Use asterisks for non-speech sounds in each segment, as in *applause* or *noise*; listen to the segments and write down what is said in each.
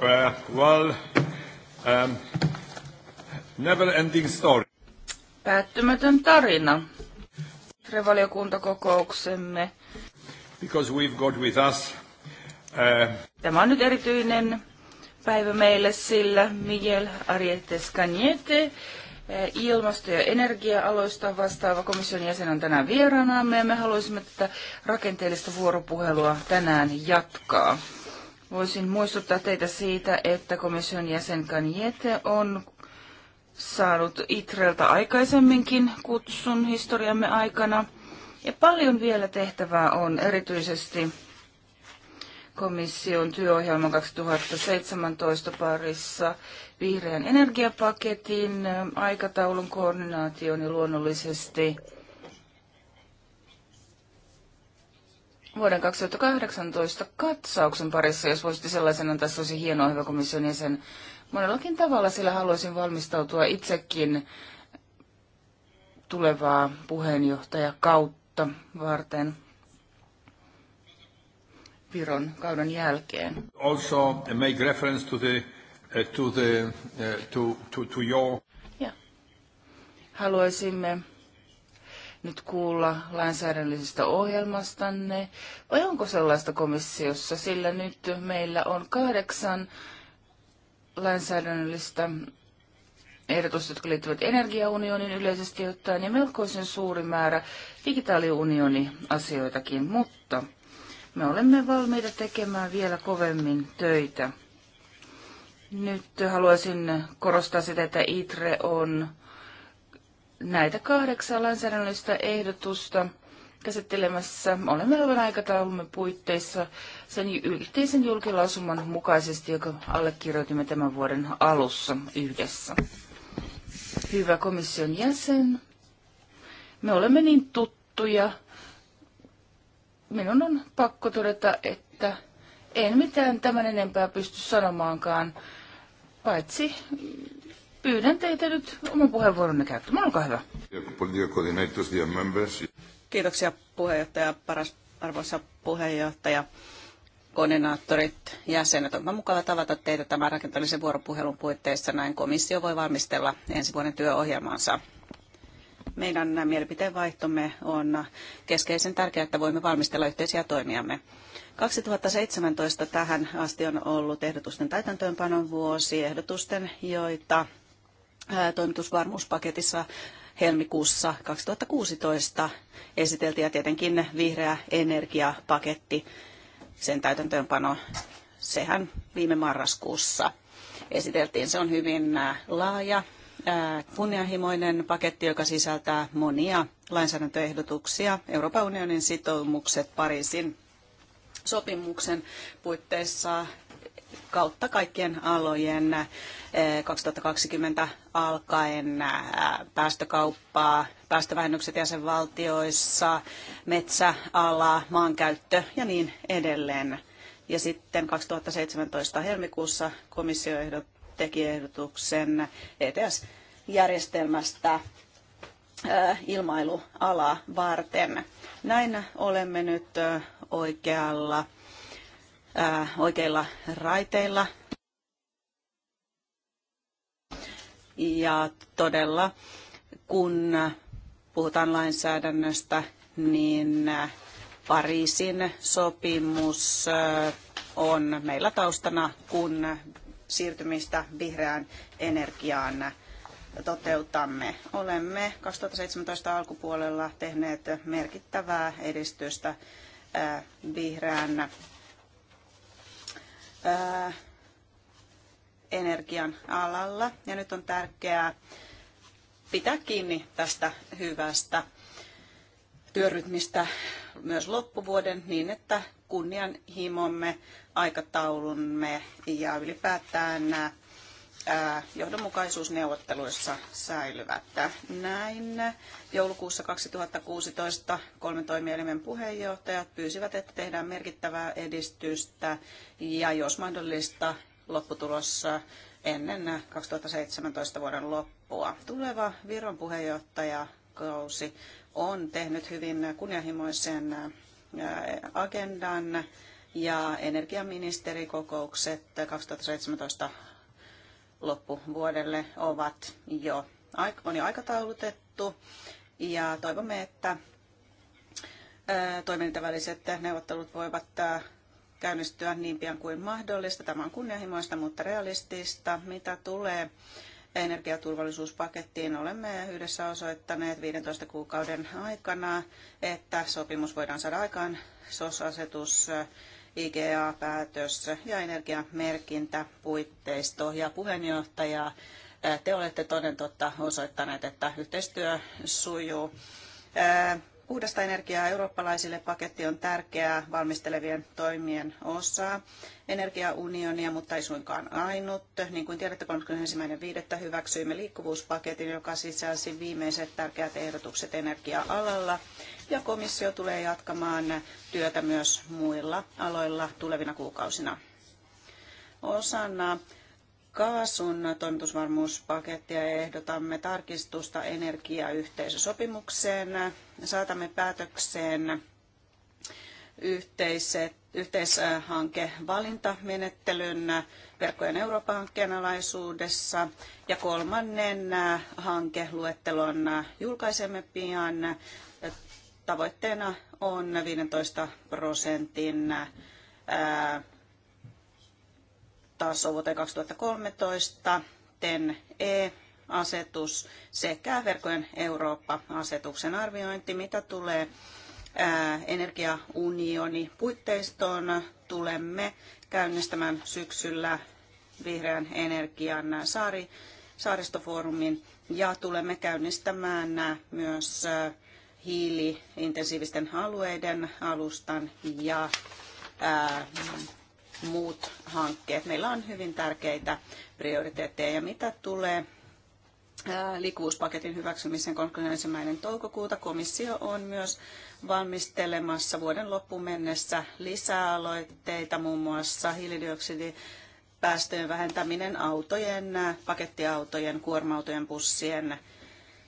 Eh, well, um, never ending story. Päättymätön tarina. Revaliokuntakokouksemme. Because we've got with us, uh, Tämä on nyt erityinen päivä meille, sillä Miguel Arietes Cañete, eh, ilmasto- ja energia-aloista vastaava komission jäsen on tänään vieraanaamme ja me haluaisimme tätä rakenteellista vuoropuhelua tänään jatkaa. Voisin muistuttaa teitä siitä, että komission jäsen Kanjete on saanut Itreltä aikaisemminkin kutsun historiamme aikana. Ja paljon vielä tehtävää on erityisesti komission työohjelma 2017 parissa vihreän energiapaketin aikataulun koordinaation ja luonnollisesti vuoden 2018 katsauksen parissa, jos voisitte sellaisen antaa, se olisi hienoa, hyvä komission jäsen. Monellakin tavalla sillä haluaisin valmistautua itsekin tulevaa puheenjohtajakautta varten Viron kauden jälkeen. Also uh, make reference to the, uh, to the, uh, to, to, to your... Ja. Haluaisimme nyt kuulla lainsäädännöllisestä ohjelmastanne, vai onko sellaista komissiossa, sillä nyt meillä on kahdeksan lainsäädännöllistä ehdotusta, jotka liittyvät energiaunionin yleisesti ottaen ja melkoisen suuri määrä digitaaliunioni asioitakin, mutta me olemme valmiita tekemään vielä kovemmin töitä. Nyt haluaisin korostaa sitä, että ITRE on näitä kahdeksaa lainsäädännöllistä ehdotusta käsittelemässä. Olemme olevan aikataulumme puitteissa sen yhteisen julkilausuman mukaisesti, joka allekirjoitimme tämän vuoden alussa yhdessä. Hyvä komission jäsen, me olemme niin tuttuja. Minun on pakko todeta, että en mitään tämän enempää pysty sanomaankaan, paitsi Pyydän teitä nyt oman puheenvuoronne käyttämään. Olkaa hyvä. Kiitoksia puheenjohtaja, paras arvoisa puheenjohtaja, koordinaattorit, jäsenet. Onpa mukava tavata teitä tämän rakentamisen vuoropuhelun puitteissa. Näin komissio voi valmistella ensi vuoden työohjelmaansa. Meidän mielipiteenvaihtomme on keskeisen tärkeää, että voimme valmistella yhteisiä toimiamme. 2017 tähän asti on ollut ehdotusten täytäntöönpanon vuosi, ehdotusten, joita toimitusvarmuuspaketissa helmikuussa 2016 esiteltiin ja tietenkin vihreä energiapaketti, sen täytäntöönpano, sehän viime marraskuussa esiteltiin. Se on hyvin laaja, kunnianhimoinen paketti, joka sisältää monia lainsäädäntöehdotuksia, Euroopan unionin sitoumukset Pariisin sopimuksen puitteissa kautta kaikkien alojen 2020 eh, alkaen eh, päästökauppaa, päästövähennykset jäsenvaltioissa, metsäala, maankäyttö ja niin edelleen. Ja sitten 2017 helmikuussa komissio teki ehdotuksen ETS-järjestelmästä eh, ilmailualaa varten. Näin olemme nyt oikealla Äh, oikeilla raiteilla. Ja todella, kun puhutaan lainsäädännöstä, niin äh, Pariisin sopimus äh, on meillä taustana, kun siirtymistä vihreään energiaan toteutamme. Olemme 2017 alkupuolella tehneet merkittävää edistystä vihreän energian alalla. Ja nyt on tärkeää pitää kiinni tästä hyvästä työrytmistä myös loppuvuoden niin, että kunnianhimomme, aikataulumme ja ylipäätään johdonmukaisuusneuvotteluissa säilyvät. Näin joulukuussa 2016 kolmen toimielimen puheenjohtajat pyysivät, että tehdään merkittävää edistystä ja jos mahdollista lopputulossa ennen 2017 vuoden loppua. Tuleva Viron puheenjohtajakausi on tehnyt hyvin kunnianhimoisen agendan ja energiaministerikokoukset 2017 loppuvuodelle ovat jo, on jo aikataulutettu ja toivomme, että toimintaväliset neuvottelut voivat käynnistyä niin pian kuin mahdollista. Tämä on kunnianhimoista, mutta realistista. Mitä tulee energiaturvallisuuspakettiin, olemme yhdessä osoittaneet 15 kuukauden aikana, että sopimus voidaan saada aikaan. SOS-asetus IGA-päätös ja puitteisto Ja puheenjohtaja, te olette toden totta osoittaneet, että yhteistyö sujuu. Puhdasta energiaa eurooppalaisille paketti on tärkeää valmistelevien toimien osaa energiaunionia, mutta ei suinkaan ainut. Niin kuin tiedätte, 31.5. hyväksyimme liikkuvuuspaketin, joka sisälsi viimeiset tärkeät ehdotukset energia-alalla ja komissio tulee jatkamaan työtä myös muilla aloilla tulevina kuukausina. Osana kaasun toimitusvarmuuspakettia ehdotamme tarkistusta energiayhteisösopimukseen. Saatamme päätökseen yhteiset, yhteishankevalintamenettelyn verkkojen Eurooppa-hankkeen alaisuudessa ja kolmannen hankeluettelon julkaisemme pian tavoitteena on 15 prosentin taso vuoteen 2013, TEN-E-asetus sekä verkkojen Eurooppa-asetuksen arviointi, mitä tulee energiaunioni puitteistoon tulemme käynnistämään syksyllä vihreän energian saari, saaristofoorumin ja tulemme käynnistämään myös hiiliintensiivisten alueiden alustan ja ää, muut hankkeet. Meillä on hyvin tärkeitä prioriteetteja ja mitä tulee liikkuvuuspaketin hyväksymisen 31. toukokuuta komissio on myös valmistelemassa vuoden loppuun mennessä lisäaloitteita, muun muassa hiilidioksidipäästöjen vähentäminen autojen, pakettiautojen, kuorma-autojen, bussien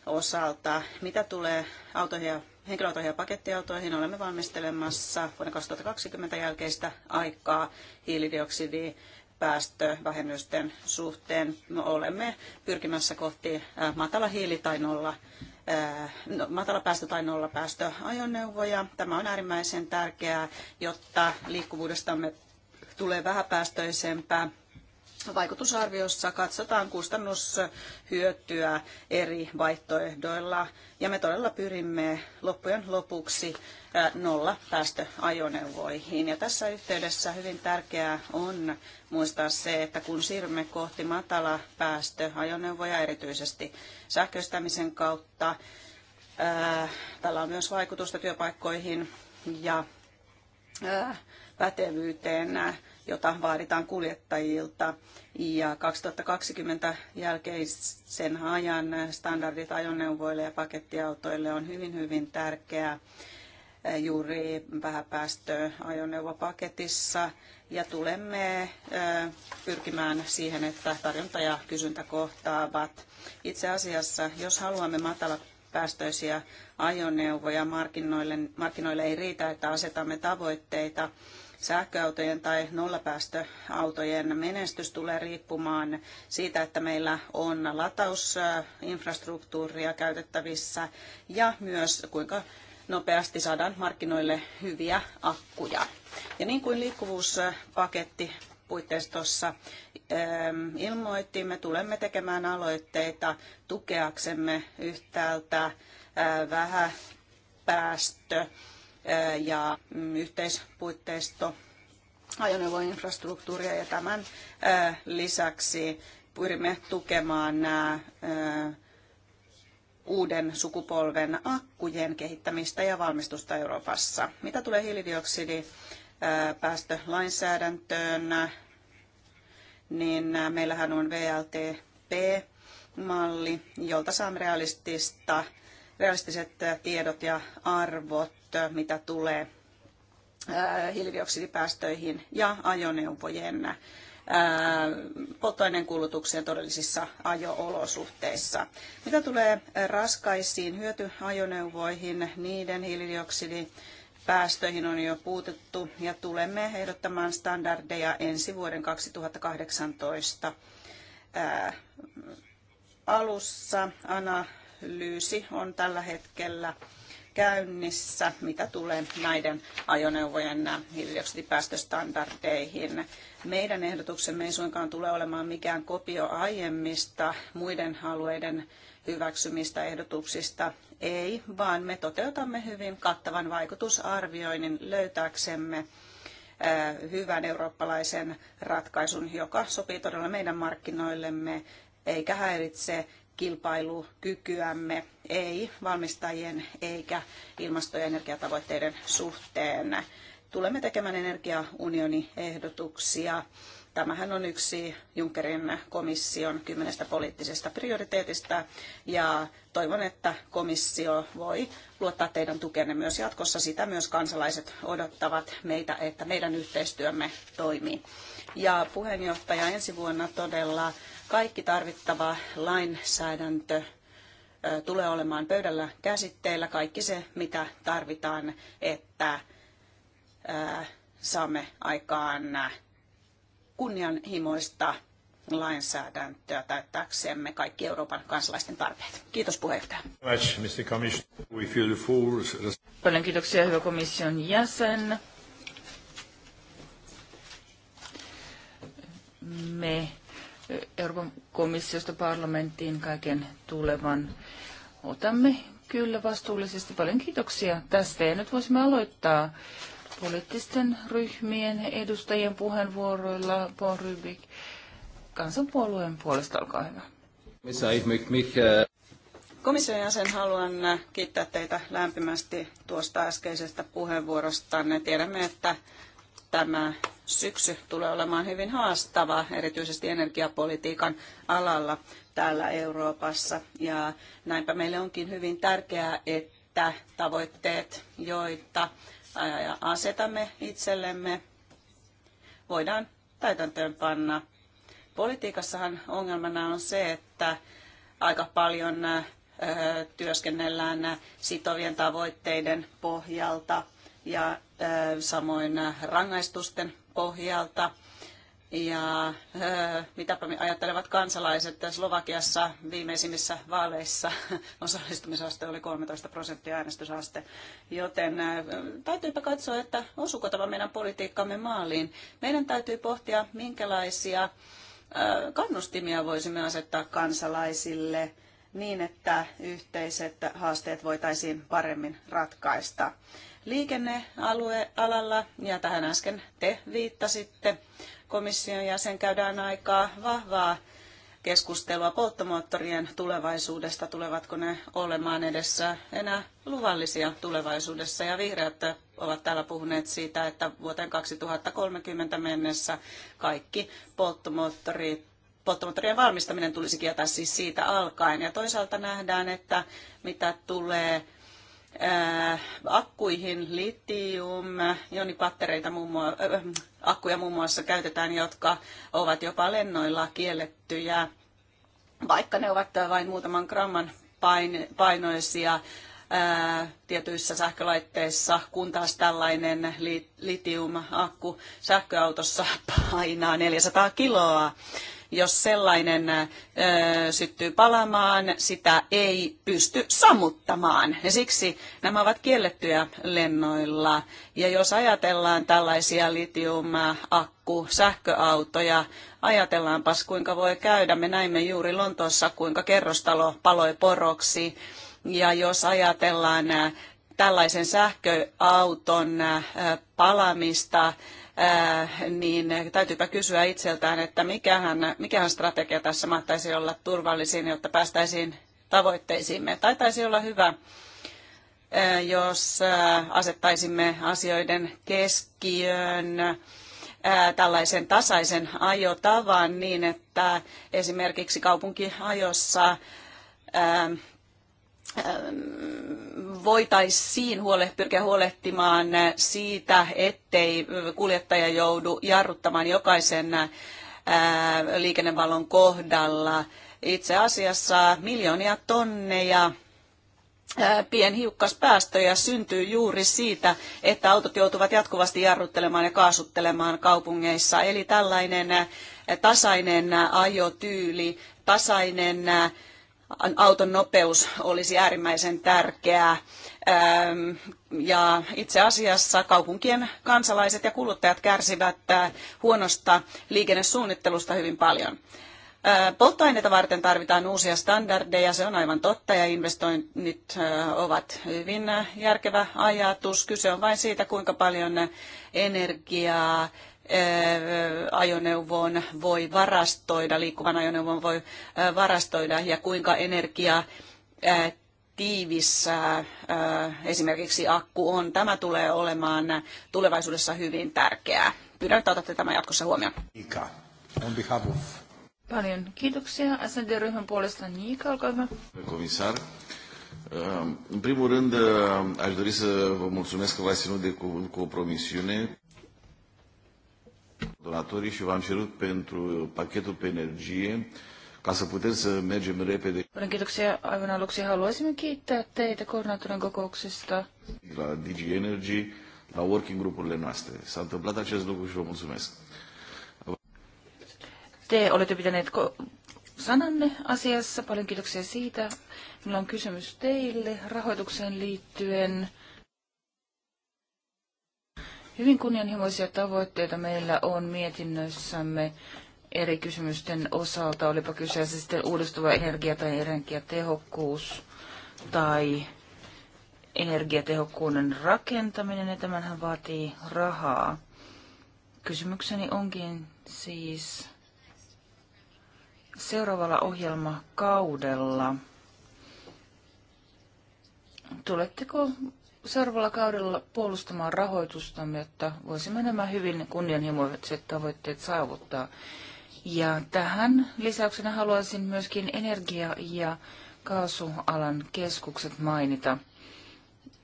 osalta. Mitä tulee autoihin ja henkilöautoihin ja pakettiautoihin, olemme valmistelemassa vuoden 2020 jälkeistä aikaa hiilidioksidi päästövähennysten suhteen. Me olemme pyrkimässä kohti matala hiili tai nolla no, matala päästö tai nolla päästöajoneuvoja. Tämä on äärimmäisen tärkeää, jotta liikkuvuudestamme tulee vähäpäästöisempää vaikutusarviossa katsotaan kustannushyötyä eri vaihtoehdoilla ja me todella pyrimme loppujen lopuksi nolla päästöajoneuvoihin. Ja tässä yhteydessä hyvin tärkeää on muistaa se, että kun siirrymme kohti matala päästöajoneuvoja erityisesti sähköistämisen kautta, tällä on myös vaikutusta työpaikkoihin ja pätevyyteen jota vaaditaan kuljettajilta. Ja 2020 jälkeisen ajan standardit ajoneuvoille ja pakettiautoille on hyvin, hyvin tärkeää juuri ajoneuvopaketissa. ja tulemme pyrkimään siihen, että tarjonta ja kysyntä kohtaavat. Itse asiassa, jos haluamme matalapäästöisiä ajoneuvoja markkinoille, markkinoille ei riitä, että asetamme tavoitteita sähköautojen tai nollapäästöautojen menestys tulee riippumaan siitä, että meillä on latausinfrastruktuuria käytettävissä ja myös kuinka nopeasti saadaan markkinoille hyviä akkuja. Ja niin kuin liikkuvuuspaketti puitteistossa ähm, ilmoitti, me tulemme tekemään aloitteita tukeaksemme yhtäältä äh, vähäpäästö ja mm, yhteispuitteisto ajoneuvoinfrastruktuuria ja tämän lisäksi pyrimme tukemaan nämä uuden sukupolven akkujen kehittämistä ja valmistusta Euroopassa. Mitä tulee hiilidioksidipäästölainsäädäntöön, niin meillähän on VLTP-malli, jolta saamme realistista realistiset tiedot ja arvot, mitä tulee hiilidioksidipäästöihin ja ajoneuvojen polttoaineen kulutukseen todellisissa ajo-olosuhteissa. Mitä tulee raskaisiin hyötyajoneuvoihin, niiden hiilidioksidipäästöihin on jo puutettu ja tulemme ehdottamaan standardeja ensi vuoden 2018 alussa. Anna analyysi on tällä hetkellä käynnissä, mitä tulee näiden ajoneuvojen hiilidioksidipäästöstandardeihin. Meidän ehdotuksemme ei suinkaan tule olemaan mikään kopio aiemmista muiden alueiden hyväksymistä ehdotuksista. Ei, vaan me toteutamme hyvin kattavan vaikutusarvioinnin löytääksemme eh, hyvän eurooppalaisen ratkaisun, joka sopii todella meidän markkinoillemme eikä häiritse kilpailukykyämme, ei valmistajien eikä ilmasto- ja energiatavoitteiden suhteen. Tulemme tekemään energiaunioniehdotuksia. Tämähän on yksi Junckerin komission kymmenestä poliittisesta prioriteetista ja toivon, että komissio voi luottaa teidän tukenne myös jatkossa. Sitä myös kansalaiset odottavat meitä, että meidän yhteistyömme toimii. Ja puheenjohtaja ensi vuonna todella kaikki tarvittava lainsäädäntö tulee olemaan pöydällä käsitteillä, kaikki se, mitä tarvitaan, että saamme aikaan kunnianhimoista lainsäädäntöä täyttääksemme kaikki Euroopan kansalaisten tarpeet. Kiitos puheenjohtaja. Paljon kiitoksia hyvä komission jäsen. Me Euroopan komissiosta parlamenttiin kaiken tulevan. Otamme kyllä vastuullisesti. Paljon kiitoksia tästä. Ja nyt voisimme aloittaa poliittisten ryhmien edustajien puheenvuoroilla. Paul Rybik, kansanpuolueen puolesta, olkaa hyvä. Komission jäsen haluan kiittää teitä lämpimästi tuosta äskeisestä puheenvuorostanne. Tiedämme, että tämä syksy tulee olemaan hyvin haastava, erityisesti energiapolitiikan alalla täällä Euroopassa. Ja näinpä meille onkin hyvin tärkeää, että tavoitteet, joita asetamme itsellemme, voidaan täytäntöönpanna. Politiikassahan ongelmana on se, että aika paljon työskennellään sitovien tavoitteiden pohjalta ja samoin rangaistusten pohjalta. Ja mitäpä ajattelevat kansalaiset, Slovakiassa viimeisimmissä vaaleissa *laughs* osallistumisaste oli 13 prosenttia äänestysaste. Joten täytyypä katsoa, että osuuko tämä meidän politiikkamme maaliin. Meidän täytyy pohtia, minkälaisia kannustimia voisimme asettaa kansalaisille – niin, että yhteiset haasteet voitaisiin paremmin ratkaista. Liikennealuealalla, ja tähän äsken te viittasitte, komission jäsen käydään aikaa vahvaa keskustelua polttomoottorien tulevaisuudesta, tulevatko ne olemaan edessä enää luvallisia tulevaisuudessa. Ja vihreät ovat täällä puhuneet siitä, että vuoteen 2030 mennessä kaikki polttomoottorit polttomoottorien valmistaminen tulisi kieltää siis siitä alkaen. Ja toisaalta nähdään, että mitä tulee ää, äh, akkuihin, litium, jonipattereita muun muassa, äh, akkuja muun muassa käytetään, jotka ovat jopa lennoilla kiellettyjä, vaikka ne ovat vain muutaman gramman pain, painoisia äh, tietyissä sähkölaitteissa, kun taas tällainen litiumakku sähköautossa painaa 400 kiloa. Jos sellainen syttyy palamaan, sitä ei pysty sammuttamaan. Ja siksi nämä ovat kiellettyjä lennoilla. Ja jos ajatellaan tällaisia litium-akku, sähköautoja, ajatellaanpas kuinka voi käydä. Me näimme juuri Lontoossa, kuinka kerrostalo paloi poroksi. Ja jos ajatellaan tällaisen sähköauton palamista niin täytyypä kysyä itseltään, että mikähän, mikähän strategia tässä mahtaisi olla turvallisin, jotta päästäisiin tavoitteisiimme. Taitaisi olla hyvä, jos asettaisimme asioiden keskiöön tällaisen tasaisen ajotavan niin, että esimerkiksi kaupunkiajossa voitaisiin huole, pyrkiä huolehtimaan siitä, ettei kuljettaja joudu jarruttamaan jokaisen liikennevalon kohdalla. Itse asiassa miljoonia tonneja pienhiukkaspäästöjä syntyy juuri siitä, että autot joutuvat jatkuvasti jarruttelemaan ja kaasuttelemaan kaupungeissa. Eli tällainen tasainen ajotyyli, tasainen auton nopeus olisi äärimmäisen tärkeää. Ja itse asiassa kaupunkien kansalaiset ja kuluttajat kärsivät äh, huonosta liikennesuunnittelusta hyvin paljon. Polttoaineita varten tarvitaan uusia standardeja, se on aivan totta, ja investoinnit ovat hyvin äh, järkevä ajatus. Kyse on vain siitä, kuinka paljon energiaa Eh, ajoneuvon voi varastoida, liikkuvan ajoneuvon voi eh, varastoida ja kuinka energia eh, tiivissä esimerkiksi akku on. Tämä tulee olemaan tulevaisuudessa hyvin tärkeää. Pyydän, että otatte tämän jatkossa huomioon. Ika, on behalf Paljon kiitoksia. SND-ryhmän puolesta Niika, olkaa hyvä. Komissar. În primul rând, aș dori să vă mulțumesc că v-ați ținut de cuvânt cu o promisiune donatorii și v-am cerut pentru pachetul pe energie ca să putem să mergem repede. Paljon kiitoksia. Aivan aluksi haluaisimme kiittää teitä koordinaattorin kokouksesta. La Digi Energy, la working grupurile noastre. S-a întâmplat acest lucru și vă mulțumesc. Te olette pitäneet sananne asiassa. Paljon kiitoksia siitä. Minulla on kysymys teille rahoitukseen liittyen. Hyvin kunnianhimoisia tavoitteita meillä on mietinnössämme eri kysymysten osalta, olipa kyseessä sitten uudistuva energia tai energiatehokkuus tai energiatehokkuuden rakentaminen, ja tämähän vaatii rahaa. Kysymykseni onkin siis seuraavalla ohjelmakaudella. Tuletteko seuraavalla kaudella puolustamaan rahoitustamme, jotta voisimme nämä hyvin kunnianhimoiset tavoitteet saavuttaa. Ja tähän lisäyksenä haluaisin myöskin energia- ja kaasualan keskukset mainita.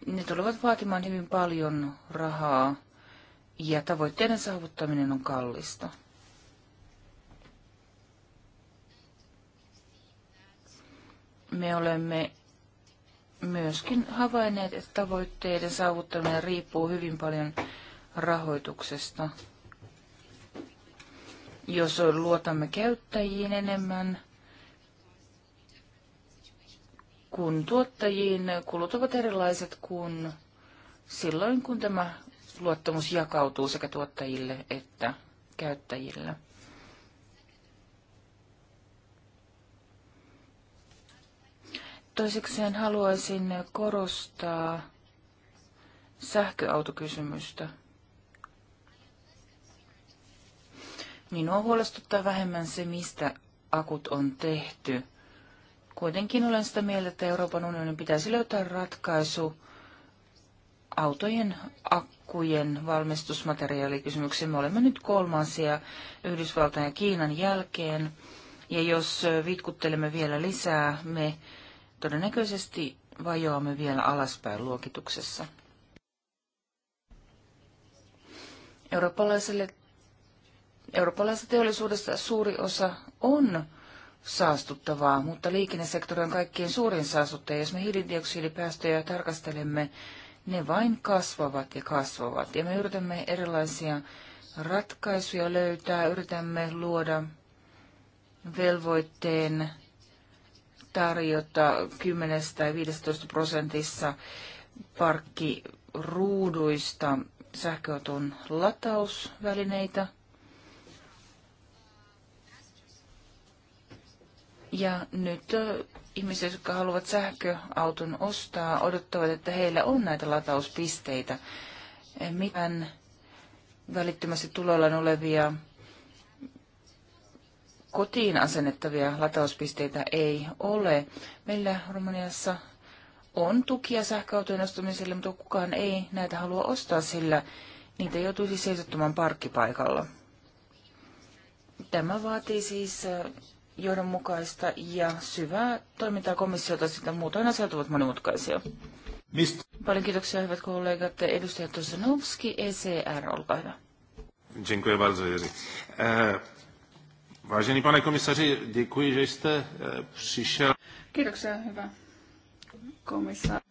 Ne tulevat vaatimaan hyvin paljon rahaa ja tavoitteiden saavuttaminen on kallista. Me olemme myöskin havainneet, että tavoitteiden saavuttaminen riippuu hyvin paljon rahoituksesta. Jos luotamme käyttäjiin enemmän kuin tuottajiin, kulut ovat erilaiset kuin silloin, kun tämä luottamus jakautuu sekä tuottajille että käyttäjille. Toisekseen haluaisin korostaa sähköautokysymystä. Minua huolestuttaa vähemmän se, mistä akut on tehty. Kuitenkin olen sitä mieltä, että Euroopan unionin pitäisi löytää ratkaisu autojen akkujen valmistusmateriaalikysymykseen. Me olemme nyt kolmansia Yhdysvaltain ja Kiinan jälkeen. Ja jos vitkuttelemme vielä lisää, me Todennäköisesti vajoamme vielä alaspäin luokituksessa. eurooppalaisessa teollisuudessa suuri osa on saastuttavaa, mutta liikennesektori on kaikkien suurin saastuttaja. Jos me hiilidioksidipäästöjä tarkastelemme, ne vain kasvavat ja kasvavat. Ja me yritämme erilaisia ratkaisuja löytää, yritämme luoda velvoitteen tarjota 10 tai 15 prosentissa parkkiruuduista sähköauton latausvälineitä. Ja nyt ihmiset, jotka haluavat sähköauton ostaa, odottavat, että heillä on näitä latauspisteitä. Mitään välittömästi tulollaan olevia kotiin asennettavia latauspisteitä ei ole. Meillä Romaniassa on tukia sähköautojen ostamiselle, mutta kukaan ei näitä halua ostaa, sillä niitä joutuisi seisottamaan parkkipaikalla. Tämä vaatii siis johdonmukaista ja syvää toimintaa komissiota, sitä muutoin asiat ovat monimutkaisia. Mist? Paljon kiitoksia, hyvät kollegat. Edustaja Tosanovski, ECR, olkaa hyvä. Dziękuję bardzo, Jerzy. Uh... E, Vážený pane komisaři, děkuji, že jste eh, přišel. Kiitoksia, hyvä komissaari.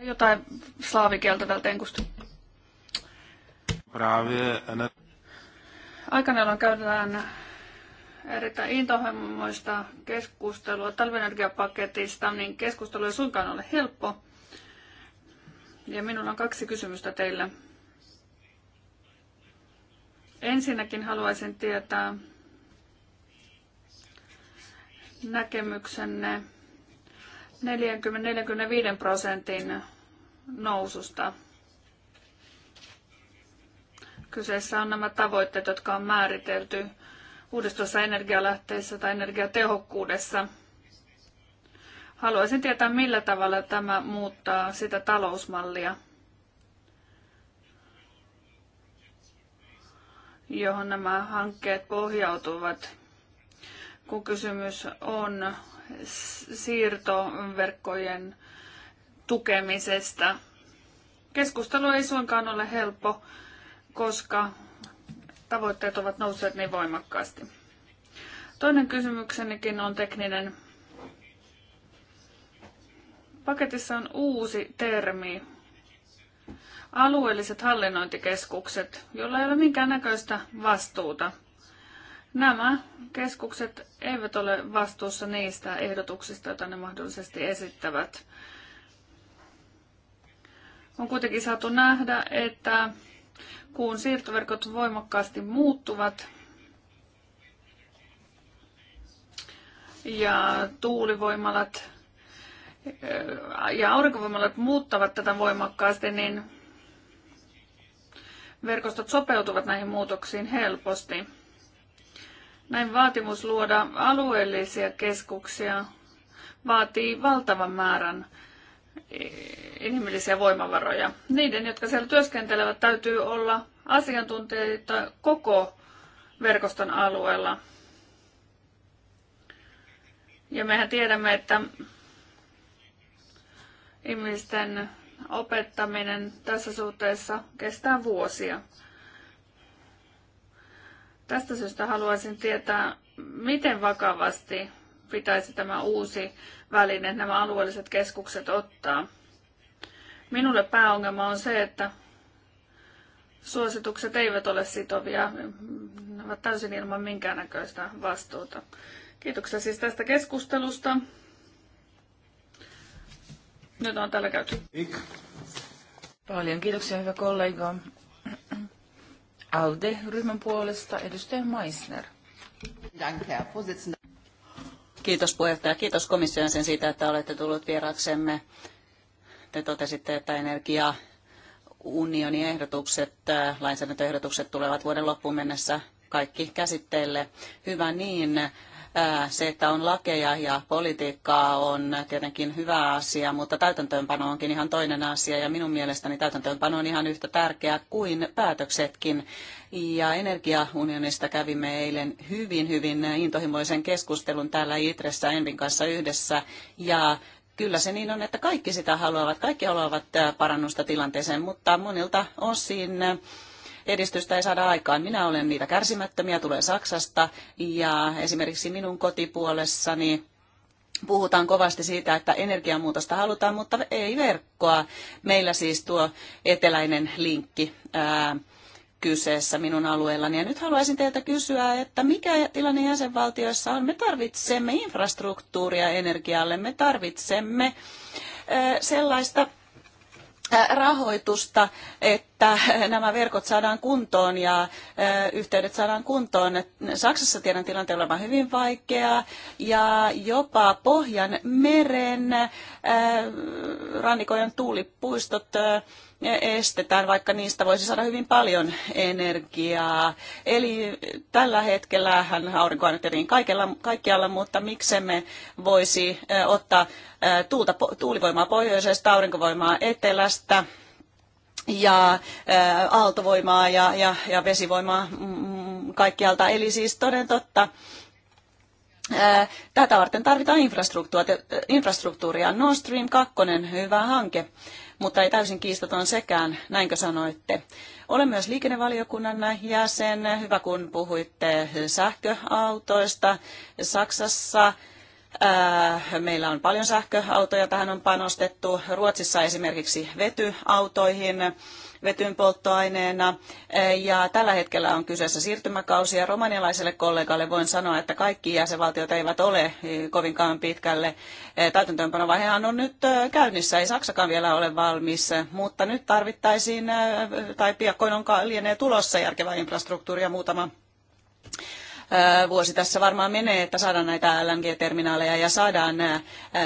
Eh, Jotain slaavikieltä tältä enkusta. Právě Aikana, jolloin käydään erittäin intohimoista keskustelua talvenergiapaketista, niin keskustelu ei suinkaan ole helppo. Ja minulla on kaksi kysymystä teille. Ensinnäkin haluaisin tietää, näkemyksenne 40-45 prosentin noususta. Kyseessä on nämä tavoitteet, jotka on määritelty uudistuvassa energialähteessä tai energiatehokkuudessa. Haluaisin tietää, millä tavalla tämä muuttaa sitä talousmallia, johon nämä hankkeet pohjautuvat kun kysymys on siirtoverkkojen tukemisesta. Keskustelu ei suinkaan ole helppo, koska tavoitteet ovat nousseet niin voimakkaasti. Toinen kysymyksenikin on tekninen. Paketissa on uusi termi, alueelliset hallinnointikeskukset, joilla ei ole minkäännäköistä vastuuta – Nämä keskukset eivät ole vastuussa niistä ehdotuksista, joita ne mahdollisesti esittävät. On kuitenkin saatu nähdä, että kun siirtoverkot voimakkaasti muuttuvat ja tuulivoimalat ja aurinkovoimalat muuttavat tätä voimakkaasti, niin verkostot sopeutuvat näihin muutoksiin helposti. Näin vaatimus luoda alueellisia keskuksia vaatii valtavan määrän inhimillisiä voimavaroja. Niiden, jotka siellä työskentelevät, täytyy olla asiantuntijoita koko verkoston alueella. Ja mehän tiedämme, että ihmisten opettaminen tässä suhteessa kestää vuosia. Tästä syystä haluaisin tietää, miten vakavasti pitäisi tämä uusi väline, nämä alueelliset keskukset ottaa. Minulle pääongelma on se, että suositukset eivät ole sitovia, ne ovat täysin ilman minkäännäköistä vastuuta. Kiitoksia siis tästä keskustelusta. Nyt on täällä käyty. Paljon kiitoksia, hyvä kollega. ALDE-ryhmän puolesta edustaja Meissner. Kiitos puheenjohtaja. Kiitos komission sen siitä, että olette tulleet vieraksemme. Te totesitte, että energia unionin ehdotukset, äh, lainsäädäntöehdotukset tulevat vuoden loppuun mennessä kaikki käsitteille. Hyvä niin. Se, että on lakeja ja politiikkaa on tietenkin hyvä asia, mutta täytäntöönpano onkin ihan toinen asia ja minun mielestäni täytäntöönpano on ihan yhtä tärkeää kuin päätöksetkin. Ja energiaunionista kävimme eilen hyvin, hyvin intohimoisen keskustelun täällä Itressä Envin kanssa yhdessä ja Kyllä se niin on, että kaikki sitä haluavat, kaikki haluavat parannusta tilanteeseen, mutta monilta osin edistystä ei saada aikaan. Minä olen niitä kärsimättömiä, tulee Saksasta ja esimerkiksi minun kotipuolessani puhutaan kovasti siitä, että energiamuutosta halutaan, mutta ei verkkoa. Meillä siis tuo eteläinen linkki ää, kyseessä minun alueellani. Ja nyt haluaisin teiltä kysyä, että mikä tilanne jäsenvaltioissa on? Me tarvitsemme infrastruktuuria energialle, me tarvitsemme ää, sellaista rahoitusta, että nämä verkot saadaan kuntoon ja yhteydet saadaan kuntoon. Saksassa tiedän tilanteen olevan hyvin vaikeaa ja jopa Pohjan meren rannikojen tuulipuistot estetään, vaikka niistä voisi saada hyvin paljon energiaa. Eli tällä hetkellä hän nyt erin kaikella, kaikkialla, mutta miksemme voisi ottaa tuulta, tuulivoimaa pohjoisesta, aurinkovoimaa etelästä ja aaltovoimaa ja, ja, ja vesivoimaa mm, mm, kaikkialta. Eli siis toden totta, Tätä varten tarvitaan infrastruktuuria. Nord Stream 2, hyvä hanke mutta ei täysin kiistaton sekään, näinkö sanoitte. Olen myös liikennevaliokunnan jäsen. Hyvä, kun puhuitte sähköautoista. Saksassa Äh, meillä on paljon sähköautoja, tähän on panostettu. Ruotsissa esimerkiksi vetyautoihin vetyn polttoaineena. Äh, ja tällä hetkellä on kyseessä siirtymäkausi ja romanialaiselle kollegalle voin sanoa, että kaikki jäsenvaltiot eivät ole äh, kovinkaan pitkälle. Täytäntöönpanovaihehan on nyt käynnissä, ei Saksakaan vielä ole valmis, mutta nyt tarvittaisiin, tai piakkoin on lienee tulossa järkevää infrastruktuuria muutama vuosi tässä varmaan menee, että saadaan näitä LNG-terminaaleja ja saadaan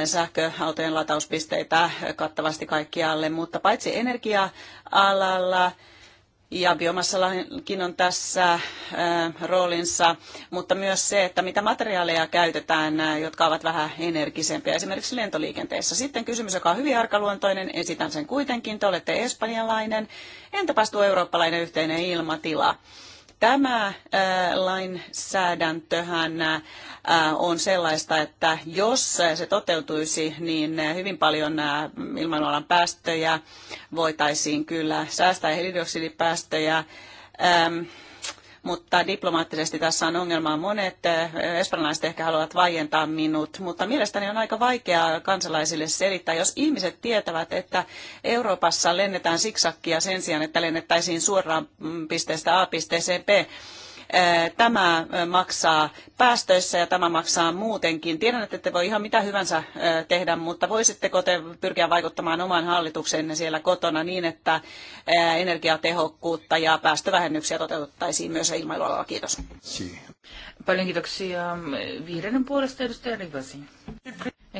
sähköautojen latauspisteitä kattavasti kaikkialle, mutta paitsi energia-alalla, ja biomassallakin on tässä roolinsa, mutta myös se, että mitä materiaaleja käytetään, jotka ovat vähän energisempiä, esimerkiksi lentoliikenteessä. Sitten kysymys, joka on hyvin arkaluontoinen, esitän sen kuitenkin, te olette espanjalainen, entäpäs tuo eurooppalainen yhteinen ilmatila? Tämä lainsäädäntöhän on sellaista, että jos se toteutuisi, niin hyvin paljon ilmanalan päästöjä voitaisiin kyllä säästää ja hiilidioksidipäästöjä mutta diplomaattisesti tässä on ongelmaa. Monet eh, espanjalaiset ehkä haluavat vaientaa minut, mutta mielestäni on aika vaikeaa kansalaisille selittää, jos ihmiset tietävät, että Euroopassa lennetään siksakkia sen sijaan, että lennettäisiin suoraan mm, pisteestä A pisteeseen B Tämä maksaa päästöissä ja tämä maksaa muutenkin. Tiedän, että te voi ihan mitä hyvänsä tehdä, mutta voisitteko te pyrkiä vaikuttamaan oman hallituksenne siellä kotona niin, että energiatehokkuutta ja päästövähennyksiä toteutettaisiin myös ilmailualalla? Kiitos. Paljon kiitoksia vihreiden puolesta edustaja Rivasi.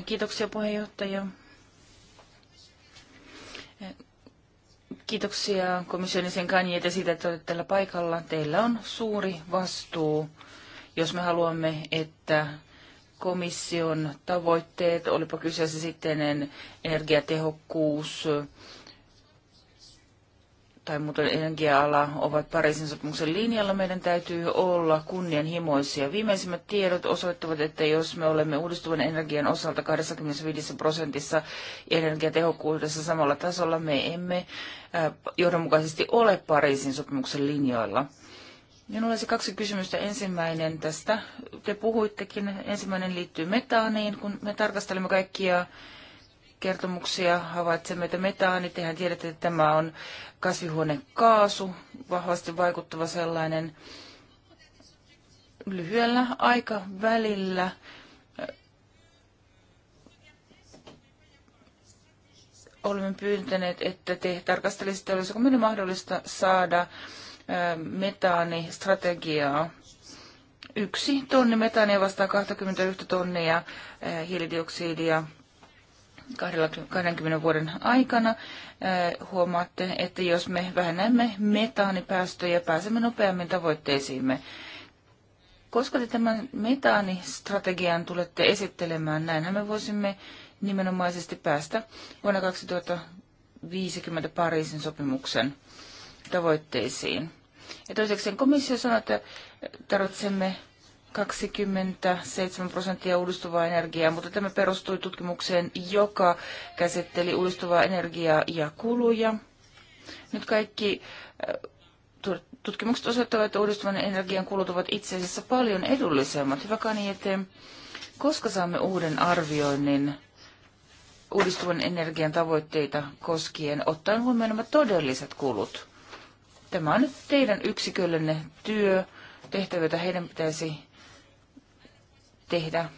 Kiitoksia puheenjohtaja. Kiitoksia komission sen Kanjete siitä, että olette tällä paikalla. Teillä on suuri vastuu, jos me haluamme, että komission tavoitteet, olipa kyseessä sitten energiatehokkuus, tai muuten energia-ala ovat Pariisin sopimuksen linjalla, meidän täytyy olla kunnianhimoisia. Viimeisimmät tiedot osoittavat, että jos me olemme uudistuvan energian osalta 25 prosentissa energiatehokkuudessa samalla tasolla, me emme äh, johdonmukaisesti ole Pariisin sopimuksen linjoilla. Minulla olisi kaksi kysymystä. Ensimmäinen tästä, te puhuittekin, ensimmäinen liittyy metaaniin. Kun me tarkastelemme kaikkia kertomuksia havaitsemme, että metaani, tehän tiedätte, että tämä on kasvihuonekaasu, vahvasti vaikuttava sellainen lyhyellä aikavälillä. Äh, olemme pyytäneet, että te tarkastelisitte, olisiko meidän mahdollista saada äh, metaanistrategiaa yksi tonni metaania vastaa 21 tonnia äh, hiilidioksidia 20 vuoden aikana. Äh, huomaatte, että jos me vähennämme metaanipäästöjä, pääsemme nopeammin tavoitteisiimme. Koska te tämän metaanistrategian tulette esittelemään, näinhän me voisimme nimenomaisesti päästä vuonna 2050 Pariisin sopimuksen tavoitteisiin. Ja toiseksi komissio sanoi, että tarvitsemme 27 prosenttia uudistuvaa energiaa, mutta tämä perustui tutkimukseen, joka käsitteli uudistuvaa energiaa ja kuluja. Nyt kaikki äh, tutkimukset osoittavat, että uudistuvan energian kulut ovat itse asiassa paljon edullisemmat. Hyvä Kaniete, koska saamme uuden arvioinnin uudistuvan energian tavoitteita koskien, ottaen huomioon nämä todelliset kulut? Tämä on nyt teidän yksikölle työ, tehtävä, jota heidän pitäisi tehdä,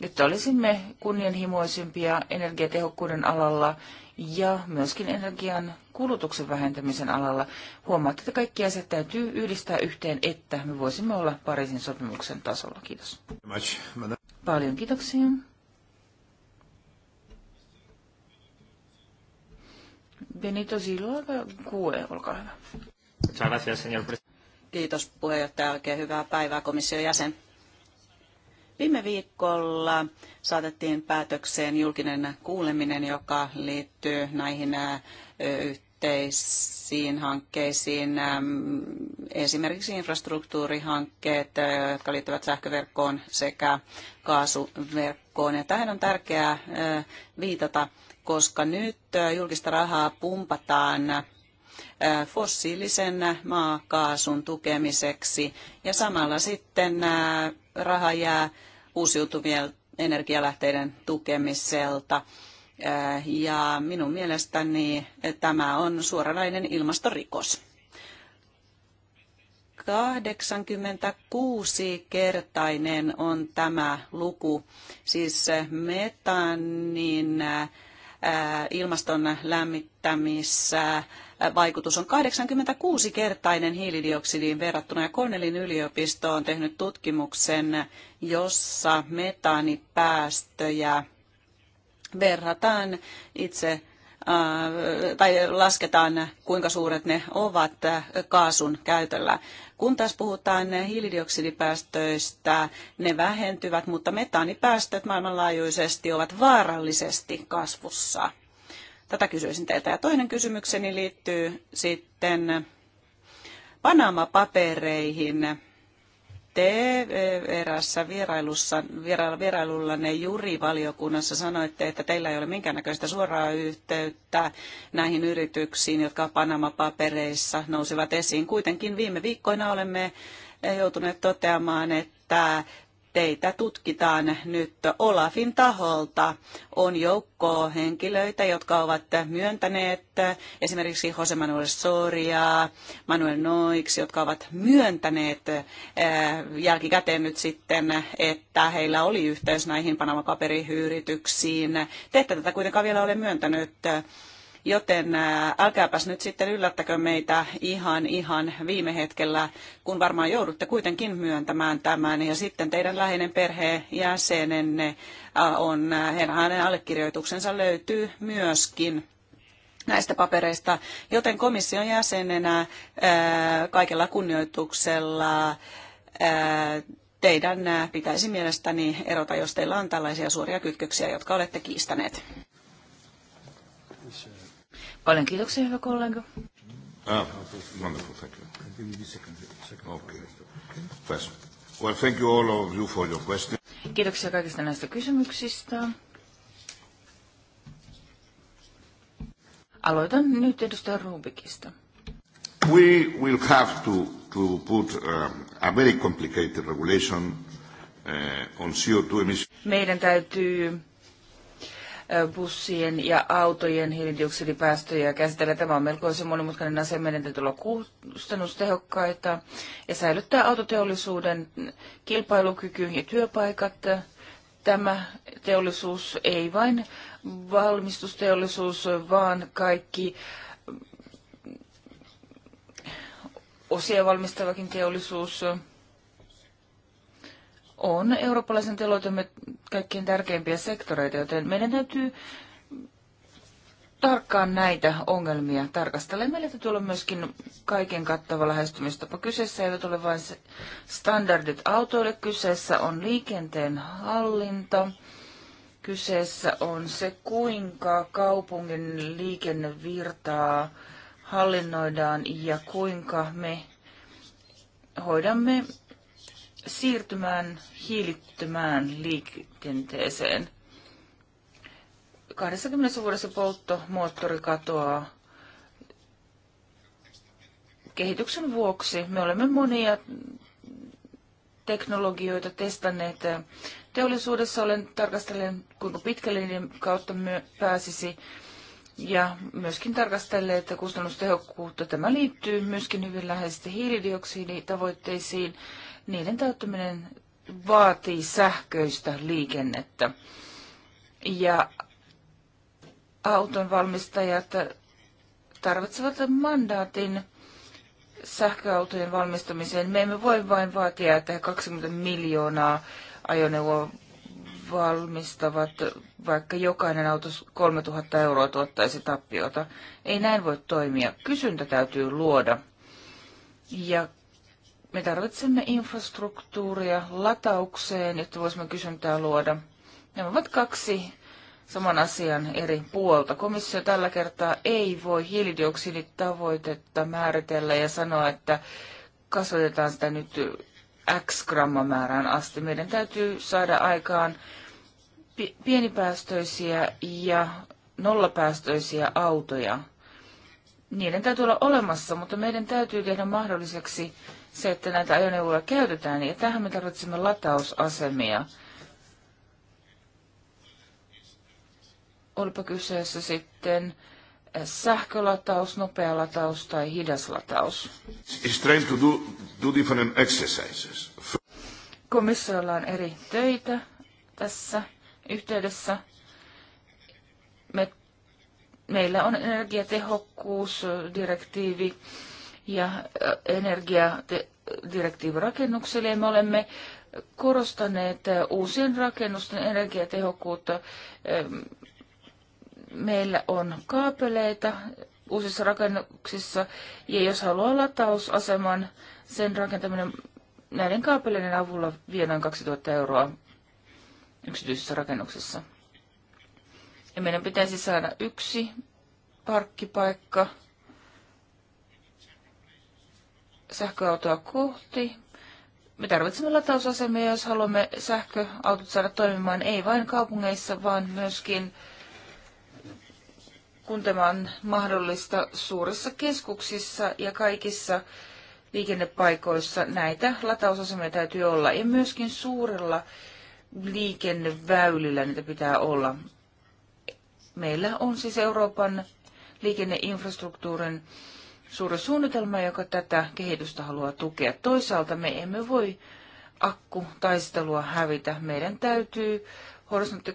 että olisimme kunnianhimoisempia energiatehokkuuden alalla ja myöskin energian kulutuksen vähentämisen alalla. Huomaatte, että kaikki asiat täytyy yhdistää yhteen, että me voisimme olla Pariisin sopimuksen tasolla. Kiitos. Paljon kiitoksia. Benito Zilova, QE, olkaa hyvä. Kiitos puheenjohtaja, oikein hyvää päivää komission jäsen. Viime viikolla saatettiin päätökseen julkinen kuuleminen, joka liittyy näihin yhteisiin hankkeisiin, esimerkiksi infrastruktuurihankkeet, jotka liittyvät sähköverkkoon sekä kaasuverkkoon. Ja tähän on tärkeää viitata, koska nyt julkista rahaa pumpataan fossiilisen maakaasun tukemiseksi ja samalla sitten raha jää uusiutuvien energialähteiden tukemiselta. Ja minun mielestäni tämä on suoranainen ilmastorikos. 86-kertainen on tämä luku, siis metanin ilmaston lämmittämissä vaikutus on 86-kertainen hiilidioksidiin verrattuna. Ja Cornellin yliopisto on tehnyt tutkimuksen, jossa metaanipäästöjä verrataan itse äh, tai lasketaan, kuinka suuret ne ovat äh, kaasun käytöllä. Kun taas puhutaan hiilidioksidipäästöistä, ne vähentyvät, mutta metaanipäästöt maailmanlaajuisesti ovat vaarallisesti kasvussa. Tätä kysyisin teiltä. Ja toinen kysymykseni liittyy sitten Panama-papereihin. Te eh, erässä vierailussa, ne jurivaliokunnassa sanoitte, että teillä ei ole minkäännäköistä suoraa yhteyttä näihin yrityksiin, jotka Panama-papereissa nousivat esiin. Kuitenkin viime viikkoina olemme joutuneet toteamaan, että teitä tutkitaan nyt Olafin taholta. On joukko henkilöitä, jotka ovat myöntäneet esimerkiksi Jose Manuel Soria, Manuel Noix, jotka ovat myöntäneet eh, jälkikäteen nyt sitten, että heillä oli yhteys näihin panama paperihyyrityksiin Te ette tätä kuitenkaan vielä ole myöntänyt Joten älkääpäs nyt sitten yllättäkö meitä ihan ihan viime hetkellä, kun varmaan joudutte kuitenkin myöntämään tämän. Ja sitten teidän läheinen perheenjäsenenne on, hänen allekirjoituksensa löytyy myöskin näistä papereista, joten komission jäsenenä ää, kaikella kunnioituksella ää, teidän pitäisi mielestäni erota, jos teillä on tällaisia suoria kytköksiä, jotka olette kiistäneet. Olen kiitoksia, hyvä kollega. Ah, wonderful, thank you. Okay. Yes. Well, thank you all of you for your questions. Kiitoksia kaikista näistä kysymyksistä. Aloitan nyt edustaja Rubikista. We will have to, to put uh, a very complicated regulation uh, on CO2 emissions. Meidän täytyy bussien ja autojen hiilidioksidipäästöjä käsitellä. Tämä on melkoisen monimutkainen asia. Meidän täytyy olla kustannustehokkaita ja säilyttää autoteollisuuden kilpailukyky ja työpaikat. Tämä teollisuus ei vain valmistusteollisuus, vaan kaikki osia valmistavakin teollisuus on eurooppalaisen taloutemme kaikkein tärkeimpiä sektoreita, joten meidän täytyy tarkkaan näitä ongelmia tarkastella. Meillä täytyy olla myöskin kaiken kattava lähestymistapa. Kyseessä ei ole vain standardit autoille, kyseessä on liikenteen hallinta. Kyseessä on se, kuinka kaupungin liikennevirtaa hallinnoidaan ja kuinka me hoidamme siirtymään hiilittömään liikenteeseen. 20 vuodessa polttomoottori katoaa kehityksen vuoksi. Me olemme monia teknologioita testanneet teollisuudessa. Olen tarkastellut, kuinka pitkälle kautta pääsisi ja myöskin tarkastelleet että kustannustehokkuutta. Tämä liittyy myöskin hyvin läheisesti hiilidioksiditavoitteisiin. Niiden täyttäminen vaatii sähköistä liikennettä. Ja auton valmistajat tarvitsevat mandaatin sähköautojen valmistamiseen. Me emme voi vain vaatia, että 20 miljoonaa ajoneuvoa valmistavat, vaikka jokainen auto 3000 euroa tuottaisi tappiota. Ei näin voi toimia. Kysyntä täytyy luoda. Ja me tarvitsemme infrastruktuuria lataukseen, jotta voisimme kysyntää luoda. Nämä ovat kaksi saman asian eri puolta. Komissio tällä kertaa ei voi hiilidioksiditavoitetta määritellä ja sanoa, että kasvatetaan sitä nyt X grammamäärään asti. Meidän täytyy saada aikaan pienipäästöisiä ja nollapäästöisiä autoja. Niiden täytyy olla olemassa, mutta meidän täytyy tehdä mahdolliseksi se, että näitä ajoneuvoja käytetään, ja tähän me tarvitsemme latausasemia. Olipa kyseessä sitten sähkölataus, nopea lataus tai hidas lataus. To do, do different exercises. Komissiolla on eri töitä tässä yhteydessä me, meillä on energiatehokkuusdirektiivi ja energiadirektiivi rakennukselle me olemme korostaneet uusien rakennusten energiatehokkuutta. Meillä on kaapeleita uusissa rakennuksissa ja jos haluaa latausaseman, sen rakentaminen näiden kaapeleiden avulla viedään 2000 euroa yksityisissä rakennuksissa. Ja meidän pitäisi saada yksi parkkipaikka sähköautoa kohti. Me tarvitsemme latausasemia, jos haluamme sähköautot saada toimimaan ei vain kaupungeissa, vaan myöskin kun tämä on mahdollista suurissa keskuksissa ja kaikissa liikennepaikoissa näitä latausasemia täytyy olla. Ja myöskin suurella liikenneväylillä niitä pitää olla. Meillä on siis Euroopan liikenneinfrastruktuurin suuri suunnitelma, joka tätä kehitystä haluaa tukea. Toisaalta me emme voi akkutaistelua hävitä. Meidän täytyy horisontti 20-20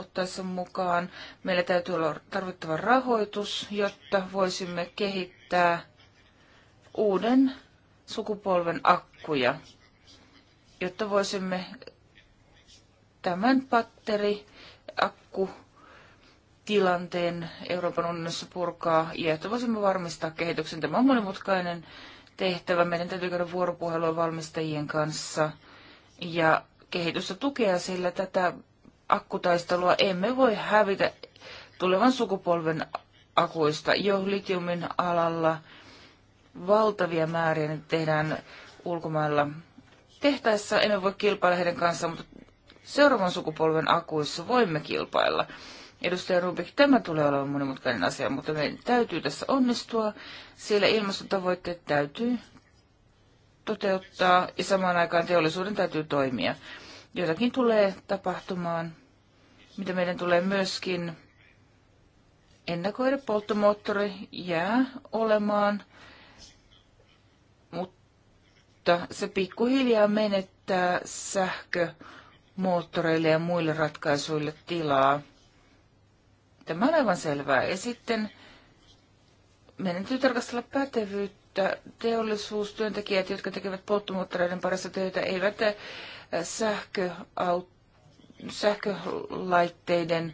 ottaa sen mukaan. Meillä täytyy olla tarvittava rahoitus, jotta voisimme kehittää uuden sukupolven akkuja jotta voisimme tämän patteri akku tilanteen Euroopan unionissa purkaa ja jotta voisimme varmistaa kehityksen. Tämä on monimutkainen tehtävä. Meidän täytyy käydä vuoropuhelua valmistajien kanssa ja kehitystä tukea, sillä tätä akkutaistelua emme voi hävitä tulevan sukupolven akuista. Jo litiumin alalla valtavia määriä tehdään ulkomailla tehtäessä emme voi kilpailla heidän kanssaan, mutta seuraavan sukupolven akuissa voimme kilpailla. Edustaja Rubik, tämä tulee olemaan monimutkainen asia, mutta meidän täytyy tässä onnistua, sillä ilmastotavoitteet täytyy toteuttaa ja samaan aikaan teollisuuden täytyy toimia. Jotakin tulee tapahtumaan, mitä meidän tulee myöskin ennakoida. Polttomoottori jää olemaan mutta se pikkuhiljaa menettää sähkömoottoreille ja muille ratkaisuille tilaa. Tämä on aivan selvää. Ja sitten meidän täytyy tarkastella pätevyyttä. Teollisuustyöntekijät, jotka tekevät polttomoottoreiden parissa töitä, eivät äh, sähköaut- sähkölaitteiden äh,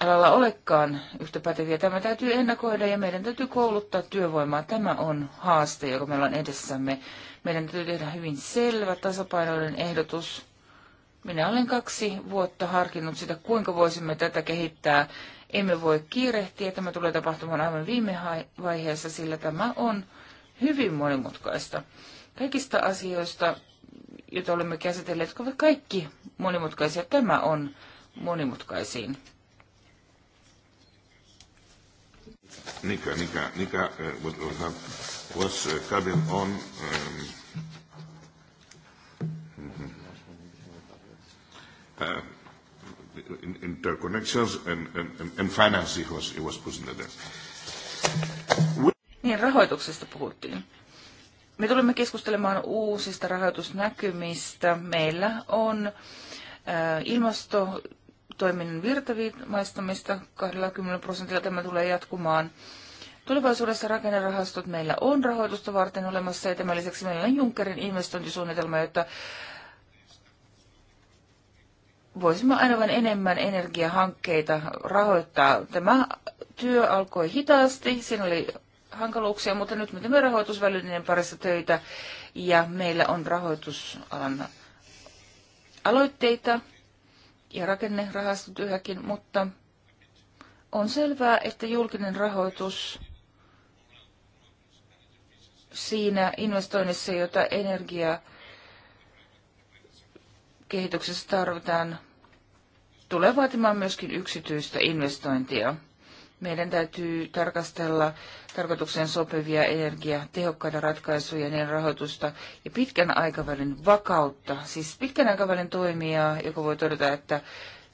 alalla olekaan yhtä päteviä. Tämä täytyy ennakoida ja meidän täytyy kouluttaa työvoimaa. Tämä on haaste, joka meillä on edessämme. Meidän täytyy tehdä hyvin selvä tasapainoinen ehdotus. Minä olen kaksi vuotta harkinnut sitä, kuinka voisimme tätä kehittää. Emme voi kiirehtiä. Tämä tulee tapahtumaan aivan viime vaiheessa, sillä tämä on hyvin monimutkaista. Kaikista asioista, joita olemme käsitelleet, ovat kaikki monimutkaisia, tämä on monimutkaisiin. Nika, Nika, Nika uh, what was, have, was uh, coming on. Um, uh, interconnections and, and, and finance, it was, it was put in there. Niin, rahoituksesta puhuttiin. Me tulemme keskustelemaan uusista rahoitusnäkymistä. Meillä on äh, ilmasto toiminnan virtaviimaistamista 20 prosentilla. Tämä tulee jatkumaan. Tulevaisuudessa rakennerahastot meillä on rahoitusta varten olemassa ja tämän lisäksi meillä on Junckerin investointisuunnitelma, jotta voisimme aina vain enemmän energiahankkeita rahoittaa. Tämä työ alkoi hitaasti, siinä oli hankaluuksia, mutta nyt me teemme rahoitusvälineen parissa töitä ja meillä on rahoitusalan aloitteita ja rakennerahastot yhäkin, mutta on selvää, että julkinen rahoitus siinä investoinnissa, jota energiaa kehityksessä tarvitaan, tulee vaatimaan myöskin yksityistä investointia meidän täytyy tarkastella tarkoitukseen sopivia energiatehokkaita ratkaisuja, niiden rahoitusta ja pitkän aikavälin vakautta. Siis pitkän aikavälin toimia, joka voi todeta, että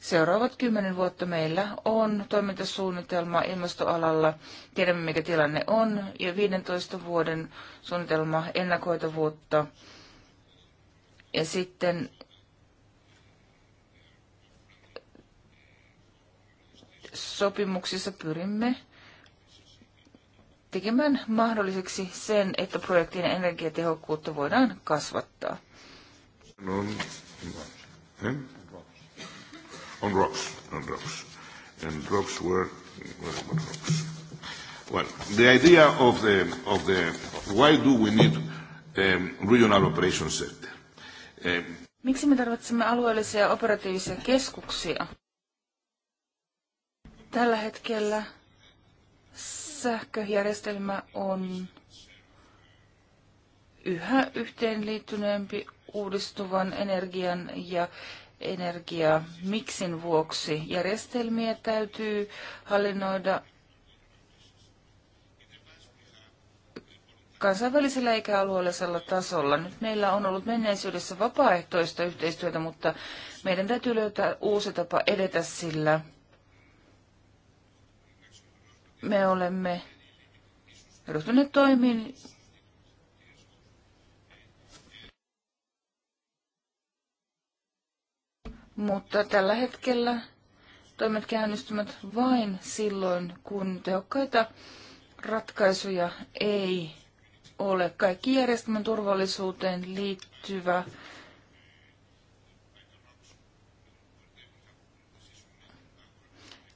seuraavat kymmenen vuotta meillä on toimintasuunnitelma ilmastoalalla, tiedämme mikä tilanne on, ja 15 vuoden suunnitelma ennakoitavuutta. Ja sitten sopimuksissa pyrimme tekemään mahdolliseksi sen, että projektien energiatehokkuutta voidaan kasvattaa. On, no, no, no. hm? on, rocks, on rocks. And rocks were, were rocks. Well, the idea of the, of the why do we need um, regional operation center? Um, Miksi me tarvitsemme alueellisia operatiivisia keskuksia? Tällä hetkellä sähköjärjestelmä on yhä yhteenliittyneempi uudistuvan energian ja energiamiksin vuoksi. Järjestelmiä täytyy hallinnoida kansainvälisellä eikä alueellisella tasolla. Nyt meillä on ollut menneisyydessä vapaaehtoista yhteistyötä, mutta meidän täytyy löytää uusi tapa edetä sillä – me olemme ryhtyneet toimiin, mutta tällä hetkellä toimet käynnistyvät vain silloin, kun tehokkaita ratkaisuja ei ole. Kaikki järjestelmän turvallisuuteen liittyvä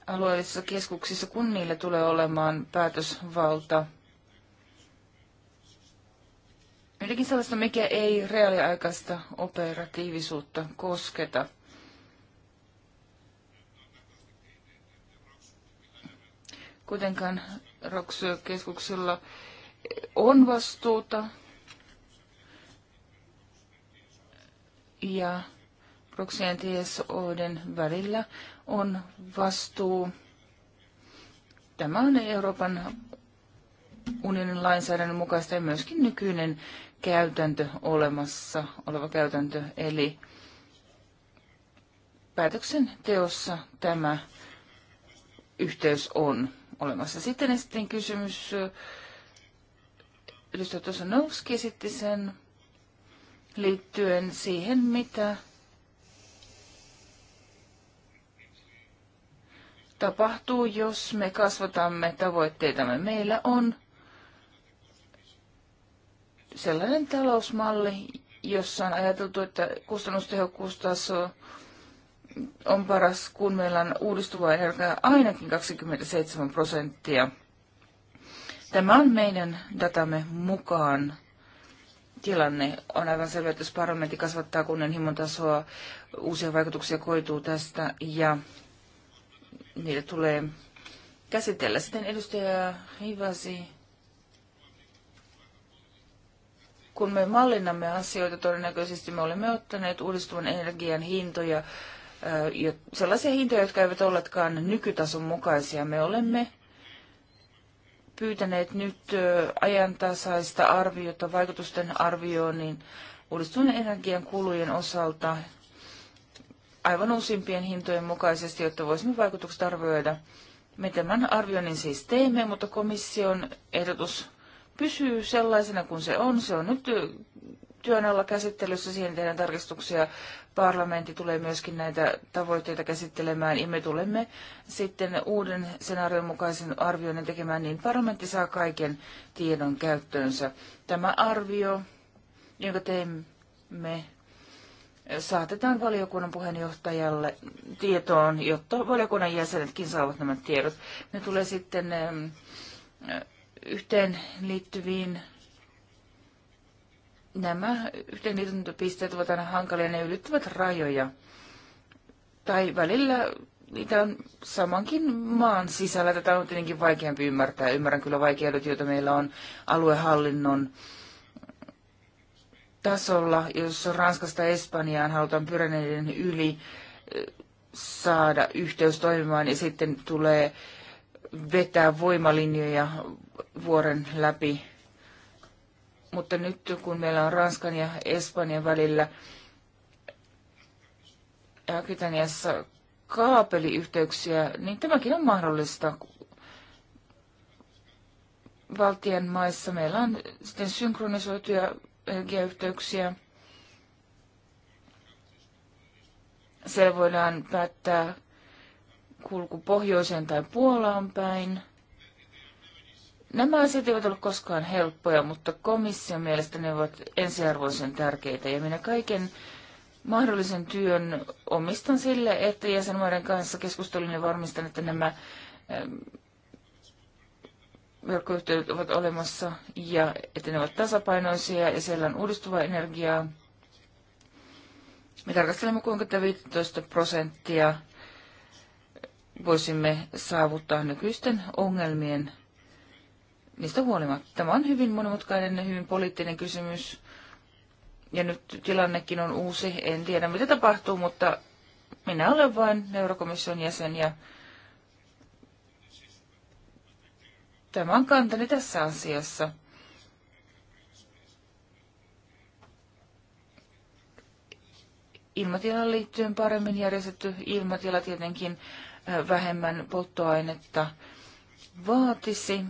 alueellisissa keskuksissa, kun niillä tulee olemaan päätösvalta. Jotenkin sellaista, mikä ei reaaliaikaista operatiivisuutta kosketa. Kuitenkaan ROKS-keskuksilla on vastuuta ja Proxien TSOiden välillä on vastuu. Tämä on Euroopan unionin lainsäädännön mukaista ja myöskin nykyinen käytäntö olemassa oleva käytäntö, eli päätöksenteossa tämä yhteys on olemassa. Sitten esitin kysymys, edustaja Tosanovski esitti sen liittyen siihen, mitä tapahtuu, jos me kasvatamme tavoitteitamme. Meillä on sellainen talousmalli, jossa on ajateltu, että kustannustehokkuustaso on paras, kun meillä on uudistuvaa energiaa ainakin 27 prosenttia. Tämä on meidän datamme mukaan tilanne. On aivan selvä, että jos parlamentti kasvattaa kunnianhimon tasoa, uusia vaikutuksia koituu tästä ja niitä tulee käsitellä. Sitten edustaja Hivasi, kun me mallinnamme asioita, todennäköisesti me olemme ottaneet uudistuvan energian hintoja, sellaisia hintoja, jotka eivät olleetkaan nykytason mukaisia. Me olemme pyytäneet nyt ajantasaista arviota vaikutusten arvioinnin uudistuvan energian kulujen osalta aivan uusimpien hintojen mukaisesti, jotta voisimme vaikutukset arvioida. Me tämän arvioinnin siis teemme, mutta komission ehdotus pysyy sellaisena kuin se on. Se on nyt työn alla käsittelyssä, siihen tehdään tarkistuksia. Parlamentti tulee myöskin näitä tavoitteita käsittelemään ja me tulemme sitten uuden senaarion mukaisen arvioinnin tekemään, niin parlamentti saa kaiken tiedon käyttöönsä. Tämä arvio, jonka teemme saatetaan valiokunnan puheenjohtajalle tietoon, jotta valiokunnan jäsenetkin saavat nämä tiedot. Ne tulee sitten ähm, äh, yhteen liittyviin nämä yhteenliityntäpisteet ovat aina hankalia, ne ylittävät rajoja. Tai välillä niitä on samankin maan sisällä. Tätä on tietenkin vaikeampi ymmärtää. Ymmärrän kyllä vaikeudet, joita meillä on aluehallinnon äh, tasolla, jos Ranskasta Espanjaan halutaan pyräneiden yli saada yhteys toimimaan ja sitten tulee vetää voimalinjoja vuoren läpi. Mutta nyt kun meillä on Ranskan ja Espanjan välillä Akitaniassa kaapeliyhteyksiä, niin tämäkin on mahdollista. Valtien maissa meillä on sitten synkronisoituja energiayhteyksiä. Siellä voidaan päättää kulku pohjoiseen tai Puolaan päin. Nämä asiat eivät ole koskaan helppoja, mutta komission mielestä ne ovat ensiarvoisen tärkeitä. Ja minä kaiken mahdollisen työn omistan sille, että jäsenmaiden kanssa keskustelun ja varmistan, että nämä verkkoyhteydet ovat olemassa ja että ne ovat tasapainoisia ja siellä on uudistuvaa energiaa. Me tarkastelemme, kuinka tämä 15 prosenttia voisimme saavuttaa nykyisten ongelmien niistä huolimatta. Tämä on hyvin monimutkainen ja hyvin poliittinen kysymys. Ja nyt tilannekin on uusi. En tiedä, mitä tapahtuu, mutta minä olen vain neurokomission jäsen ja Tämä on kantani tässä asiassa. Ilmatilaan liittyen paremmin järjestetty ilmatila tietenkin vähemmän polttoainetta vaatisi,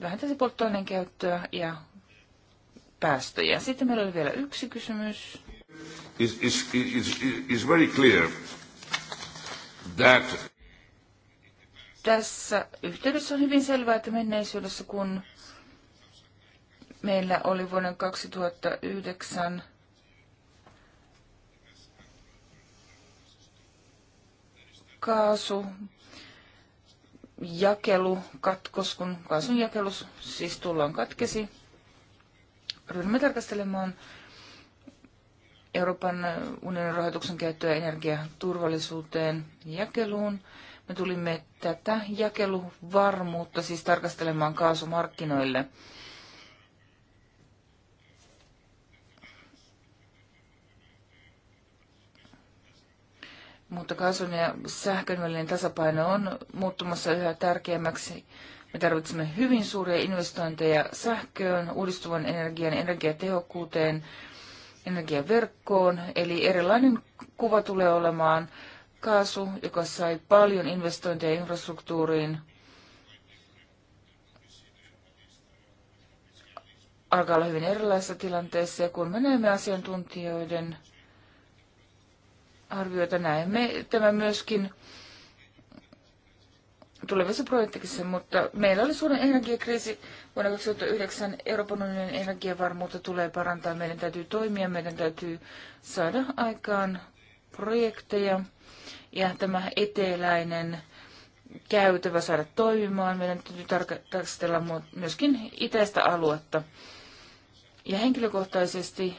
vähentäisi polttoaineen käyttöä ja päästöjä. Sitten meillä oli vielä yksi kysymys. It's, it's, it's, it's very clear that tässä yhteydessä on hyvin selvää, että menneisyydessä, kun meillä oli vuoden 2009 kaasu katkos, kun kaasun jakelu siis tullaan katkesi. Ryhdymme tarkastelemaan Euroopan unionin rahoituksen käyttöä energiaturvallisuuteen ja jakeluun. Me tulimme tätä jakeluvarmuutta siis tarkastelemaan kaasumarkkinoille. Mutta kaasun ja sähkön välinen tasapaino on muuttumassa yhä tärkeämmäksi. Me tarvitsemme hyvin suuria investointeja sähköön, uudistuvan energian, energiatehokkuuteen, energiaverkkoon, eli erilainen kuva tulee olemaan kaasu, joka sai paljon investointeja infrastruktuuriin, alkaa olla hyvin erilaisessa tilanteessa. Ja kun me näemme asiantuntijoiden arvioita, näemme tämä myöskin tulevissa projekteissa, mutta meillä oli suuri energiakriisi vuonna 2009. Euroopan unionin energiavarmuutta tulee parantaa. Meidän täytyy toimia, meidän täytyy saada aikaan projekteja, ja tämä eteläinen käytävä saada toimimaan. Meidän täytyy tarkastella myöskin itäistä aluetta. Ja henkilökohtaisesti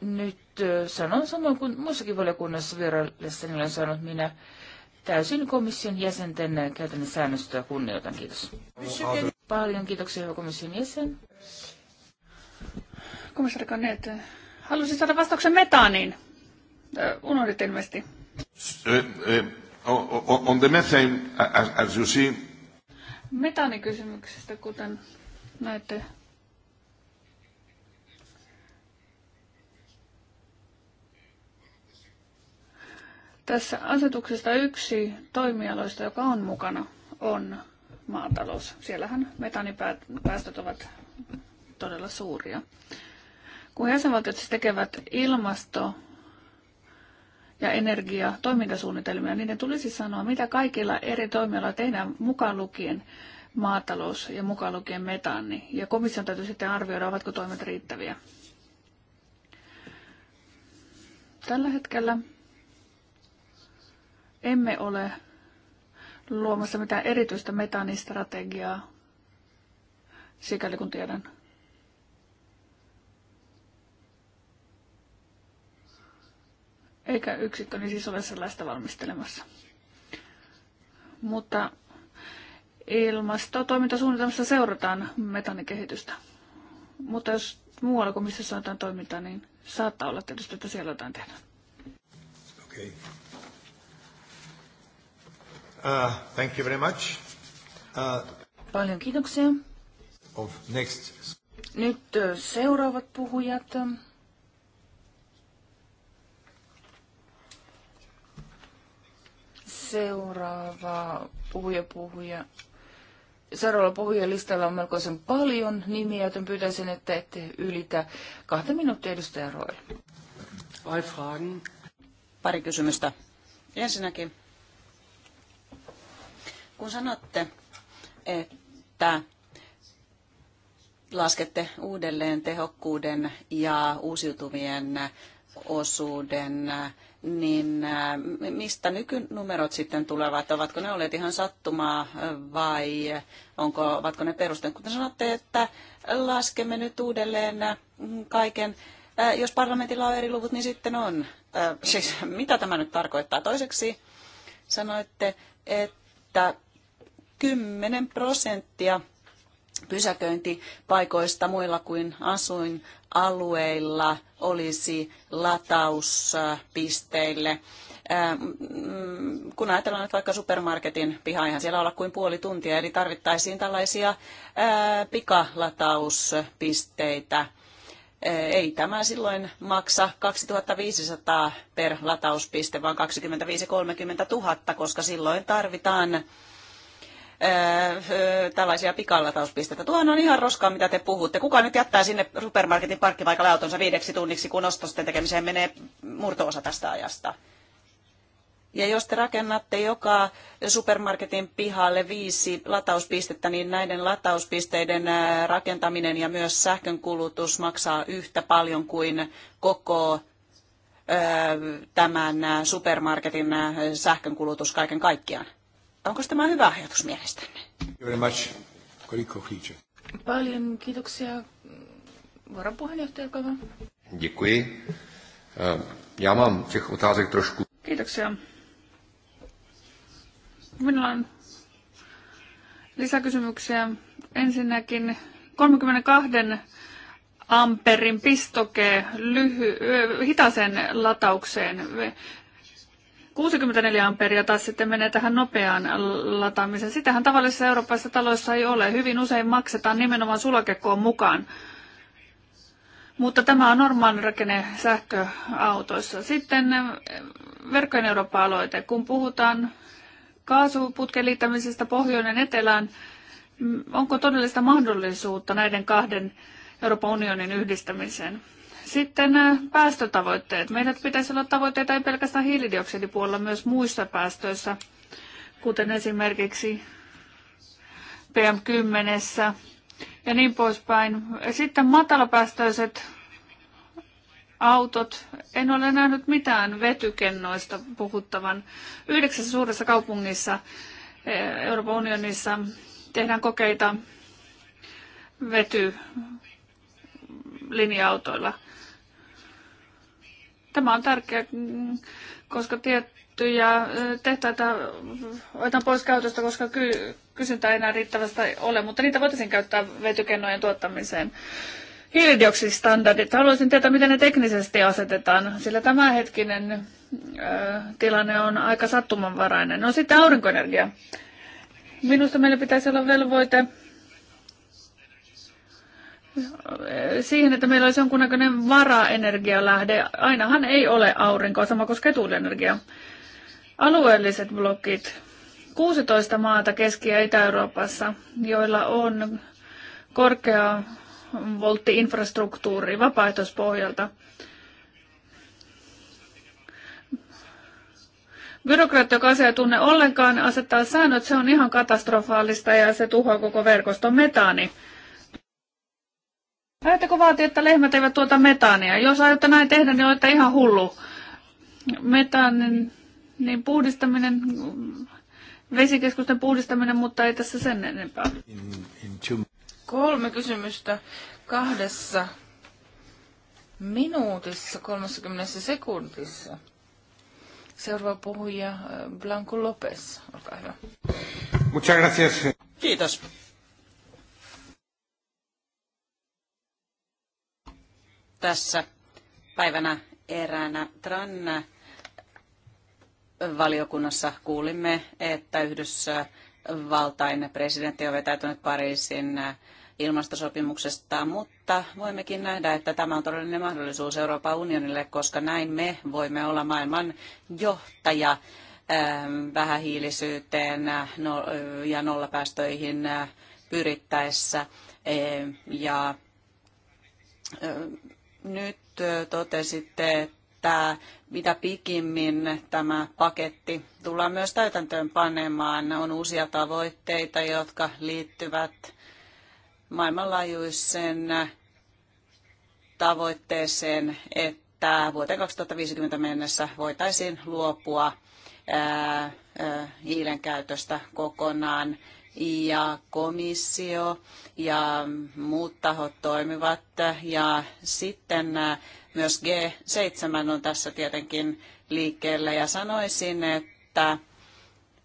nyt sanon samoin kuin muissakin valiokunnassa niin olen sanonut minä täysin komission jäsenten käytännön säännöstöä kunnioitan. Kiitos. Paljon kiitoksia, hyvä komission jäsen. Komissaari Kaneet, halusin saada vastauksen metaaniin unohdit ilmeisesti. On the methane, as you see. Metaanikysymyksestä, kuten näette, Tässä asetuksesta yksi toimialoista, joka on mukana, on maatalous. Siellähän metaanipäästöt ovat todella suuria. Kun jäsenvaltiot siis tekevät ilmasto- ja energia niin ne tulisi sanoa, mitä kaikilla eri toimialoilla tehdään mukaan lukien maatalous ja mukaan lukien metaani. Ja komission täytyy sitten arvioida, ovatko toimet riittäviä. Tällä hetkellä emme ole luomassa mitään erityistä metaanistrategiaa, sikäli kun tiedän. eikä yksikköni niin siis ole sellaista valmistelemassa. Mutta ilmastotoimintasuunnitelmassa seurataan metanikehitystä. Mutta jos muualla kuin missä sanotaan toimintaa, niin saattaa olla tietysti, että siellä jotain tehdään. Okay. Uh, thank you very much. Uh, Paljon kiitoksia. Of next. Nyt seuraavat puhujat. seuraava puhuja puhuja. Seuraavalla puhujalistalla on melkoisen paljon nimiä, joten pyytäisin, että ette ylitä kahta minuuttia edustaja Roel. Pari kysymystä. Ensinnäkin, kun sanotte, että laskette uudelleen tehokkuuden ja uusiutuvien osuuden niin äh, mistä nykynumerot sitten tulevat? Ovatko ne olleet ihan sattumaa äh, vai onko, ovatko ne perusteet? Kuten sanotte, että laskemme nyt uudelleen äh, kaiken. Jos parlamentilla on eri luvut, niin sitten on. Siis mitä tämä nyt tarkoittaa? Toiseksi sanoitte, että 10 prosenttia pysäköintipaikoista muilla kuin asuinalueilla olisi latauspisteille. Mm, kun ajatellaan nyt vaikka supermarketin piha, eihän siellä olla kuin puoli tuntia, eli tarvittaisiin tällaisia pikalatauspisteitä. Ei tämä silloin maksa 2500 per latauspiste, vaan 25-30 000, koska silloin tarvitaan Äh, äh, tällaisia pikalatauspisteitä. Tuohan on ihan roskaa, mitä te puhutte. Kuka nyt jättää sinne supermarketin parkkipaikalle autonsa viideksi tunniksi, kun ostosten tekemiseen menee murtoosa tästä ajasta? Ja jos te rakennatte joka supermarketin pihalle viisi latauspistettä, niin näiden latauspisteiden äh, rakentaminen ja myös sähkönkulutus maksaa yhtä paljon kuin koko tämän supermarketin sähkönkulutus kaiken kaikkiaan. Onko tämä hyvä ajatus mielestänne? Paljon kiitoksia. Varapuheenjohtaja, olkaa hyvä. Děkuji. Eh, těch otázek trošku. Kiitoksia. Minulla on lisäkysymyksiä. Ensinnäkin 32 amperin pistoke lyhy, eh, hitaisen lataukseen. 64 amperia taas sitten menee tähän nopeaan lataamiseen. Sitähän tavallisessa eurooppalaisessa taloissa ei ole. Hyvin usein maksetaan nimenomaan sulakekoon mukaan. Mutta tämä on normaali rakenne sähköautoissa. Sitten eh, verkkojen Eurooppa-aloite. Kun puhutaan kaasuputken liittämisestä pohjoinen etelään, mm, onko todellista mahdollisuutta näiden kahden Euroopan unionin yhdistämiseen? Sitten äh, päästötavoitteet. Meillä pitäisi olla tavoitteita ei pelkästään hiilidioksidipuolella, myös muissa päästöissä, kuten esimerkiksi PM10 ja niin poispäin. Sitten matalapäästöiset autot. En ole nähnyt mitään vetykennoista puhuttavan. Yhdeksässä suuressa kaupungissa eh, Euroopan unionissa tehdään kokeita vetylinja autoilla Tämä on tärkeää, mm, koska tiettyjä tehtaita otetaan pois käytöstä, koska ky- kysyntää ei enää riittävästi ole, mutta niitä voitaisiin käyttää vetykennojen tuottamiseen. Hiilidioksistandardit. Haluaisin tietää, miten ne teknisesti asetetaan, sillä tämänhetkinen ö, tilanne on aika sattumanvarainen. No sitten aurinkoenergia. Minusta meillä pitäisi olla velvoite siihen, että meillä olisi jonkunnäköinen varaenergialähde. Ainahan ei ole aurinkoa, sama kuin ketuulienergia. Alueelliset blokit. 16 maata Keski- ja Itä-Euroopassa, joilla on korkea voltti-infrastruktuuri vapaaehtoispohjalta. Byrokraatti, joka asia tunne ollenkaan, asettaa säännöt, se on ihan katastrofaalista ja se tuhoaa koko verkoston metaani. Aiotteko vaatia, että lehmät eivät tuota metaania? Jos aiotte näin tehdä, niin olette ihan hullu. Metaanin niin puhdistaminen, vesikeskusten puhdistaminen, mutta ei tässä sen enempää. Kolme kysymystä kahdessa minuutissa, 30 sekunnissa. Seuraava puhuja eh, Blanco Lopez, olkaa hyvä. Muchas gracias. Kiitos. tässä päivänä eräänä Tran valiokunnassa kuulimme, että Yhdysvaltain presidentti on vetäytynyt Pariisin ilmastosopimuksesta, mutta voimmekin nähdä, että tämä on todellinen mahdollisuus Euroopan unionille, koska näin me voimme olla maailman johtaja ähm, vähähiilisyyteen äh, no, äh, ja nollapäästöihin äh, pyrittäessä ja nyt totesitte, että mitä pikimmin tämä paketti tullaan myös täytäntöön panemaan. On uusia tavoitteita, jotka liittyvät maailmanlaajuisen tavoitteeseen, että vuoteen 2050 mennessä voitaisiin luopua hiilen käytöstä kokonaan ja komissio ja muut tahot toimivat. Ja sitten äh, myös G7 on tässä tietenkin liikkeellä ja sanoisin, että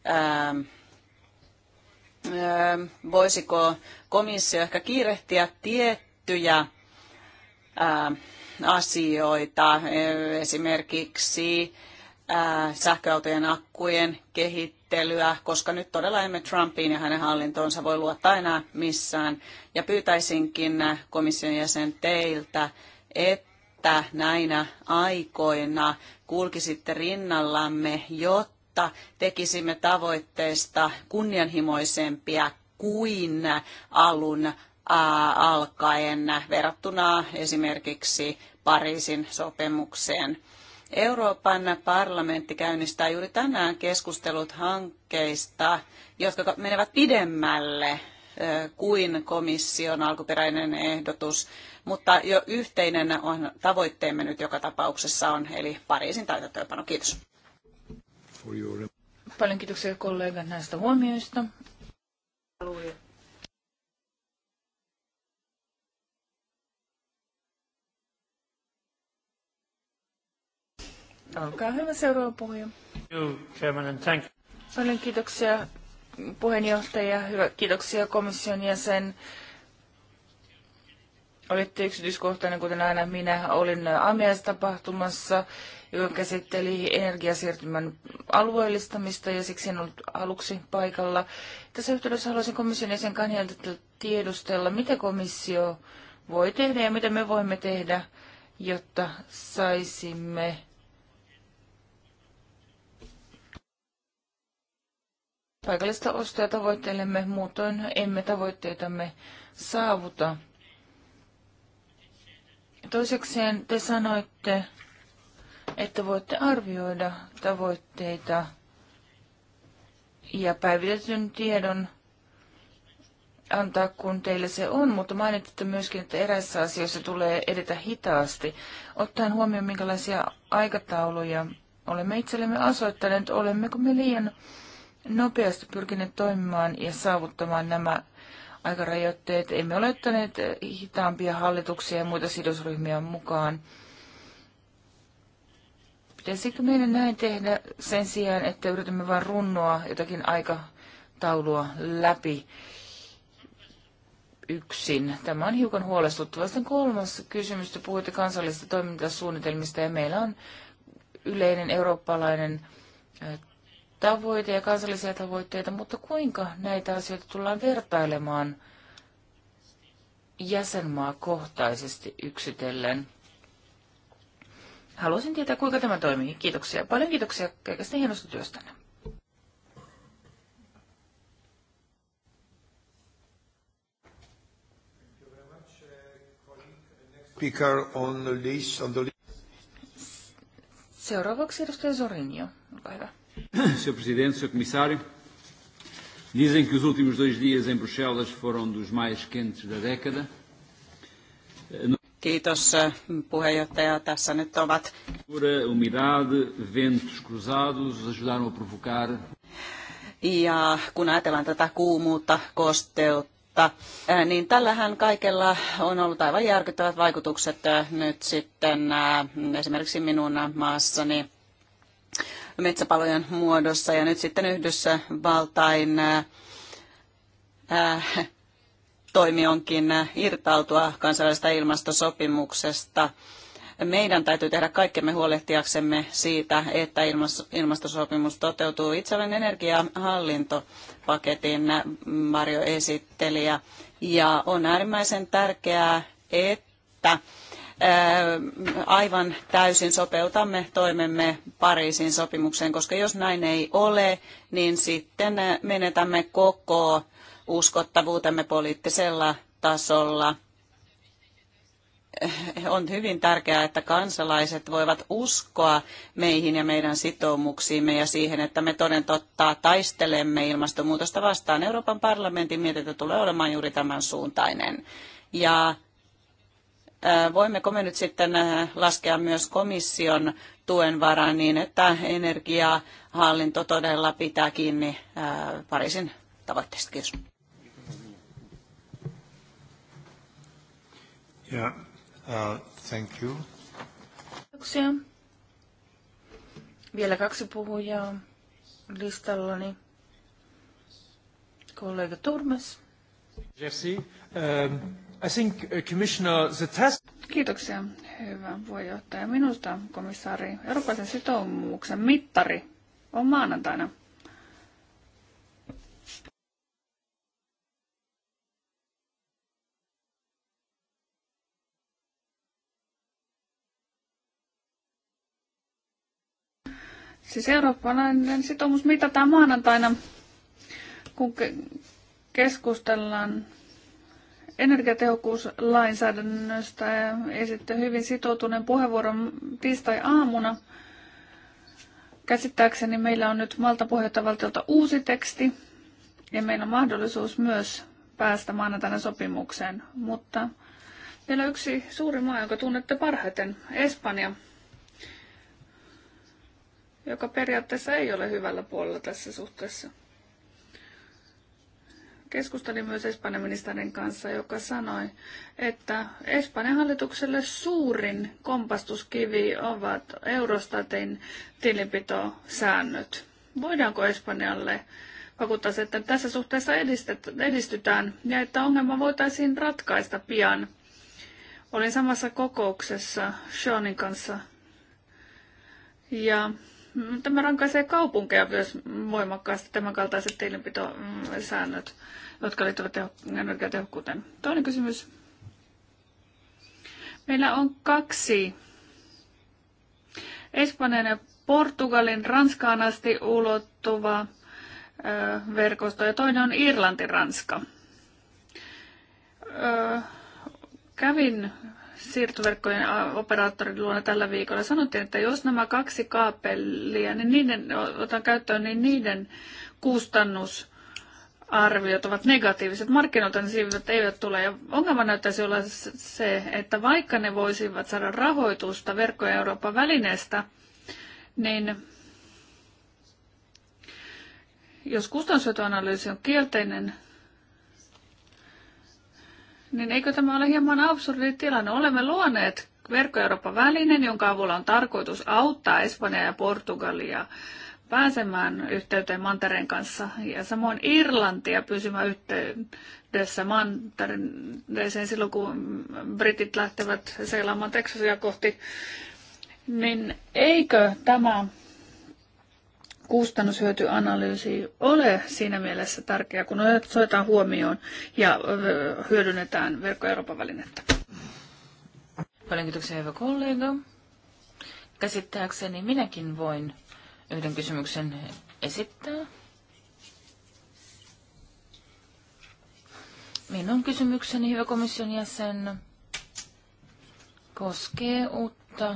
ää, ähm, äh, voisiko komissio ehkä kiirehtiä tiettyjä ää, äh, asioita, e- esimerkiksi sähköautojen akkujen kehittämistä käsittelyä, koska nyt todella emme Trumpiin ja hänen hallintoonsa voi luottaa enää missään. Ja pyytäisinkin komission jäsen teiltä, että näinä aikoina kulkisitte rinnallamme, jotta tekisimme tavoitteista kunnianhimoisempia kuin alun alkaen verrattuna esimerkiksi Pariisin sopimukseen. Euroopan parlamentti käynnistää juuri tänään keskustelut hankkeista, jotka menevät pidemmälle kuin komission alkuperäinen ehdotus, mutta jo yhteinen on tavoitteemme nyt joka tapauksessa on, eli Pariisin täytäntöönpano. Kiitos. Paljon kiitoksia kollegat näistä huomioista. Olkaa hyvä seuraava puhuja. Paljon kiitoksia puheenjohtaja, hyvä, kiitoksia komission jäsen. Olitte yksityiskohtainen, kuten aina minä olin AMIAS-tapahtumassa, joka käsitteli energiasiirtymän alueellistamista ja siksi en ollut aluksi paikalla. Tässä yhteydessä haluaisin komission jäsen Kanjalta tiedustella, mitä komissio voi tehdä ja mitä me voimme tehdä, jotta saisimme paikallista ostoja tavoittelemme, muutoin emme tavoitteitamme saavuta. Toisekseen te sanoitte, että voitte arvioida tavoitteita ja päivitetyn tiedon antaa, kun teillä se on, mutta mainitsitte myöskin, että eräissä asioissa tulee edetä hitaasti. Ottaen huomioon, minkälaisia aikatauluja olemme itsellemme asoittaneet, olemmeko me liian nopeasti pyrkineet toimimaan ja saavuttamaan nämä aikarajoitteet. Emme ole ottaneet hitaampia hallituksia ja muita sidosryhmiä mukaan. Pitäisikö meidän näin tehdä sen sijaan, että yritämme vain runnoa jotakin aikataulua läpi yksin? Tämä on hiukan huolestuttava. Sitten kolmas kysymys, että puhuitte kansallisista toimintasuunnitelmista ja meillä on yleinen eurooppalainen tavoite ja kansallisia tavoitteita, mutta kuinka näitä asioita tullaan vertailemaan jäsenmaa kohtaisesti yksitellen? Haluaisin tietää, kuinka tämä toimii. Kiitoksia. Paljon kiitoksia kaikesta hienosta työstänne. on on Seuraavaksi edustaja Zorinio. olkaa hyvä. Sr. Presidente, Sr. Comissário, dizem que os últimos dois dias em Bruxelas foram dos mais quentes da década. Kiitos eh, puheenjohtaja. Tässä nyt ovat. Umidade, ventos cruzados ajudaram a provocar. Ja kun ajatellaan tätä kuumuutta, kosteutta, eh, niin tällähän kaikella on ollut aivan järkyttävät vaikutukset eh, nyt sitten esimerkiksi minun maassani metsäpalojen muodossa. Ja nyt sitten Yhdysvaltain ää, äh, toimi onkin irtautua kansainvälisestä ilmastosopimuksesta. Meidän täytyy tehdä kaikkemme huolehtiaksemme siitä, että ilmastosopimus toteutuu. Itse olen energiahallintopaketin varjoesittelijä ja on äärimmäisen tärkeää, että että aivan täysin sopeutamme toimemme Pariisin sopimukseen, koska jos näin ei ole, niin sitten menetämme koko uskottavuutemme poliittisella tasolla. On hyvin tärkeää, että kansalaiset voivat uskoa meihin ja meidän sitoumuksiimme ja siihen, että me toden totta taistelemme ilmastonmuutosta vastaan. Euroopan parlamentin mietintö tulee olemaan juuri tämän suuntainen. Ja Äh, voimmeko me nyt sitten äh, laskea myös komission tuen varaan niin, että energiahallinto todella pitää kiinni äh, Pariisin tavoitteista? Kiitos. Yeah, uh, thank you. Kiitoksia. Vielä kaksi puhujaa listallani. Kollega Turmes. Merci. I think, uh, Commissioner, Kiitoksia, hyvä puheenjohtaja. Minusta, komissaari, Euroopan sitoumuksen mittari on maanantaina. Siis eurooppalainen sitoumus mitataan maanantaina, kun ke- keskustellaan energiatehokkuuslainsäädännöstä ja esitti hyvin sitoutuneen puheenvuoron tiistai-aamuna. Käsittääkseni meillä on nyt Malta puheenjohtajavaltiolta uusi teksti ja meillä on mahdollisuus myös päästä maanantaina sopimukseen, mutta vielä yksi suuri maa, jonka tunnette parhaiten, Espanja, joka periaatteessa ei ole hyvällä puolella tässä suhteessa. Keskustelin myös Espanjan ministerin kanssa, joka sanoi, että Espanjan hallitukselle suurin kompastuskivi ovat Eurostatin tilinpitosäännöt. Voidaanko Espanjalle vakuuttaa että tässä suhteessa edistytään ja että ongelma voitaisiin ratkaista pian? Olin samassa kokouksessa Seanin kanssa ja Tämä rankaisee kaupunkeja myös voimakkaasti, tämänkaltaiset tilinpitosäännöt, jotka liittyvät teho- energiatehokkuuteen. Toinen kysymys. Meillä on kaksi Espanjan ja Portugalin Ranskaan asti ulottuva verkosto ja toinen on Irlanti-Ranska. Kävin siirtoverkkojen operaattorin luona tällä viikolla. Sanottiin, että jos nämä kaksi kaapelia, niin niiden, otan käyttöön, niin niiden arviot ovat negatiiviset. Markkinoilta ne siivät eivät tule. Ja ongelma näyttäisi olla se, että vaikka ne voisivat saada rahoitusta ja Euroopan välineestä, niin jos kustannushyötyanalyysi on kielteinen, niin eikö tämä ole hieman absurdi tilanne? Olemme luoneet Verkko Euroopan välinen, jonka avulla on tarkoitus auttaa Espanjaa ja Portugalia pääsemään yhteyteen Mantereen kanssa ja samoin Irlantia pysymään yhteydessä Mantereeseen silloin, kun britit lähtevät seilaamaan Texasia kohti. Niin eikö tämä kustannushyötyanalyysi ole siinä mielessä tärkeä, kun otetaan huomioon ja hyödynnetään verkko Euroopan välinettä. Paljon kiitoksia, hyvä kollega. Käsittääkseni minäkin voin yhden kysymyksen esittää. Minun kysymykseni, hyvä komission jäsen, koskee uutta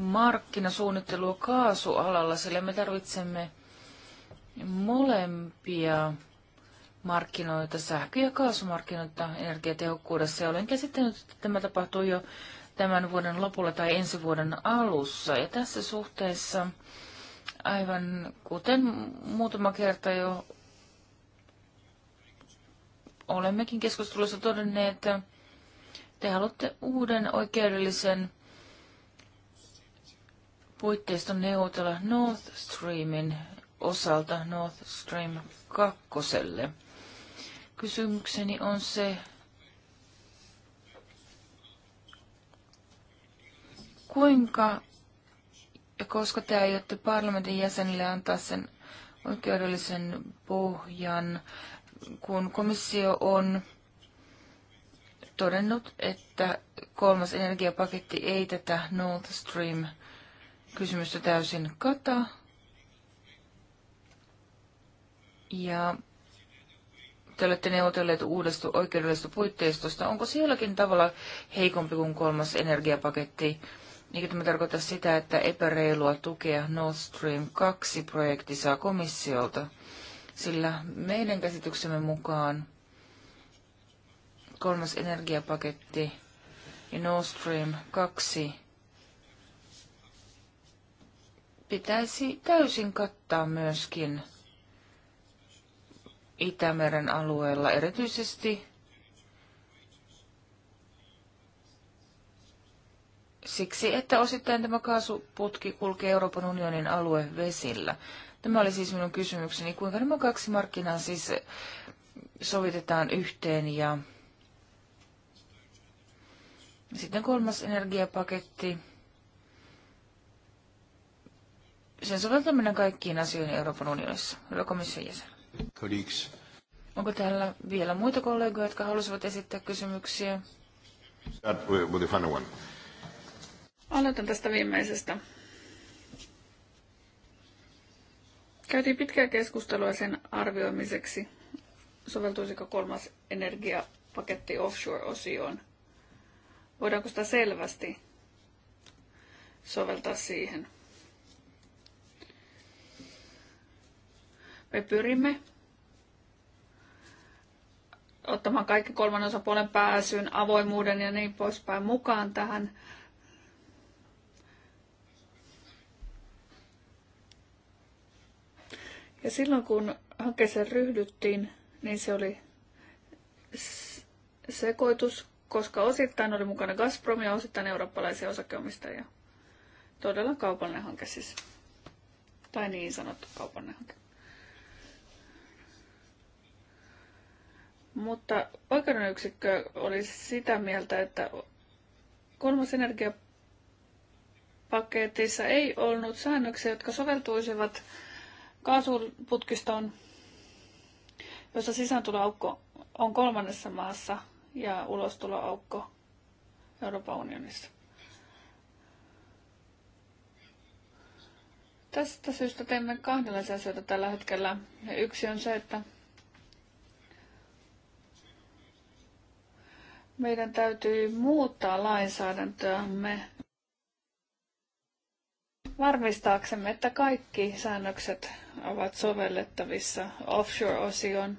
markkinasuunnittelua kaasualalla, sillä me tarvitsemme molempia markkinoita, sähkö- ja kaasumarkkinoita energiatehokkuudessa. Ja olen käsittänyt, että tämä tapahtuu jo tämän vuoden lopulla tai ensi vuoden alussa. Ja tässä suhteessa, aivan kuten muutama kerta jo olemmekin keskustelussa todenneet, te haluatte uuden oikeudellisen puitteista neuvotella North Streamin osalta North Stream 2. Kysymykseni on se, kuinka ja koska te aiotte parlamentin jäsenille antaa sen oikeudellisen pohjan, kun komissio on todennut, että kolmas energiapaketti ei tätä North Stream kysymystä täysin kata. Ja te olette neuvotelleet uudesta oikeudellisesta puitteistosta. Onko sielläkin tavalla heikompi kuin kolmas energiapaketti? Eikö tämä tarkoita sitä, että epäreilua tukea Nord Stream 2-projekti saa komissiolta? Sillä meidän käsityksemme mukaan kolmas energiapaketti ja Nord Stream 2 pitäisi täysin kattaa myöskin Itämeren alueella, erityisesti siksi, että osittain tämä kaasuputki kulkee Euroopan unionin aluevesillä. Tämä oli siis minun kysymykseni, kuinka nämä kaksi markkinaa siis sovitetaan yhteen ja sitten kolmas energiapaketti. sen soveltaminen kaikkiin asioihin Euroopan unionissa. Hyvä komission jäsen. Colleagues. Onko täällä vielä muita kollegoja, jotka haluaisivat esittää kysymyksiä? Aloitan tästä viimeisestä. Käytiin pitkää keskustelua sen arvioimiseksi, soveltuisiko kolmas energiapaketti offshore-osioon. Voidaanko sitä selvästi soveltaa siihen? Me pyrimme ottamaan kaikki kolmannen osapuolen pääsyn, avoimuuden ja niin poispäin mukaan tähän. Ja silloin kun hankkeeseen ryhdyttiin, niin se oli sekoitus, koska osittain oli mukana Gazprom ja osittain eurooppalaisia osakeomistajia. Todella kaupallinen hanke siis. Tai niin sanottu kaupallinen hanke. Mutta oikeuden yksikkö oli sitä mieltä, että kolmas energiapaketissa ei ollut säännöksiä, jotka soveltuisivat kaasuputkistoon, jossa sisääntuloaukko on kolmannessa maassa ja ulostuloaukko Euroopan unionissa. Tästä syystä teemme kahdenlaisia asioita tällä hetkellä. Yksi on se, että meidän täytyy muuttaa lainsäädäntöämme varmistaaksemme, että kaikki säännökset ovat sovellettavissa offshore-osion.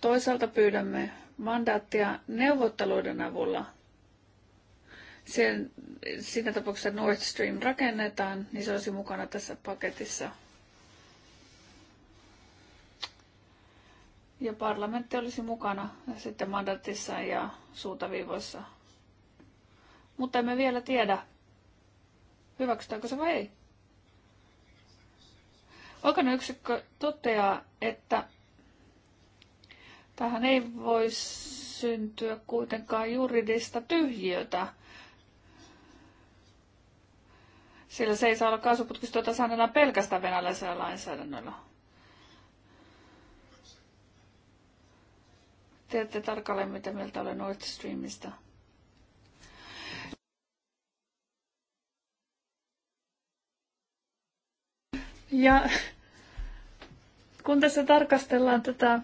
Toisaalta pyydämme mandaattia neuvotteluiden avulla. siinä tapauksessa Nord Stream rakennetaan, niin se olisi mukana tässä paketissa – ja parlamentti olisi mukana sitten mandatissa ja suuntaviivoissa. Mutta emme vielä tiedä, hyväksytäänkö se vai ei. Oikeuden yksikkö toteaa, että tähän ei voi syntyä kuitenkaan juridista tyhjiötä, sillä se ei saa olla kaasuputkistoita jota pelkästään venäläisellä lainsäädännöllä. Tiedätte tarkalleen, mitä mieltä olen Nord Streamista. Ja kun tässä tarkastellaan tätä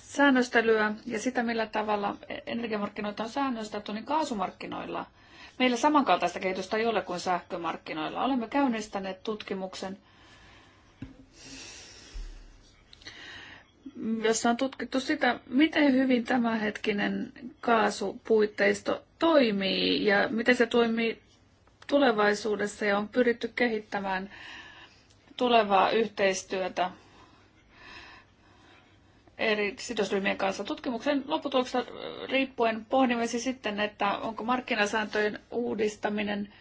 säännöstelyä ja sitä, millä tavalla energiamarkkinoita on säännöstelty, niin kaasumarkkinoilla meillä samankaltaista kehitystä ei ole kuin sähkömarkkinoilla. Olemme käynnistäneet tutkimuksen – jossa on tutkittu sitä, miten hyvin tämänhetkinen kaasupuitteisto toimii ja miten se toimii tulevaisuudessa ja on pyritty kehittämään tulevaa yhteistyötä eri sidosryhmien kanssa. Tutkimuksen lopputuloksesta riippuen pohdimme siis sitten, että onko markkinasääntöjen uudistaminen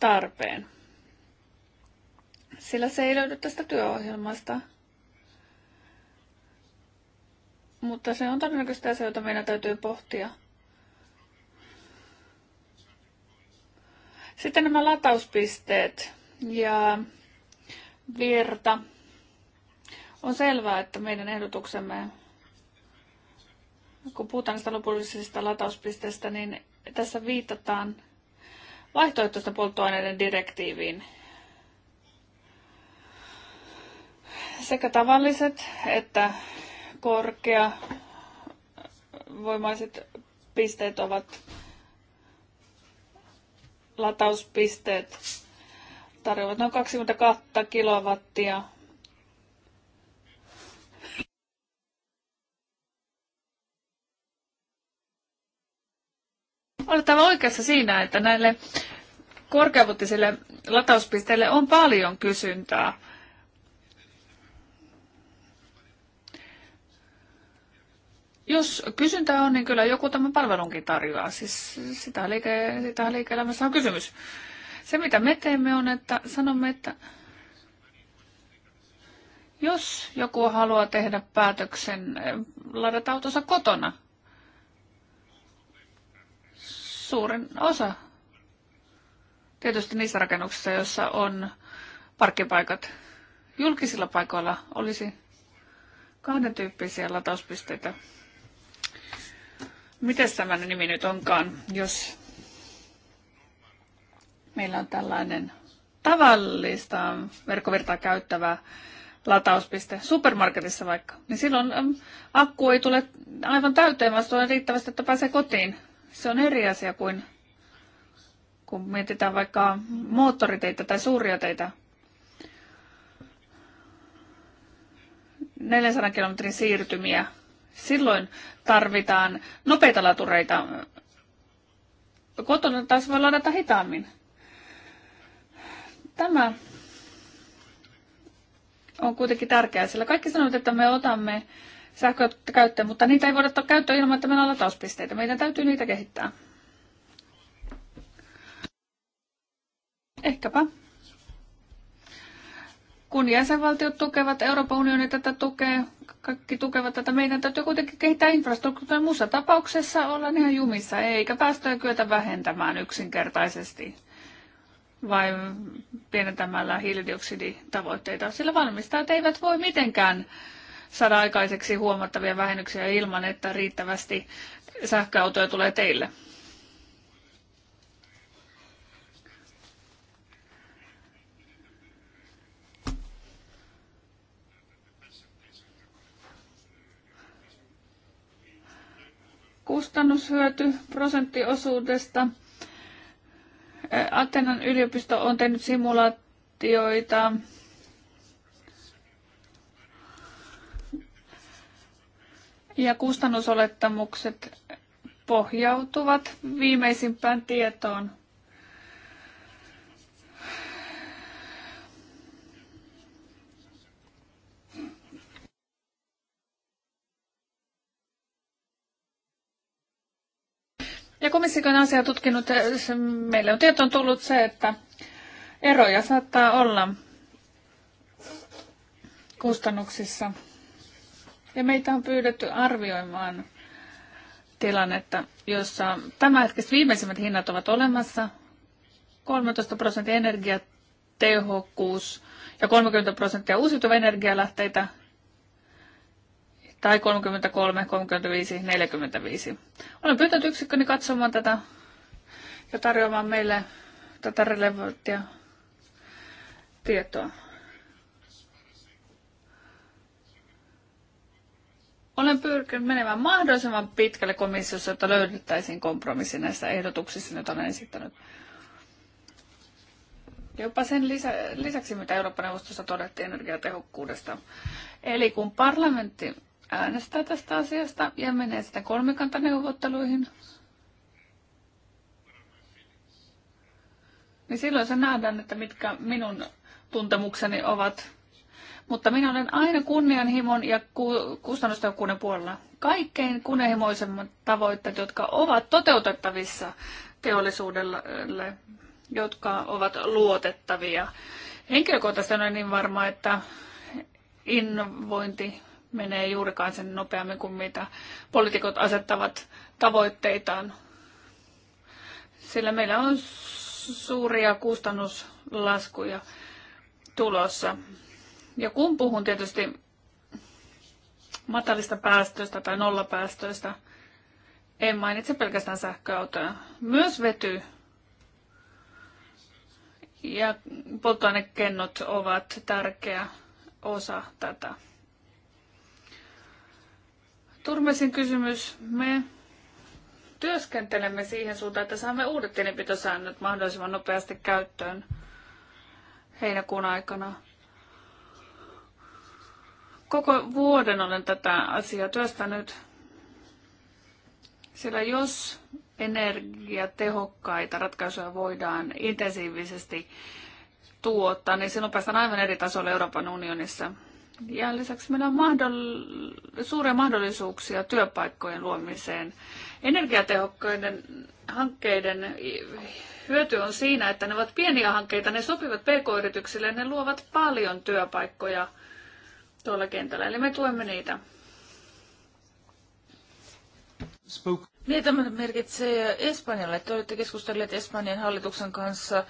tarpeen. Sillä se ei löydy tästä työohjelmasta. Mutta se on todennäköisesti asia, jota meidän täytyy pohtia. Sitten nämä latauspisteet ja virta. On selvää, että meidän ehdotuksemme, kun puhutaan näistä lopullisista latauspisteistä, niin tässä viitataan vaihtoehtoista polttoaineiden direktiiviin. Sekä tavalliset että korkea voimaiset pisteet ovat latauspisteet tarjoavat noin 22 kilowattia olettava oikeassa siinä, että näille korkeavuotisille latauspisteille on paljon kysyntää. Jos kysyntää on, niin kyllä joku tämän palvelunkin tarjoaa. Siis sitä liike, sitä liike-elämässä on kysymys. Se, mitä me teemme, on, että sanomme, että jos joku haluaa tehdä päätöksen ladata autonsa kotona, suurin osa. Tietysti niissä rakennuksissa, joissa on parkkipaikat. Julkisilla paikoilla olisi kahden tyyppisiä latauspisteitä. Mites tämä nimi nyt onkaan, jos meillä on tällainen tavallista verkkovirtaa käyttävä latauspiste supermarketissa vaikka, niin silloin akku ei tule aivan täyteen, vaan on riittävästi, että pääsee kotiin. Se on eri asia kuin kun mietitään vaikka moottoriteitä tai suuria teitä. 400 kilometrin siirtymiä Silloin tarvitaan nopeita latureita. Kotona taas voi ladata hitaammin. Tämä on kuitenkin tärkeää, sillä kaikki sanovat, että me otamme sähköä käyttöön, mutta niitä ei voida ottaa käyttöön ilman, että meillä on latauspisteitä. Meidän täytyy niitä kehittää. Ehkäpä. Kun jäsenvaltiot tukevat, Euroopan unioni tätä tukee, kaikki tukevat tätä. Meidän täytyy kuitenkin kehittää infrastruktuuria. Muussa tapauksessa ollaan ihan jumissa, eikä päästöjä kyetä vähentämään yksinkertaisesti vai pienentämällä hiilidioksiditavoitteita. Sillä valmistajat eivät voi mitenkään saada aikaiseksi huomattavia vähennyksiä ilman, että riittävästi sähköautoja tulee teille. kustannushyöty prosenttiosuudesta. Atenan yliopisto on tehnyt simulaatioita ja kustannusolettamukset pohjautuvat viimeisimpään tietoon Ja komissikon asia tutkinut, eh, meille on tietoon tullut se, että eroja saattaa olla kustannuksissa. Ja meitä on pyydetty arvioimaan tilannetta, jossa tämänhetkiset viimeisimmät hinnat ovat olemassa. 13 prosenttia energiatehokkuus ja 30 prosenttia uusiutuvia energialähteitä tai 33, 35, 45. Olen pyytänyt yksikköni katsomaan tätä ja tarjoamaan meille tätä relevanttia tietoa. Olen pyrkinyt menemään mahdollisimman pitkälle komissiossa, jotta löydettäisiin kompromissi näissä ehdotuksissa, joita olen esittänyt. Jopa sen lisä, lisäksi, mitä Euroopan neuvostossa todettiin energiatehokkuudesta. Eli kun parlamentti äänestää tästä asiasta ja menee sitä kolmikantaneuvotteluihin. Niin silloin se nähdään, että mitkä minun tuntemukseni ovat. Mutta minä olen aina kunnianhimon ja kustannustehokkuuden puolella. Kaikkein kunnianhimoisemmat tavoitteet, jotka ovat toteutettavissa teollisuudelle, jotka ovat luotettavia. Henkilökohtaisesti olen niin varma, että innovointi menee juurikaan sen nopeammin kuin mitä poliitikot asettavat tavoitteitaan. Sillä meillä on suuria kustannuslaskuja tulossa. Ja kun puhun tietysti matalista päästöistä tai nollapäästöistä, en mainitse pelkästään sähköautoja. Myös vety ja polttoainekennot ovat tärkeä osa tätä. Turmesin kysymys. Me työskentelemme siihen suuntaan, että saamme uudet tilinpitosäännöt mahdollisimman nopeasti käyttöön heinäkuun aikana. Koko vuoden olen tätä asiaa työstänyt, sillä jos energiatehokkaita ratkaisuja voidaan intensiivisesti tuottaa, niin silloin päästään aivan eri tasolle Euroopan unionissa. Ja lisäksi meillä on mahdoll- suuria mahdollisuuksia työpaikkojen luomiseen. Energiatehokkaiden hankkeiden hyöty on siinä, että ne ovat pieniä hankkeita, ne sopivat pk-yrityksille ja ne luovat paljon työpaikkoja tuolla kentällä. Eli me tuemme niitä. Spook. Niin, tämä merkitsee Espanjalle. Te olette keskustelleet Espanjan hallituksen kanssa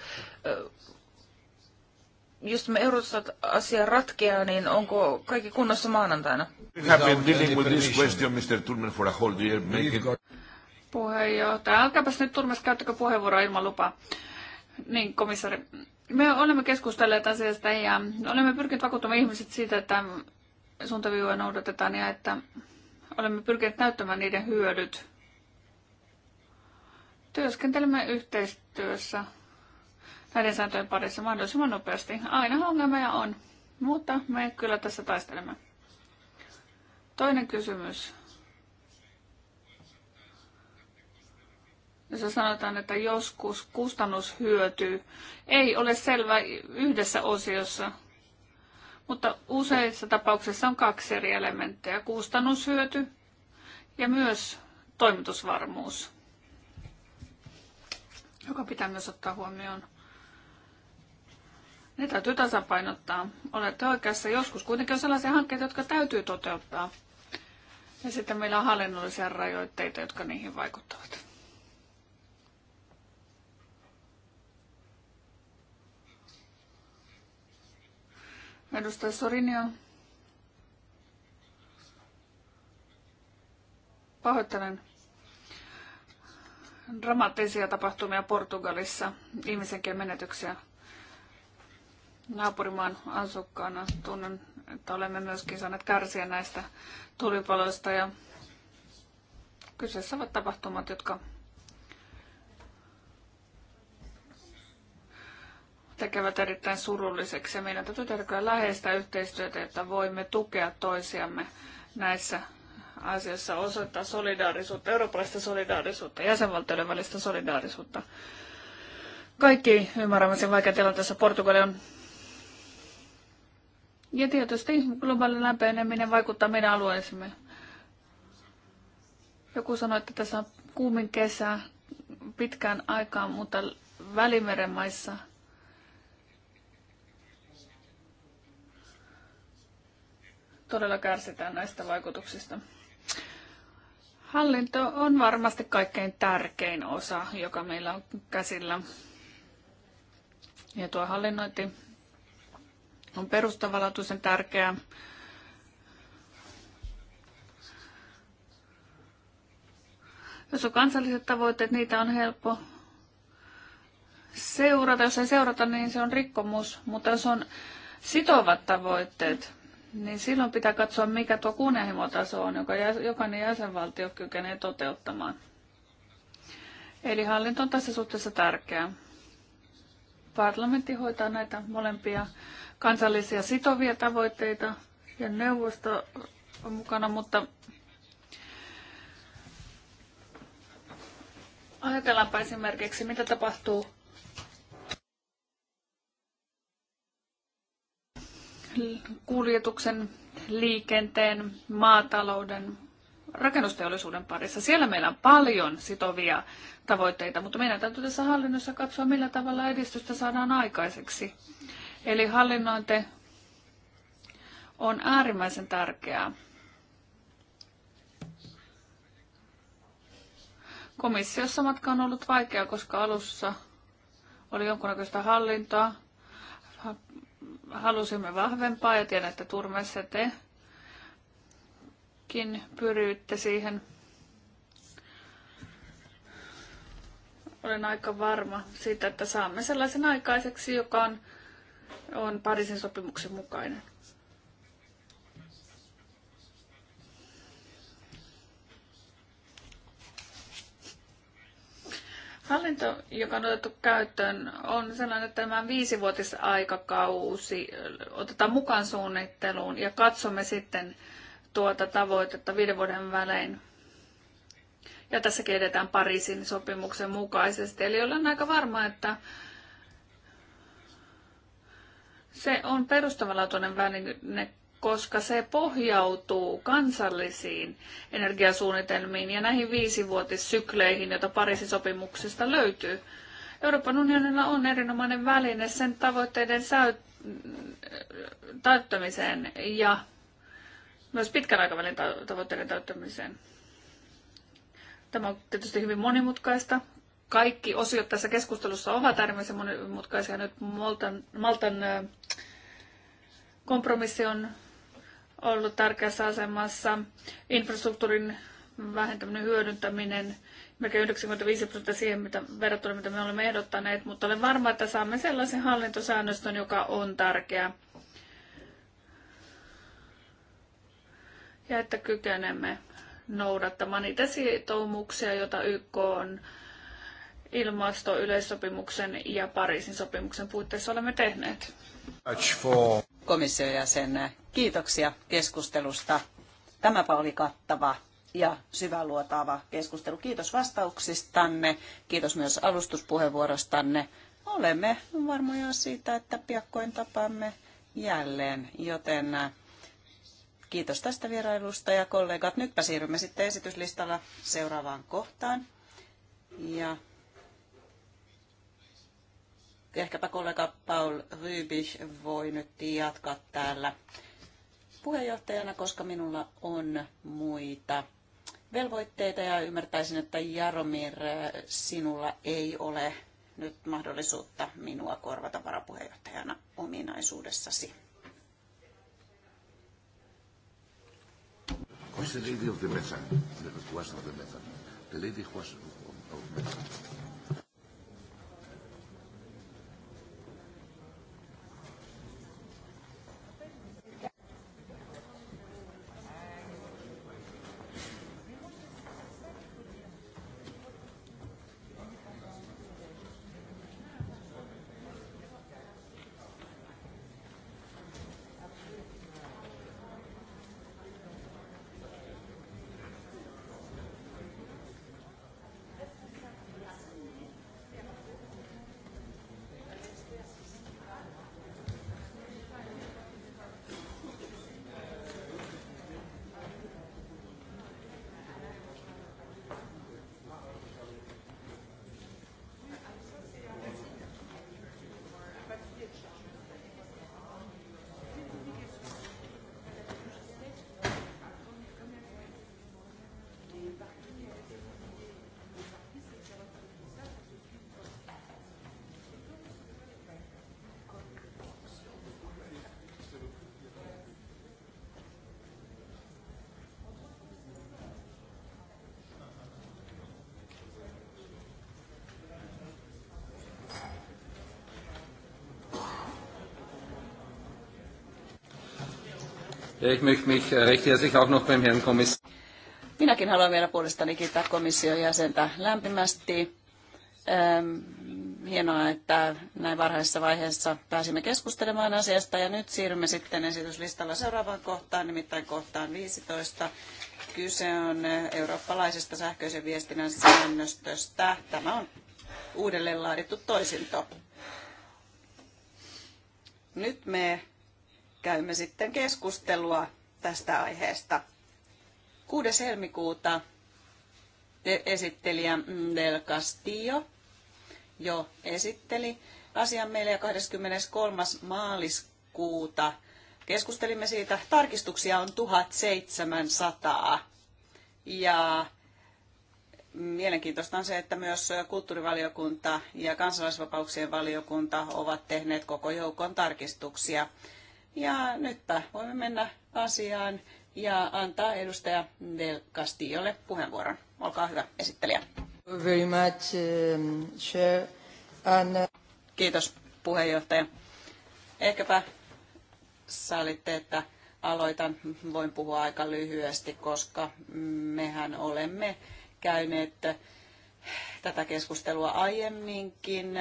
jos me Eurostat asia ratkeaa, niin onko kaikki kunnossa maanantaina? Puheenjohtaja, älkääpäs nyt Turmes käyttäkö puheenvuoroa ilman lupaa. Niin, komissari. Me olemme keskustelleet asiasta ja olemme pyrkineet vakuuttamaan ihmiset siitä, että suuntaviivoja noudatetaan ja että olemme pyrkineet näyttämään niiden hyödyt. Työskentelemme yhteistyössä näiden sääntöjen parissa mahdollisimman nopeasti. Aina ongelmia on, mutta me kyllä tässä taistelemme. Toinen kysymys. Jos sanotaan, että joskus kustannushyöty ei ole selvä yhdessä osiossa, mutta useissa tapauksissa on kaksi eri elementtiä, kustannushyöty ja myös toimitusvarmuus, joka pitää myös ottaa huomioon. Ne täytyy tasapainottaa. Olette oikeassa. Joskus kuitenkin on sellaisia hankkeita, jotka täytyy toteuttaa. Ja sitten meillä on hallinnollisia rajoitteita, jotka niihin vaikuttavat. Edustaja Sorinio. Pahoittelen dramaattisia tapahtumia Portugalissa, ihmisenkin menetyksiä naapurimaan asukkaana tunnen, että olemme myöskin saaneet kärsiä näistä tulipaloista ja kyseessä ovat tapahtumat, jotka tekevät erittäin surulliseksi ja meidän täytyy tehdä läheistä yhteistyötä, että voimme tukea toisiamme näissä asiassa osoittaa solidaarisuutta, eurooppalaista solidaarisuutta, jäsenvaltioiden välistä solidaarisuutta. Kaikki ymmärrämme sen vaikean tilanteessa. Portugali on ja tietysti globaali lämpeneminen vaikuttaa meidän alueisimme, Joku sanoi, että tässä on kuumin kesä pitkään aikaan, mutta Välimeren maissa todella kärsitään näistä vaikutuksista. Hallinto on varmasti kaikkein tärkein osa, joka meillä on käsillä. Ja tuo hallinnointi on perustavanlaatuisen tärkeää. Jos on kansalliset tavoitteet, niitä on helppo seurata. Jos ei seurata, niin se on rikkomus. Mutta jos on sitovat tavoitteet, niin silloin pitää katsoa, mikä tuo kunnianhimotaso on, joka jokainen jäsenvaltio kykenee toteuttamaan. Eli hallinto on tässä suhteessa tärkeää. Parlamentti hoitaa näitä molempia kansallisia sitovia tavoitteita ja neuvosto on mukana, mutta ajatellaanpa esimerkiksi, mitä tapahtuu kuljetuksen, liikenteen, maatalouden, rakennusteollisuuden parissa. Siellä meillä on paljon sitovia tavoitteita, mutta meidän täytyy tässä hallinnossa katsoa, millä tavalla edistystä saadaan aikaiseksi. Eli hallinnointi on äärimmäisen tärkeää. Komissiossa matka on ollut vaikea, koska alussa oli jonkunnäköistä hallintoa. Halusimme vahvempaa ja tiedän, että turmessa tekin pyryitte siihen. Olen aika varma siitä, että saamme sellaisen aikaiseksi, joka on on Pariisin sopimuksen mukainen. Hallinto, joka on otettu käyttöön, on sellainen, että tämä viisivuotisaikakausi otetaan mukaan suunnitteluun ja katsomme sitten tuota tavoitetta viiden vuoden välein. Ja tässäkin edetään Pariisin sopimuksen mukaisesti. Eli ollaan aika varma, että se on perustavanlaatuinen väline, koska se pohjautuu kansallisiin energiasuunnitelmiin ja näihin viisivuotissykleihin, joita Pariisin sopimuksesta löytyy. Euroopan unionilla on erinomainen väline sen tavoitteiden täyttämiseen ja myös pitkän aikavälin tavoitteiden täyttämiseen. Tämä on tietysti hyvin monimutkaista, kaikki osiot tässä keskustelussa ovat äärimmäisen monimutkaisia. Nyt Maltan, Maltan kompromissi on ollut tärkeässä asemassa. Infrastruktuurin vähentäminen, hyödyntäminen, melkein 95 prosenttia siihen mitä, verrattuna, mitä me olemme ehdottaneet, mutta olen varma, että saamme sellaisen hallintosäännöstön, joka on tärkeä. Ja että kykenemme noudattamaan niitä sitoumuksia, joita YK on ilmastoyleissopimuksen ja Pariisin sopimuksen puitteissa olemme tehneet. Komission jäsen, kiitoksia keskustelusta. Tämäpä oli kattava ja syväluotaava keskustelu. Kiitos vastauksistanne, kiitos myös alustuspuheenvuorostanne. Olemme varmoja siitä, että piakkoin tapaamme jälleen, joten äh, kiitos tästä vierailusta ja kollegat. Nytpä siirrymme sitten esityslistalla seuraavaan kohtaan. Ja ehkäpä kollega Paul Rybich voi nyt jatkaa täällä puheenjohtajana, koska minulla on muita velvoitteita ja ymmärtäisin, että Jaromir, äh, sinulla ei ole nyt mahdollisuutta minua korvata varapuheenjohtajana ominaisuudessasi. Who's the lady of the mesa? The, was not the mesa. The lady was of mesa. Ich möchte mich äh, recht herzlich auch noch beim Herrn Kommissar. Minäkin haluan vielä puolestani kiittää komission jäsentä lämpimästi. Ähm, hienoa, että näin varhaisessa vaiheessa pääsimme keskustelemaan asiasta ja nyt siirrymme sitten esityslistalla seuraavaan kohtaan, nimittäin kohtaan 15. Kyse on äh, eurooppalaisesta sähköisen viestinnän säännöstöstä. Tämä on uudelleen laadittu toisinto. Nyt me käymme sitten keskustelua tästä aiheesta. 6. helmikuuta e- esittelijä Del Castillo jo esitteli asian meille ja 23. maaliskuuta keskustelimme siitä. Tarkistuksia on 1700 ja mielenkiintoista on se, että myös kulttuurivaliokunta ja kansalaisvapauksien valiokunta ovat tehneet koko joukon tarkistuksia. Ja nyt voimme mennä asiaan ja antaa edustaja Del Castillolle puheenvuoron. Olkaa hyvä, esittelijä. Very much, um, chair. And... Uh, Kiitos, puheenjohtaja. Ehkäpä sallitte, että aloitan. Voin puhua aika lyhyesti, koska mehän olemme käyneet tätä keskustelua aiemminkin.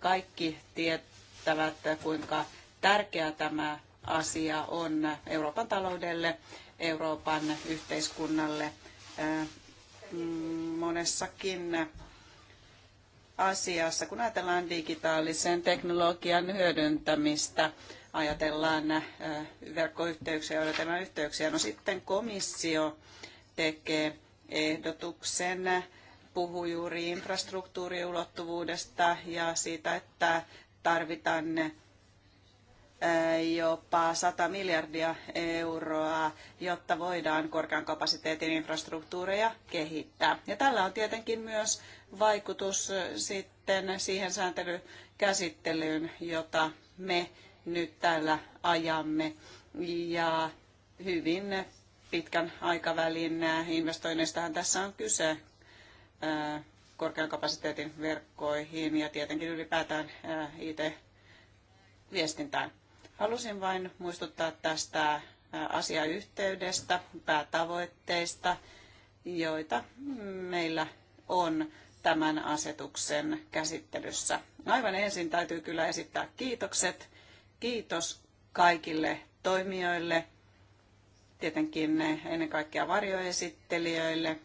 Kaikki tietävät, kuinka tärkeä tämä asia on Euroopan taloudelle, Euroopan yhteiskunnalle äh, mm, monessakin asiassa, kun ajatellaan digitaalisen teknologian hyödyntämistä, ajatellaan äh, verkkoyhteyksiä, ajatellaan yhteyksiä. No sitten komissio tekee ehdotuksen, puhuu juuri infrastruktuuriulottuvuudesta ja siitä, että tarvitaan jopa 100 miljardia euroa, jotta voidaan korkean kapasiteetin infrastruktuureja kehittää. Ja tällä on tietenkin myös vaikutus sitten siihen sääntelykäsittelyyn, jota me nyt täällä ajamme. Ja hyvin pitkän aikavälin investoinneistahan tässä on kyse korkean kapasiteetin verkkoihin ja tietenkin ylipäätään IT-viestintään. Halusin vain muistuttaa tästä asiayhteydestä, päätavoitteista, joita meillä on tämän asetuksen käsittelyssä. Aivan ensin täytyy kyllä esittää kiitokset. Kiitos kaikille toimijoille, tietenkin ennen kaikkea varjoesittelijöille.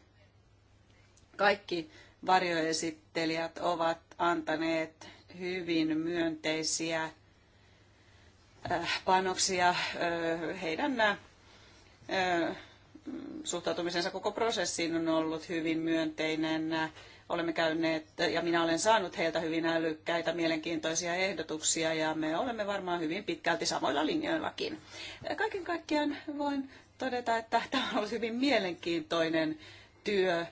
Kaikki varjoesittelijät ovat antaneet hyvin myönteisiä Äh, panoksia äh, heidän äh, suhtautumisensa koko prosessiin on ollut hyvin myönteinen. Olemme käyneet, ja minä olen saanut heiltä hyvin älykkäitä, mielenkiintoisia ehdotuksia, ja me olemme varmaan hyvin pitkälti samoilla linjoillakin. Kaiken kaikkiaan voin todeta, että tämä on ollut hyvin mielenkiintoinen työ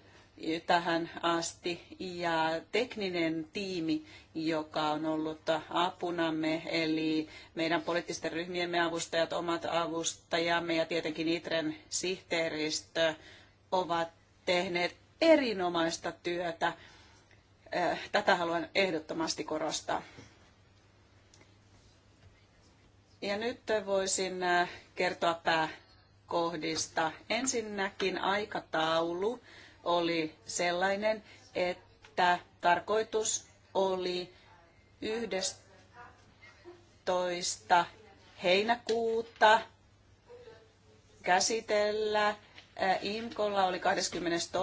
tähän asti ja tekninen tiimi, joka on ollut apunamme, eli meidän poliittisten ryhmiemme avustajat, omat avustajamme ja tietenkin ITREN sihteeristö ovat tehneet erinomaista työtä. Äh, tätä haluan ehdottomasti korostaa. Ja nyt voisin äh, kertoa pääkohdista. Ensinnäkin aikataulu oli sellainen, että tarkoitus oli 11. heinäkuuta käsitellä IMKolla oli 22.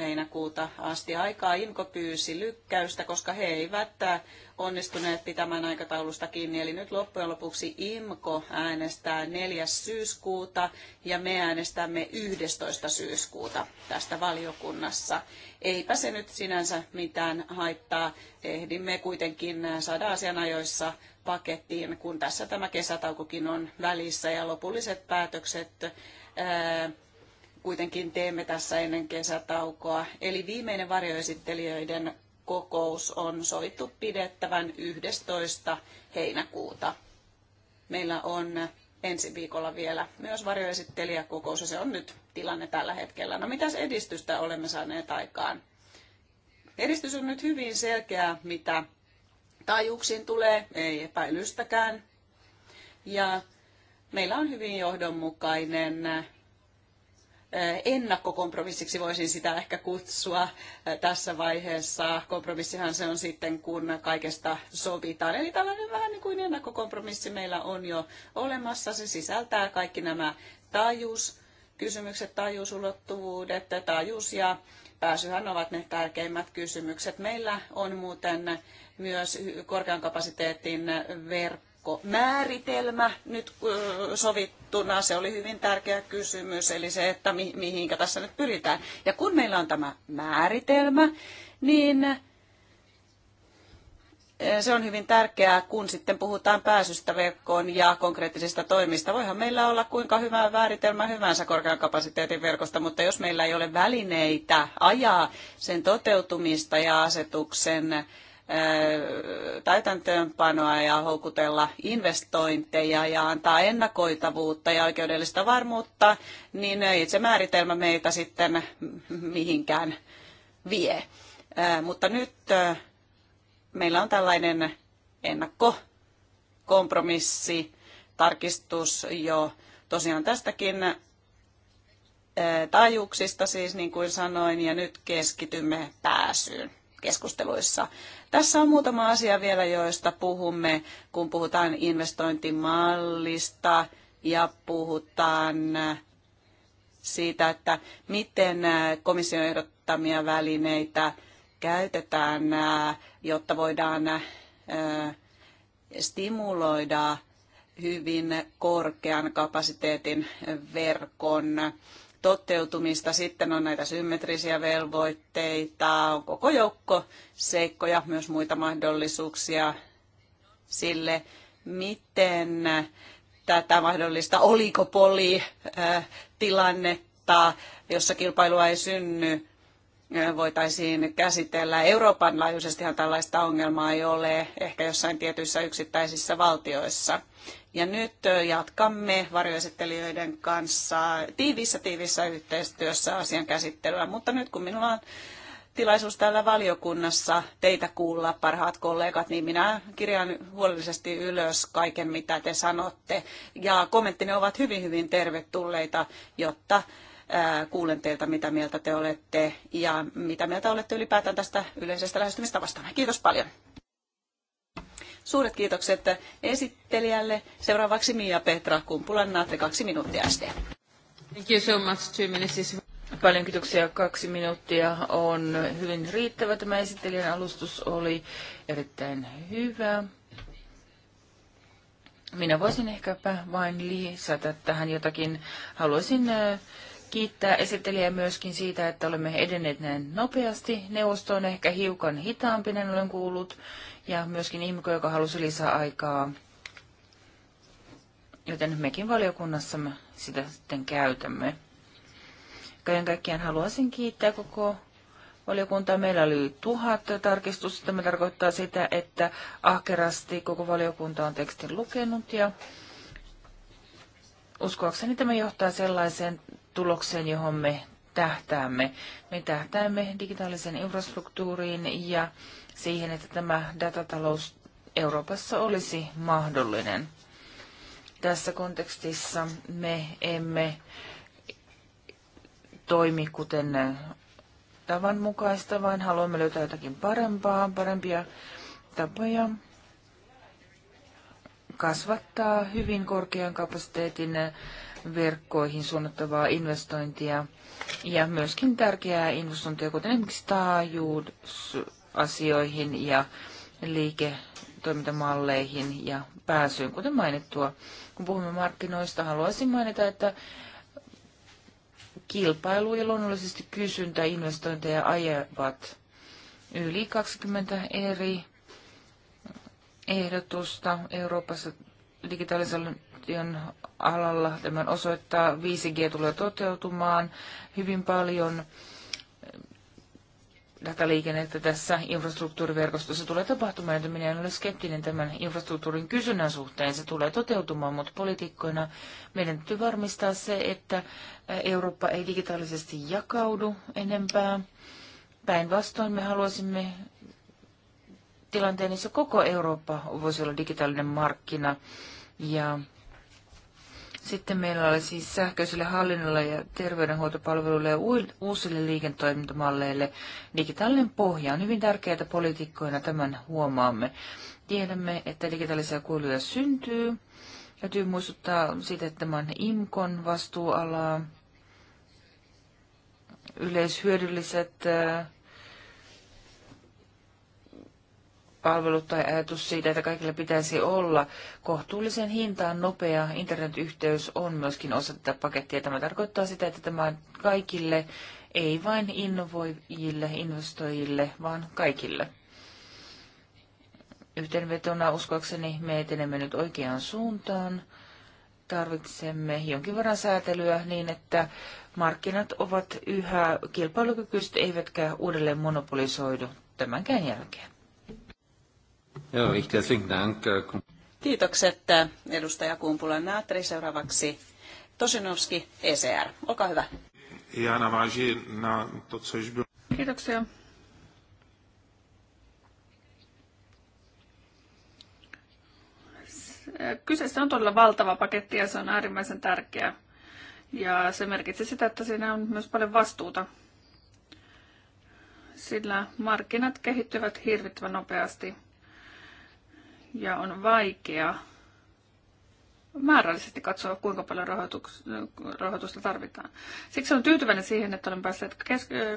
heinäkuuta asti aikaa. IMKO pyysi lykkäystä, koska he eivät äh, onnistuneet pitämään aikataulusta kiinni. Eli nyt loppujen lopuksi IMKO äänestää 4. syyskuuta ja me äänestämme 11. syyskuuta tästä valiokunnassa. Eipä se nyt sinänsä mitään haittaa. Ehdimme kuitenkin äh, saada asian ajoissa pakettiin, kun tässä tämä kesätaukokin on välissä ja lopulliset päätökset äh, kuitenkin teemme tässä ennen kesätaukoa. Eli viimeinen varjoesittelijöiden kokous on sovittu pidettävän 11. heinäkuuta. Meillä on ensi viikolla vielä myös varjoesittelijäkokous ja se on nyt tilanne tällä hetkellä. No mitäs edistystä olemme saaneet aikaan? Edistys on nyt hyvin selkeää, mitä taajuuksiin tulee, ei epäilystäkään. Ja meillä on hyvin johdonmukainen ennakkokompromissiksi voisin sitä ehkä kutsua tässä vaiheessa. Kompromissihan se on sitten, kun kaikesta sovitaan. Eli tällainen vähän niin kuin ennakkokompromissi meillä on jo olemassa. Se sisältää kaikki nämä taajuus, kysymykset, taajuusulottuvuudet, taajuus ja pääsyhän ovat ne tärkeimmät kysymykset. Meillä on muuten myös korkean kapasiteetin verkko pakkomääritelmä määritelmä nyt sovittuna, se oli hyvin tärkeä kysymys, eli se, että mi- mihinkä tässä nyt pyritään. Ja kun meillä on tämä määritelmä, niin se on hyvin tärkeää, kun sitten puhutaan pääsystä verkkoon ja konkreettisista toimista. Voihan meillä olla kuinka hyvää määritelmä hyvänsä korkean kapasiteetin verkosta, mutta jos meillä ei ole välineitä ajaa sen toteutumista ja asetuksen täytäntöönpanoa ja houkutella investointeja ja antaa ennakoitavuutta ja oikeudellista varmuutta, niin itse määritelmä meitä sitten mihinkään vie. Mutta nyt meillä on tällainen ennakkokompromissi, tarkistus jo tosiaan tästäkin taajuuksista siis niin kuin sanoin, ja nyt keskitymme pääsyyn keskusteluissa. Tässä on muutama asia vielä, joista puhumme, kun puhutaan investointimallista ja puhutaan siitä, että miten komission ehdottamia välineitä käytetään, jotta voidaan stimuloida hyvin korkean kapasiteetin verkon toteutumista. Sitten on näitä symmetrisiä velvoitteita, on koko joukko seikkoja, myös muita mahdollisuuksia sille, miten tätä mahdollista äh, tilannetta, jossa kilpailua ei synny, äh, voitaisiin käsitellä. Euroopan laajuisestihan tällaista ongelmaa ei ole, ehkä jossain tietyissä yksittäisissä valtioissa. Ja nyt jatkamme varjoesittelijöiden kanssa tiivissä tiivissä yhteistyössä asian käsittelyä. Mutta nyt kun minulla on tilaisuus täällä valiokunnassa teitä kuulla, parhaat kollegat, niin minä kirjaan huolellisesti ylös kaiken, mitä te sanotte. Ja kommenttini ovat hyvin, hyvin tervetulleita, jotta kuulen teiltä, mitä mieltä te olette ja mitä mieltä olette ylipäätään tästä yleisestä lähestymistavasta. Kiitos paljon. Suuret kiitokset esittelijälle. Seuraavaksi Mia Petra Kumpulan naatte kaksi minuuttia SD. Thank you so much. Two minutes Paljon kiitoksia. Kaksi minuuttia on hyvin riittävä. Tämä esittelijän alustus oli erittäin hyvä. Minä voisin ehkäpä vain lisätä tähän jotakin. Haluaisin kiittää esittelijää myöskin siitä, että olemme edenneet näin nopeasti. Neuvosto on ehkä hiukan hitaampinen, olen kuullut, ja myöskin ihmikö, joka halusi lisää aikaa. Joten mekin valiokunnassamme sitä sitten käytämme. Kaiken kaikkiaan haluaisin kiittää koko valiokuntaa. Meillä oli tuhat tarkistusta. Tämä tarkoittaa sitä, että ahkerasti koko valiokunta on tekstin lukenut ja uskoakseni tämä johtaa sellaiseen tulokseen, johon me tähtäämme. Me tähtäämme digitaaliseen infrastruktuuriin ja siihen, että tämä datatalous Euroopassa olisi mahdollinen. Tässä kontekstissa me emme toimi kuten tavanmukaista, vaan haluamme löytää jotakin parempaa, parempia tapoja kasvattaa hyvin korkean kapasiteetin verkkoihin suunnattavaa investointia ja myöskin tärkeää investointia, kuten esimerkiksi taajuusasioihin ja liiketoimintamalleihin ja pääsyyn, kuten mainittua. Kun puhumme markkinoista, haluaisin mainita, että kilpailu ja luonnollisesti kysyntä investointeja ajavat yli 20 eri ehdotusta Euroopassa digitaalisen innovaation alalla tämän osoittaa. 5G tulee toteutumaan hyvin paljon dataliikennettä tässä infrastruktuuriverkostossa tulee tapahtumaan, että minä en ole skeptinen tämän infrastruktuurin kysynnän suhteen. Se tulee toteutumaan, mutta poliitikkoina meidän täytyy varmistaa se, että Eurooppa ei digitaalisesti jakaudu enempää. Päinvastoin me haluaisimme tilanteen, jossa koko Eurooppa voisi olla digitaalinen markkina ja sitten meillä oli siis sähköiselle hallinnolle ja terveydenhuoltopalveluille ja uusille liiketoimintamalleille digitaalinen pohja on hyvin tärkeää, poliitikkoina tämän huomaamme. Tiedämme, että digitaalisia kuiluja syntyy. Täytyy muistuttaa siitä, että tämä on IMKON vastuualaa. Yleishyödylliset äh, palvelut tai ajatus siitä, että kaikilla pitäisi olla kohtuullisen hintaan nopea internetyhteys on myöskin osa tätä pakettia. Tämä tarkoittaa sitä, että tämä on kaikille, ei vain innovoijille, investoijille, vaan kaikille. Yhteenvetona uskoakseni me etenemme nyt oikeaan suuntaan. Tarvitsemme jonkin verran säätelyä niin, että markkinat ovat yhä kilpailukykyiset eivätkä uudelleen monopolisoidu tämänkään jälkeen. Joo, ich herzlichen Dank. Äh, Kiitokset äh, edustaja Kumpula Naatri. Seuraavaksi Tosinovski, ECR. Olkaa hyvä. Ja naváží na to, co již bylo. Kiitoksia. Kyseessä on todella valtava paketti ja se on äärimmäisen tärkeä. Ja se merkitsee sitä, että siinä on myös paljon vastuuta. Sillä markkinat kehittyvät hirvittävän nopeasti – ja on vaikea määrällisesti katsoa, kuinka paljon rahoitusta tarvitaan. Siksi olen tyytyväinen siihen, että olen päässyt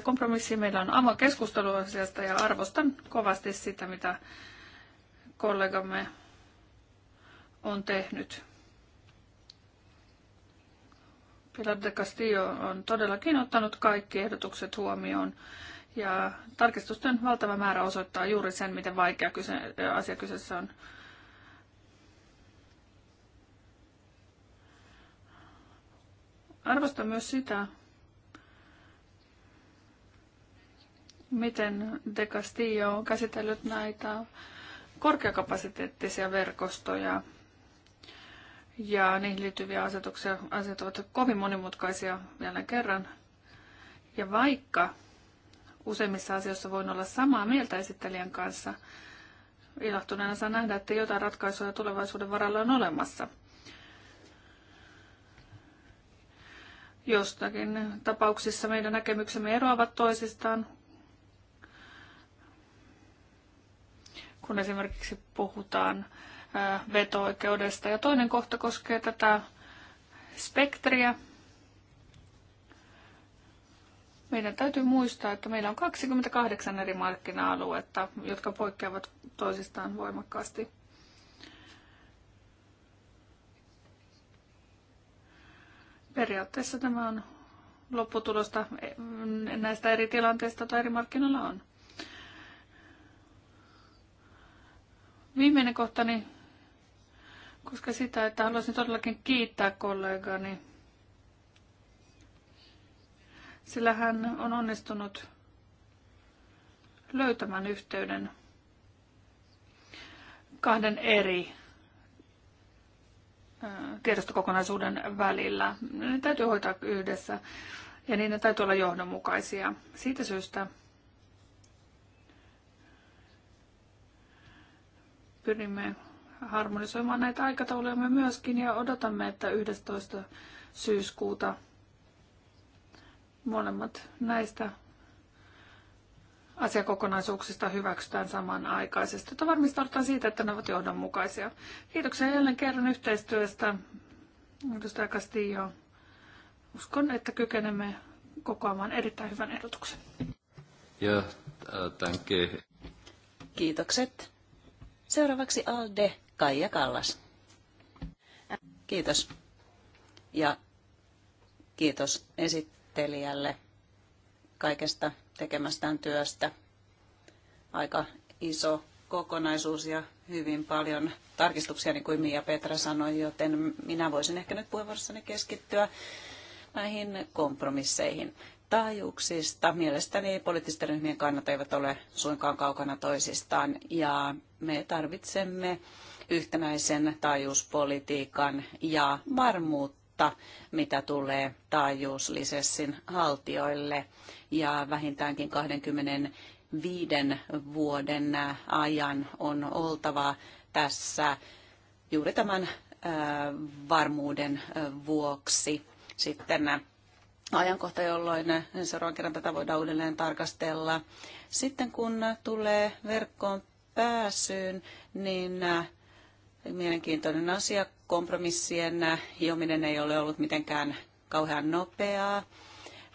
kompromissiin. Meillä on avoin keskustelu asiasta ja arvostan kovasti sitä, mitä kollegamme on tehnyt. Pilar de Castillo on todellakin ottanut kaikki ehdotukset huomioon ja tarkistusten valtava määrä osoittaa juuri sen, miten vaikea kyse, asia kyseessä on. Arvostan myös sitä, miten De Castillo on käsitellyt näitä korkeakapasiteettisia verkostoja ja niihin liittyviä asetuksia. Asiat ovat kovin monimutkaisia vielä kerran. Ja vaikka Useimmissa asioissa voin olla samaa mieltä esittelijän kanssa. Ilahtuneena saa nähdä, että jotain ratkaisuja tulevaisuuden varalle on olemassa. Jostakin tapauksissa meidän näkemyksemme eroavat toisistaan, kun esimerkiksi puhutaan veto-oikeudesta. Ja toinen kohta koskee tätä spektriä, meidän täytyy muistaa, että meillä on 28 eri markkina-aluetta, jotka poikkeavat toisistaan voimakkaasti. Periaatteessa tämä on lopputulosta näistä eri tilanteista, joita eri markkinoilla on. Viimeinen kohtani koska sitä, että haluaisin todellakin kiittää kollegani sillä hän on onnistunut löytämään yhteyden kahden eri tiedostokokonaisuuden välillä. Ne täytyy hoitaa yhdessä ja niin ne täytyy olla johdonmukaisia. Siitä syystä pyrimme harmonisoimaan näitä aikatauluja myöskin ja odotamme, että 11. syyskuuta Molemmat näistä asiakokonaisuuksista hyväksytään samanaikaisesti, jotta varmistaudutaan siitä, että ne ovat johdonmukaisia. Kiitoksia jälleen kerran yhteistyöstä, edustaja Castillo. Uskon, että kykenemme kokoamaan erittäin hyvän ehdotuksen. Ja, danke. Äh, Kiitokset. Seuraavaksi Alde Kaija Kallas. Kiitos. Ja kiitos esittelystä esittelijälle kaikesta tekemästään työstä. Aika iso kokonaisuus ja hyvin paljon tarkistuksia, niin kuin Mia Petra sanoi, joten minä voisin ehkä nyt puheenvuorossani keskittyä näihin kompromisseihin. Taajuuksista mielestäni poliittisten ryhmien kannat eivät ole suinkaan kaukana toisistaan ja me tarvitsemme yhtenäisen taajuuspolitiikan ja varmuutta mitä tulee taajuuslisenssin haltijoille ja vähintäänkin 25 vuoden ajan on oltava tässä juuri tämän varmuuden vuoksi sitten ajankohta, jolloin seuraavan kerran tätä voidaan uudelleen tarkastella. Sitten kun tulee verkkoon pääsyyn, niin Mielenkiintoinen asia. Kompromissien hiominen ei ole ollut mitenkään kauhean nopeaa.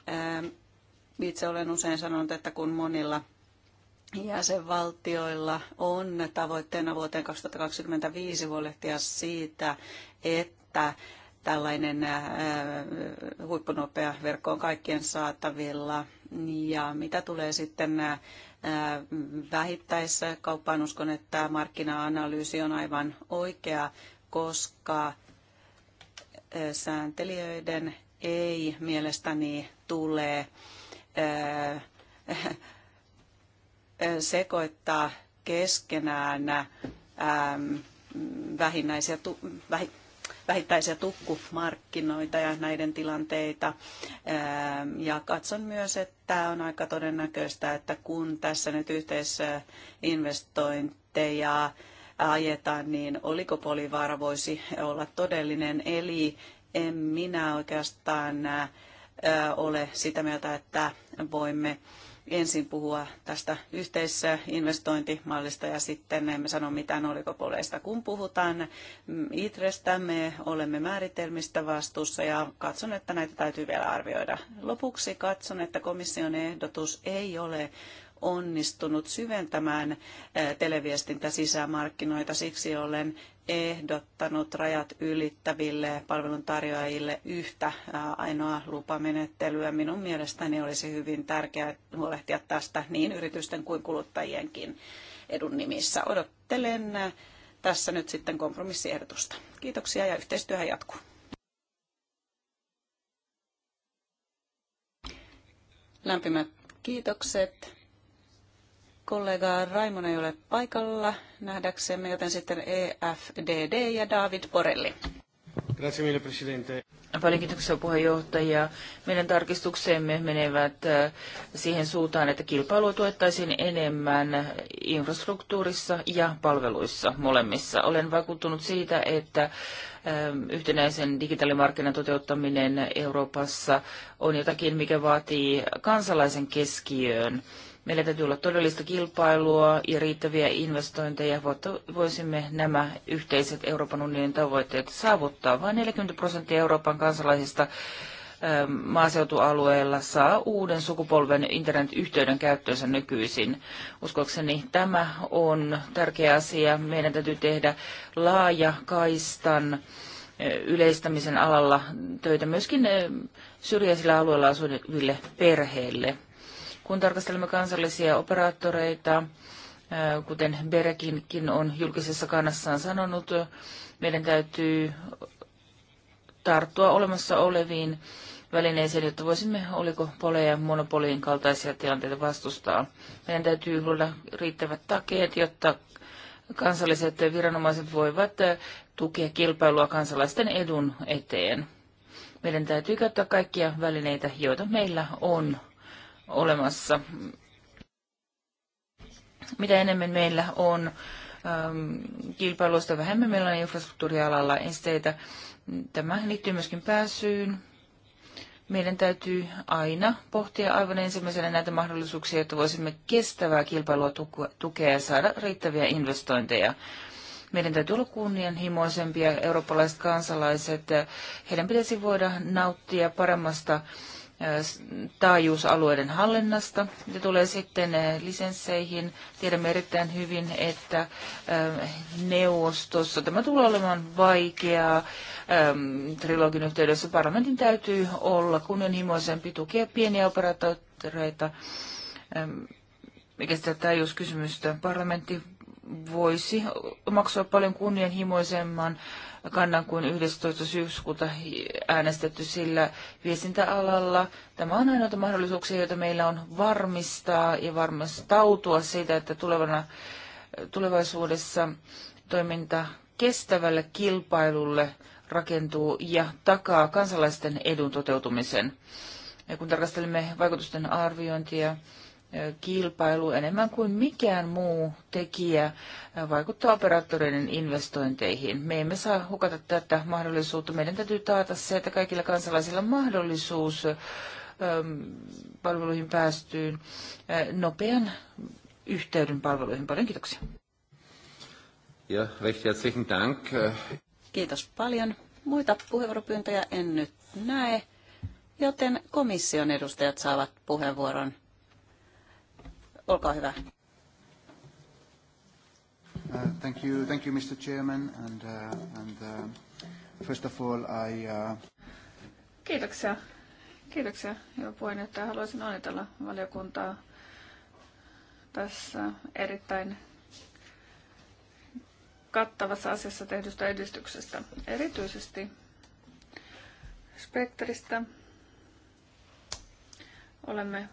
Ähm, itse olen usein sanonut, että kun monilla jäsenvaltioilla on tavoitteena vuoteen 2025 huolehtia siitä, että tällainen äh, huippunopea verkko on kaikkien saatavilla. Ja mitä tulee sitten äh, vähittäiskauppaan. Uskon, että markkina-analyysi on aivan oikea, koska sääntelijöiden ei mielestäni tule sekoittaa keskenään vähinnäisiä, vähittäisiä tukkumarkkinoita ja näiden tilanteita. Ja katson myös, että on aika todennäköistä, että kun tässä nyt yhteisinvestointeja ajetaan, niin oligopolivaara voisi olla todellinen. Eli en minä oikeastaan ole sitä mieltä, että voimme ensin puhua tästä yhteisinvestointimallista ja sitten emme sano mitään olikopoleista. Kun puhutaan ITREstä, me olemme määritelmistä vastuussa ja katson, että näitä täytyy vielä arvioida. Lopuksi katson, että komission ehdotus ei ole onnistunut syventämään eh, televiestintä sisämarkkinoita. Siksi olen ehdottanut rajat ylittäville palveluntarjoajille yhtä eh, ainoa lupamenettelyä. Minun mielestäni olisi hyvin tärkeää huolehtia tästä niin yritysten kuin kuluttajienkin edun nimissä. Odottelen eh, tässä nyt sitten kompromissiehdotusta. Kiitoksia ja yhteistyöhän jatkuu. Lämpimät kiitokset kollega Raimon ei ole paikalla nähdäksemme, joten sitten EFDD ja David Porelli. Grazie mille, presidente. Paljon kiitoksia puheenjohtaja. Meidän tarkistuksemme menevät äh, siihen suuntaan, että kilpailua tuettaisiin enemmän infrastruktuurissa ja palveluissa molemmissa. Olen vakuuttunut siitä, että äh, yhtenäisen digitaalimarkkinan toteuttaminen Euroopassa on jotakin, mikä vaatii kansalaisen keskiöön Meillä täytyy olla todellista kilpailua ja riittäviä investointeja, jotta voisimme nämä yhteiset Euroopan unionin tavoitteet saavuttaa. Vain 40 prosenttia Euroopan kansalaisista maaseutualueella saa uuden sukupolven internetyhteyden käyttöönsä nykyisin. Uskokseni tämä on tärkeä asia. Meidän täytyy tehdä laaja kaistan yleistämisen alalla töitä myöskin syrjäisillä alueilla asuville perheille. Kun tarkastelemme kansallisia operaattoreita, kuten Berekinkin on julkisessa kannassaan sanonut, meidän täytyy tarttua olemassa oleviin välineeseen, jotta voisimme oligopoleja ja monopoliin kaltaisia tilanteita vastustaa. Meidän täytyy luoda riittävät takeet, jotta kansalliset viranomaiset voivat tukea kilpailua kansalaisten edun eteen. Meidän täytyy käyttää kaikkia välineitä, joita meillä on olemassa. Mitä enemmän meillä on ähm, kilpailuista, vähemmän meillä on infrastruktuurialalla esteitä. Tämä liittyy myöskin pääsyyn. Meidän täytyy aina pohtia aivan ensimmäisenä näitä mahdollisuuksia, että voisimme kestävää kilpailua tukea ja saada riittäviä investointeja. Meidän täytyy olla kunnianhimoisempia eurooppalaiset kansalaiset. Heidän pitäisi voida nauttia paremmasta taajuusalueiden hallinnasta. Ja tulee sitten lisensseihin. Tiedämme erittäin hyvin, että neuvostossa tämä tulee olemaan vaikeaa. Trilogin yhteydessä parlamentin täytyy olla kunnianhimoisempi tukea pieniä operaattoreita. Mikä sitä taajuuskysymystä parlamentti voisi omaksua paljon kunnianhimoisemman kannan kuin 11. syyskuuta äänestetty, sillä viestintäalalla tämä on ainoita mahdollisuuksia, joita meillä on varmistaa ja varmistautua siitä, että tulevana, tulevaisuudessa toiminta kestävälle kilpailulle rakentuu ja takaa kansalaisten edun toteutumisen. Ja kun tarkastelemme vaikutusten arviointia, kilpailu enemmän kuin mikään muu tekijä vaikuttaa operaattoreiden investointeihin. Me emme saa hukata tätä mahdollisuutta. Meidän täytyy taata se, että kaikilla kansalaisilla on mahdollisuus palveluihin päästyyn nopean yhteyden palveluihin. Paljon kiitoksia. Ja recht herzlichen Dank. Kiitos paljon. Muita puheenvuoropyyntöjä en nyt näe, joten komission edustajat saavat puheenvuoron Olkaa hyvä. Uh, thank you, thank you Mr. Chairman, and, uh, and uh, first of all I... Uh... Kiitoksia. Kiitoksia, hyvä puheenjohtaja. Haluaisin onnitella valiokuntaa tässä erittäin kattavassa asiassa tehdystä edistyksestä, erityisesti spektristä. Olemme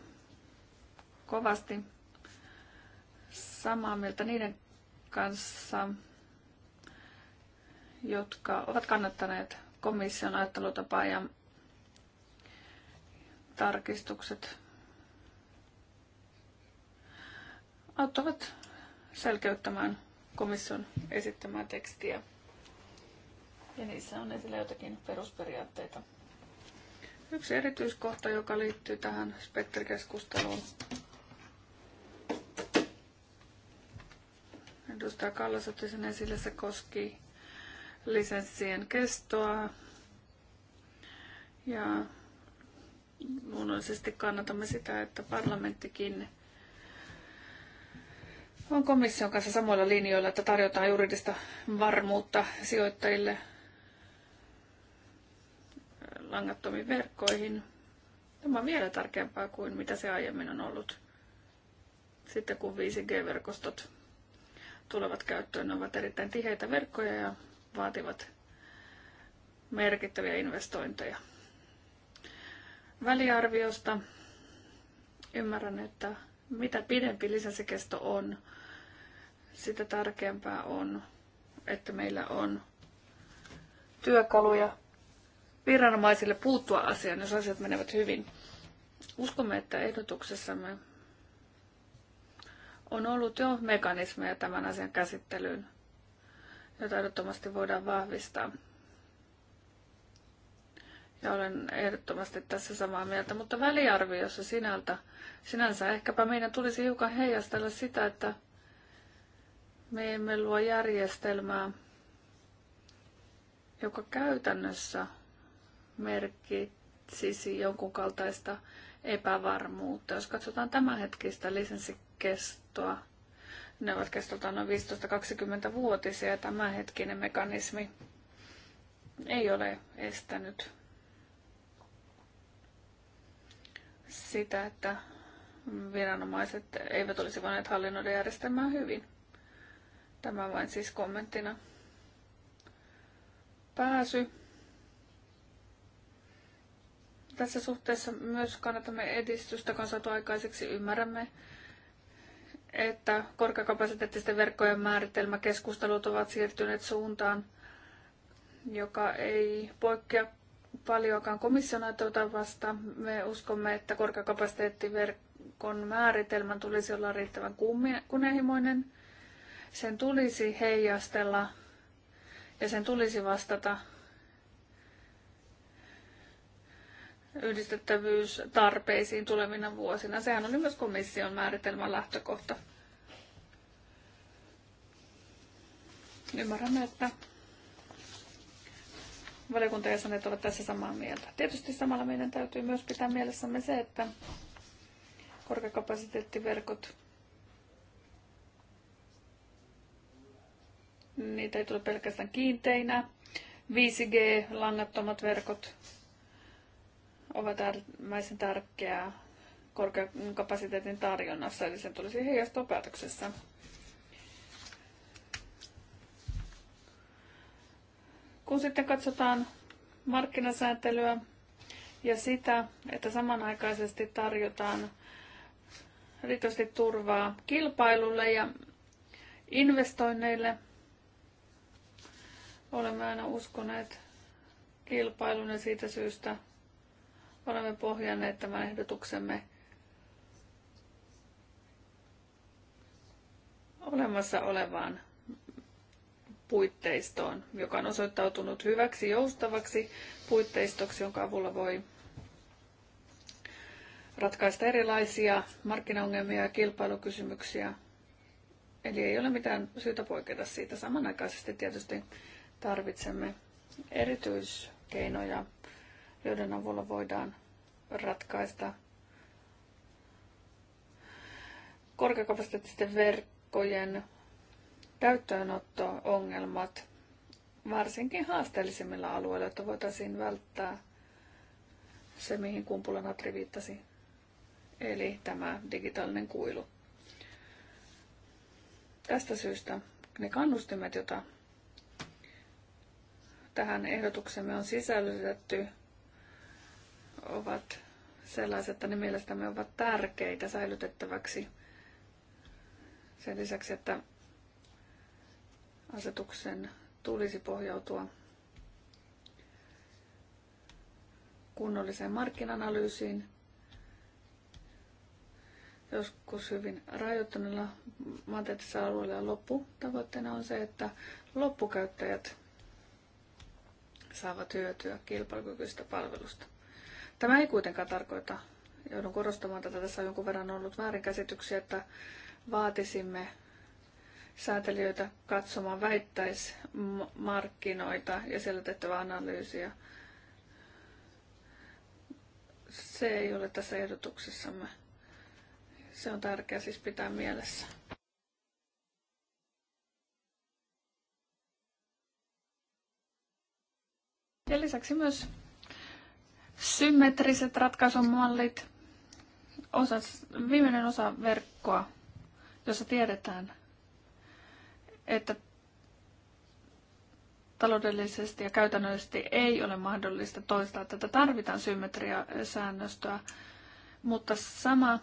kovasti samaa mieltä niiden kanssa, jotka ovat kannattaneet komission ajattelutapaa ja tarkistukset auttavat selkeyttämään komission esittämää tekstiä. Ja niissä on esillä jotakin perusperiaatteita. Yksi erityiskohta, joka liittyy tähän spektrikeskusteluun, edustaja Kallas otti sen esille, se koski lisenssien kestoa. Ja luonnollisesti kannatamme sitä, että parlamenttikin on komission kanssa samoilla linjoilla, että tarjotaan juridista varmuutta sijoittajille langattomiin verkkoihin. Tämä on vielä tärkeämpää kuin mitä se aiemmin on ollut, sitten kun 5G-verkostot tulevat käyttöön. Ne ovat erittäin tiheitä verkkoja ja vaativat merkittäviä investointeja. Väliarviosta ymmärrän, että mitä pidempi lisenssikesto on, sitä tärkeämpää on, että meillä on työkaluja viranomaisille puuttua asiaan, jos asiat menevät hyvin. Uskomme, että ehdotuksessamme on ollut jo mekanismeja tämän asian käsittelyyn, jota ehdottomasti voidaan vahvistaa. Ja olen ehdottomasti tässä samaa mieltä, mutta väliarviossa sinältä, sinänsä ehkäpä meidän tulisi hiukan heijastella sitä, että me emme luo järjestelmää, joka käytännössä merkitsisi jonkun kaltaista epävarmuutta. Jos katsotaan tämänhetkistä lisenssikeskustelua, kuluttua. Ne ovat kestoltaan noin 15-20-vuotisia ja tämänhetkinen mekanismi ei ole estänyt sitä, että viranomaiset eivät olisi voineet hallinnoida järjestelmää hyvin. Tämä vain siis kommenttina. Pääsy. Tässä suhteessa myös kannatamme edistystä, joka saatu aikaiseksi. Ymmärrämme että korkeakapasiteettisten verkkojen määritelmäkeskustelut ovat siirtyneet suuntaan, joka ei poikkea paljonkaan komission ajatelta vasta. Me uskomme, että korkeakapasiteettiverkon määritelmän tulisi olla riittävän kunnianhimoinen. Sen tulisi heijastella ja sen tulisi vastata yhdistettävyys tarpeisiin tulevina vuosina. Sehän on myös komission määritelmän lähtökohta. Ymmärrämme, että valiokuntajäsenet ovat tässä samaa mieltä. Tietysti samalla meidän täytyy myös pitää mielessämme se, että korkeakapasiteettiverkot, niitä ei tule pelkästään kiinteinä. 5G, langattomat verkot, ovat äärimmäisen tärkeää korkean kapasiteetin tarjonnassa, eli sen tulisi heijastua päätöksessä. Kun sitten katsotaan markkinasääntelyä ja sitä, että samanaikaisesti tarjotaan riittävästi turvaa kilpailulle ja investoinneille, olemme aina uskoneet kilpailun ja siitä syystä Olemme pohjanneet tämän ehdotuksemme olemassa olevaan puitteistoon, joka on osoittautunut hyväksi joustavaksi puitteistoksi, jonka avulla voi ratkaista erilaisia markkinaongelmia ja kilpailukysymyksiä. Eli ei ole mitään syytä poiketa siitä. Samanaikaisesti tietysti tarvitsemme erityiskeinoja joiden avulla voidaan ratkaista korkeakapasiteettisten verkkojen käyttöönotto-ongelmat varsinkin haasteellisimmilla alueilla, että voitaisiin välttää se, mihin kumpulanatri viittasi, eli tämä digitaalinen kuilu. Tästä syystä ne kannustimet, joita tähän ehdotuksemme on sisällytetty, ovat sellaiset, että ne mielestämme ovat tärkeitä säilytettäväksi. Sen lisäksi, että asetuksen tulisi pohjautua kunnolliseen markkinanalyysiin, joskus hyvin rajoittuneilla maantieteellisillä alueilla lopputavoitteena on se, että loppukäyttäjät saavat hyötyä kilpailukykyistä palvelusta. Tämä ei kuitenkaan tarkoita, joudun korostamaan tätä, tässä on jonkun verran ollut väärinkäsityksiä, että vaatisimme säätelijöitä katsomaan väittäismarkkinoita ja siellä tehtävää analyysiä. Se ei ole tässä ehdotuksessamme. Se on tärkeää siis pitää mielessä. Ja lisäksi myös Symmetriset ratkaisumallit, osa, viimeinen osa verkkoa, jossa tiedetään, että taloudellisesti ja käytännöllisesti ei ole mahdollista toistaa tätä. Tarvitaan symmetriasäännöstöä, mutta sama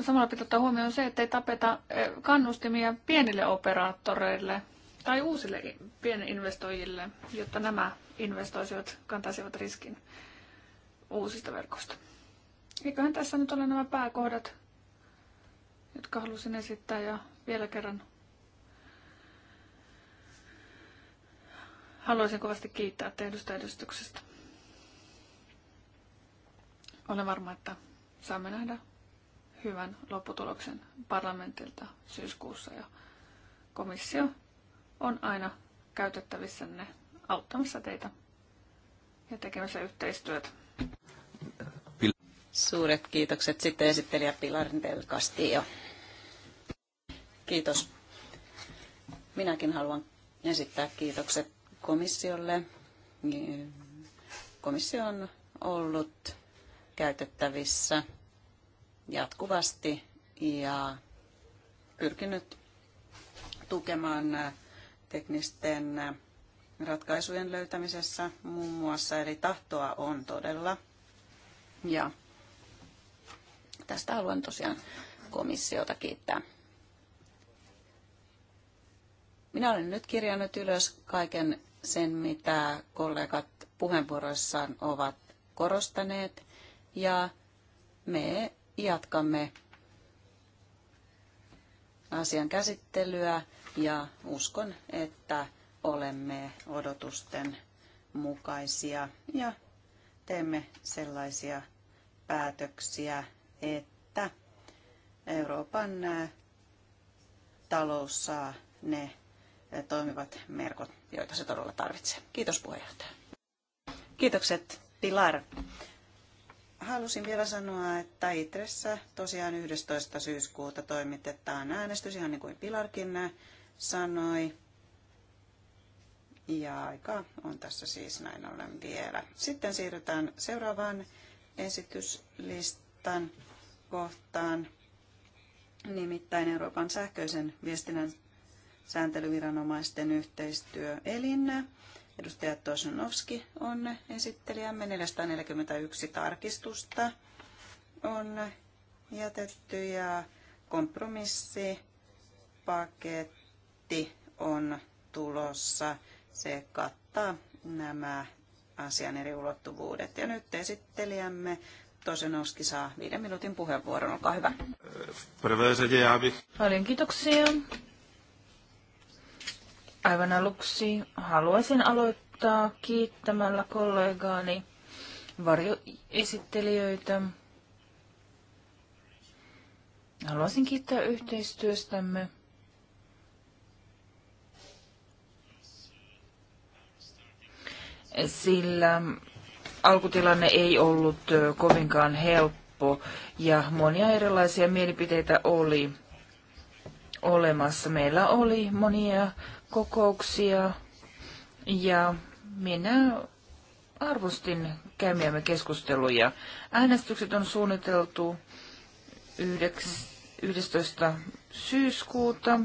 samalla pitää ottaa huomioon se, että ei tapeta kannustimia pienille operaattoreille – tai uusille pieninvestoijille, jotta nämä investoisivat, kantaisivat riskin uusista verkosta. Eiköhän tässä nyt ole nämä pääkohdat, jotka halusin esittää ja vielä kerran haluaisin kovasti kiittää tehdystä edustuksesta. Olen varma, että saamme nähdä hyvän lopputuloksen parlamentilta syyskuussa ja komissio on aina käytettävissänne auttamassa teitä ja tekemässä yhteistyötä. Suuret kiitokset sitten esittelijä Pilar del Castillo. Kiitos. Minäkin haluan esittää kiitokset komissiolle. Komissio on ollut käytettävissä jatkuvasti ja pyrkinyt tukemaan teknisten äh, ratkaisujen löytämisessä muun muassa, eli tahtoa on todella. Ja tästä haluan tosiaan komissiota kiittää. Minä olen nyt kirjannut ylös kaiken sen, mitä kollegat puheenvuoroissaan ovat korostaneet, ja me jatkamme asian käsittelyä ja uskon, että olemme odotusten mukaisia ja teemme sellaisia päätöksiä, että Euroopan äh, talous saa ne äh, toimivat merkot, joita se todella tarvitsee. Kiitos puheenjohtaja. Kiitokset Pilar. Halusin vielä sanoa, että Itressä tosiaan 11. syyskuuta toimitetaan äänestys, ihan niin kuin Pilarkin äh, sanoi. Ja aika on tässä siis näin ollen vielä. Sitten siirrytään seuraavaan esityslistan kohtaan, nimittäin Euroopan sähköisen viestinnän sääntelyviranomaisten yhteistyöelin. Edustaja Tosunovski on esittelijämme. 441 tarkistusta on jätetty ja kompromissipaketti paketti on tulossa. Se kattaa nämä asian eri ulottuvuudet. Ja nyt esittelijämme Tosenoski saa viiden minuutin puheenvuoron. Olkaa hyvä. Paljon kiitoksia. Aivan aluksi haluaisin aloittaa kiittämällä kollegaani varjoesittelijöitä. Haluaisin kiittää yhteistyöstämme. sillä alkutilanne ei ollut kovinkaan helppo ja monia erilaisia mielipiteitä oli olemassa. Meillä oli monia kokouksia ja minä arvostin käymiämme keskusteluja. Äänestykset on suunniteltu 11. syyskuuta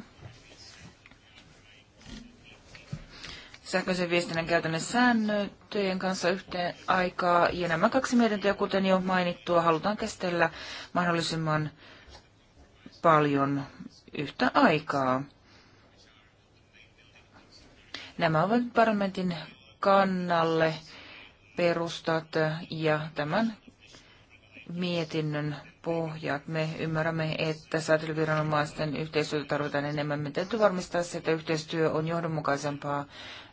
sähköisen viestinnän käytännön säännöjen kanssa yhteen aikaa. Ja nämä kaksi mietintöä, kuten jo mainittua, halutaan käsitellä mahdollisimman paljon yhtä aikaa. Nämä ovat parlamentin kannalle perustat ja tämän mietinnön pohjat. Me ymmärrämme, että säätelyviranomaisten yhteistyötä tarvitaan enemmän. Me täytyy varmistaa se, että yhteistyö on johdonmukaisempaa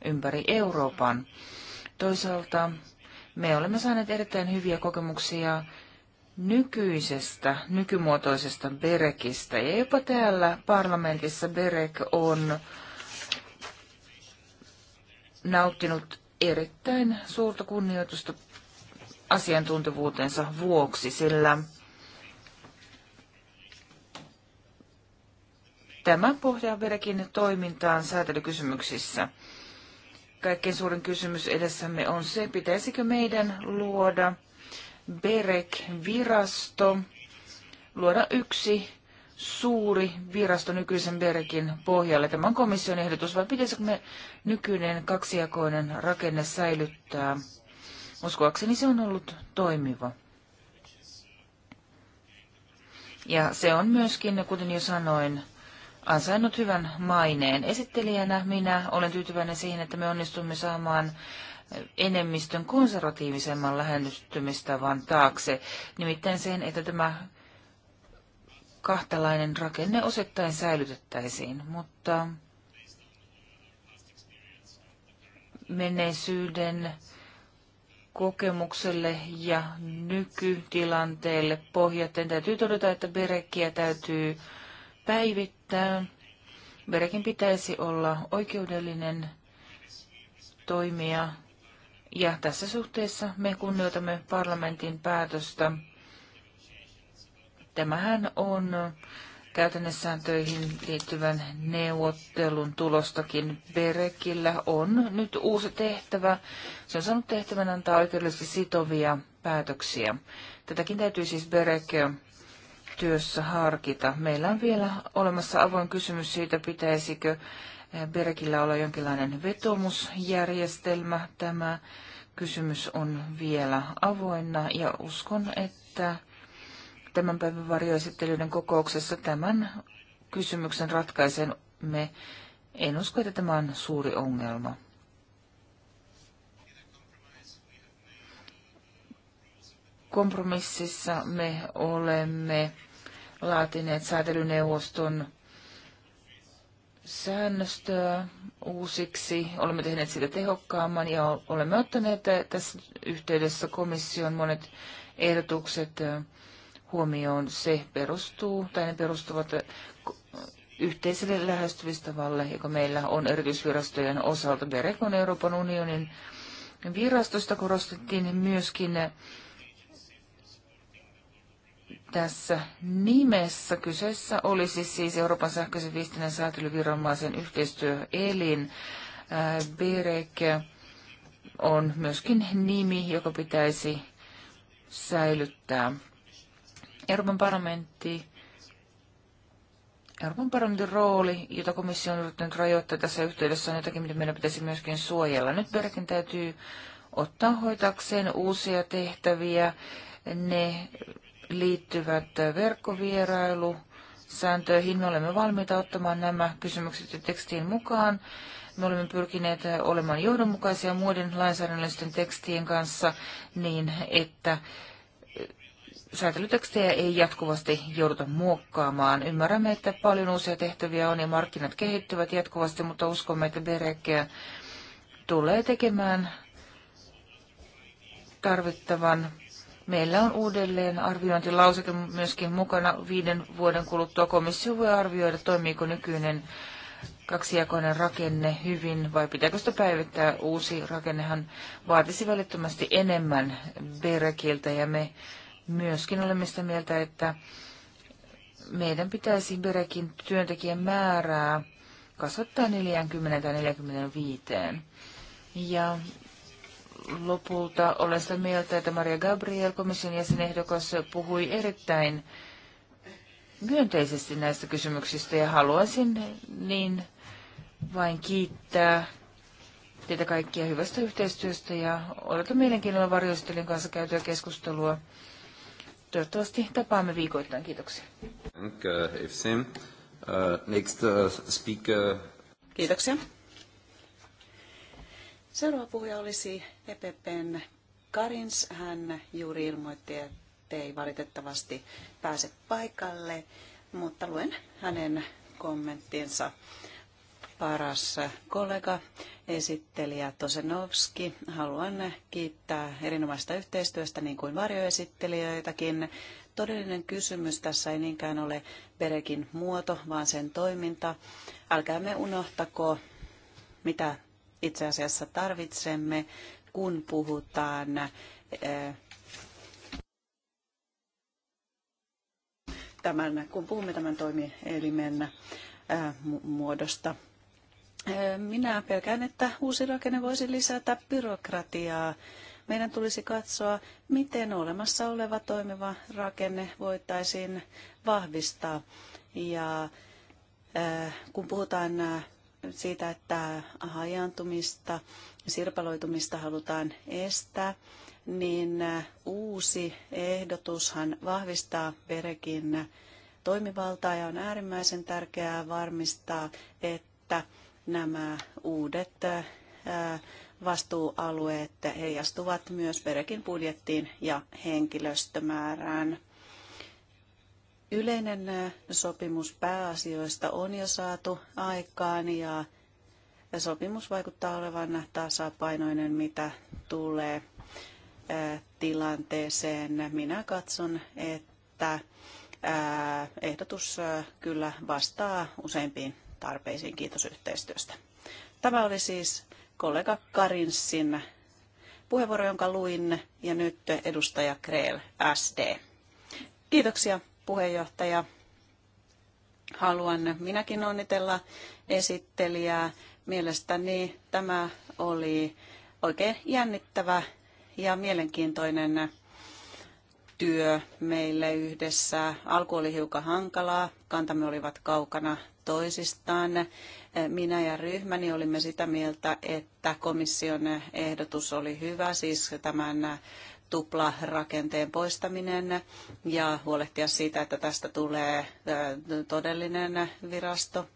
ympäri Euroopan. Toisaalta me olemme saaneet erittäin hyviä kokemuksia nykyisestä, nykymuotoisesta Berekistä. Ja jopa täällä parlamentissa Berek on nauttinut erittäin suurta kunnioitusta asiantuntevuutensa vuoksi, sillä Tämä pohjaa Berekin toimintaan säätelykysymyksissä. Kaikkein suurin kysymys edessämme on se, pitäisikö meidän luoda BEREK-virasto, luoda yksi suuri virasto nykyisen BEREKin pohjalle. Tämä on komission ehdotus, vai pitäisikö me nykyinen kaksijakoinen rakenne säilyttää? Uskoakseni se on ollut toimiva. Ja se on myöskin, kuten jo sanoin, ansainnut hyvän maineen. Esittelijänä minä olen tyytyväinen siihen, että me onnistumme saamaan enemmistön konservatiivisemman lähennystymistavan taakse, nimittäin sen, että tämä kahtalainen rakenne osittain säilytettäisiin, mutta menneisyyden kokemukselle ja nykytilanteelle pohjaten täytyy todeta, että Berekkiä täytyy äh, päivittää. Verekin pitäisi olla oikeudellinen toimija. Ja tässä suhteessa me kunnioitamme parlamentin päätöstä. Tämähän on töihin liittyvän neuvottelun tulostakin. Berekillä on nyt uusi tehtävä. Se on saanut tehtävän antaa oikeudellisesti sitovia päätöksiä. Tätäkin täytyy siis Berek työssä harkita. Meillä on vielä olemassa avoin kysymys siitä, pitäisikö Berkillä olla jonkinlainen vetomusjärjestelmä. Tämä kysymys on vielä avoinna ja uskon, että tämän päivän varjoesittelyiden kokouksessa tämän kysymyksen ratkaisemme. En usko, että tämä on suuri ongelma. Kompromississa me olemme laatineet säätelyneuvoston säännöstöä uusiksi. Olemme tehneet sitä tehokkaamman ja olemme ottaneet tässä yhteydessä komission monet ehdotukset huomioon. Se perustuu, tai ne perustuvat yhteiselle lähestymistavalle, joka meillä on erityisvirastojen osalta. Berekon Euroopan unionin virastosta korostettiin myöskin tässä nimessä. Kyseessä olisi siis Euroopan sähköisen viestinnän säätelyviranomaisen yhteistyöelin. Äh, BEREC on myöskin nimi, joka pitäisi säilyttää. Euroopan parlamentti Euroopan parlamentin rooli, jota komissio on yrittänyt rajoittaa tässä yhteydessä, on jotakin, mitä meidän pitäisi myöskin suojella. Nyt Berkin täytyy ottaa hoitakseen uusia tehtäviä. Ne liittyvät verkkovierailu, sääntöihin. Me olemme valmiita ottamaan nämä kysymykset ja tekstiin mukaan. Me olemme pyrkineet olemaan johdonmukaisia muiden lainsäädännöllisten tekstien kanssa niin, että säätelytekstejä ei jatkuvasti jouduta muokkaamaan. Ymmärrämme, että paljon uusia tehtäviä on ja markkinat kehittyvät jatkuvasti, mutta uskomme, että Berekkeä tulee tekemään tarvittavan Meillä on uudelleen arviointilauseke myöskin mukana. Viiden vuoden kuluttua komissio voi arvioida, toimiiko nykyinen kaksijakoinen rakenne hyvin vai pitääkö sitä päivittää. Uusi rakennehan vaatisi välittömästi enemmän Berekiltä ja me myöskin olemme sitä mieltä, että meidän pitäisi Berekin työntekijän määrää kasvattaa 40 tai 45. Ja lopulta olen sitä mieltä, että Maria Gabriel, komission jäsenehdokas, puhui erittäin myönteisesti näistä kysymyksistä ja haluaisin niin vain kiittää teitä kaikkia hyvästä yhteistyöstä ja olette mielenkiinnolla varjoistelin kanssa käytyä keskustelua. Toivottavasti tapaamme viikoittain. Kiitoksia. Äh, Kiitoksia. Seuraava puhuja olisi EPPn Karins. Hän juuri ilmoitti, että ei valitettavasti pääse paikalle, mutta luen hänen kommenttinsa. Paras kollega, esittelijä Tosenovski. Haluan kiittää erinomaista yhteistyöstä, niin kuin varjoesittelijöitäkin. Todellinen kysymys tässä ei niinkään ole Berekin muoto, vaan sen toiminta. Älkäämme unohtako, mitä itse asiassa tarvitsemme, kun puhutaan eh, tämän, kun puhumme tämän toimielimen eh, muodosta. Eh, minä pelkään, että uusi rakenne voisi lisätä byrokratiaa. Meidän tulisi katsoa, miten olemassa oleva toimiva rakenne voitaisiin vahvistaa. Ja kun puhutaan siitä, että hajaantumista ja sirpaloitumista halutaan estää, niin äh, uusi ehdotushan vahvistaa Berekin toimivaltaa ja on äärimmäisen tärkeää varmistaa, että nämä uudet äh, vastuualueet heijastuvat myös Berekin budjettiin ja henkilöstömäärään. Yleinen sopimus pääasioista on jo saatu aikaan ja sopimus vaikuttaa olevan tasapainoinen, mitä tulee tilanteeseen. Minä katson, että ehdotus kyllä vastaa useimpiin tarpeisiin. Kiitos yhteistyöstä. Tämä oli siis kollega Karinsin puheenvuoro, jonka luin, ja nyt edustaja Kreel SD. Kiitoksia puheenjohtaja. Haluan minäkin onnitella esittelijää. Mielestäni tämä oli oikein jännittävä ja mielenkiintoinen työ meille yhdessä. Alku oli hiukan hankalaa, kantamme olivat kaukana toisistaan. Minä ja ryhmäni olimme sitä mieltä, että komission ehdotus oli hyvä, siis tämän tuplarakenteen poistaminen ja huolehtia siitä, että tästä tulee todellinen virasto.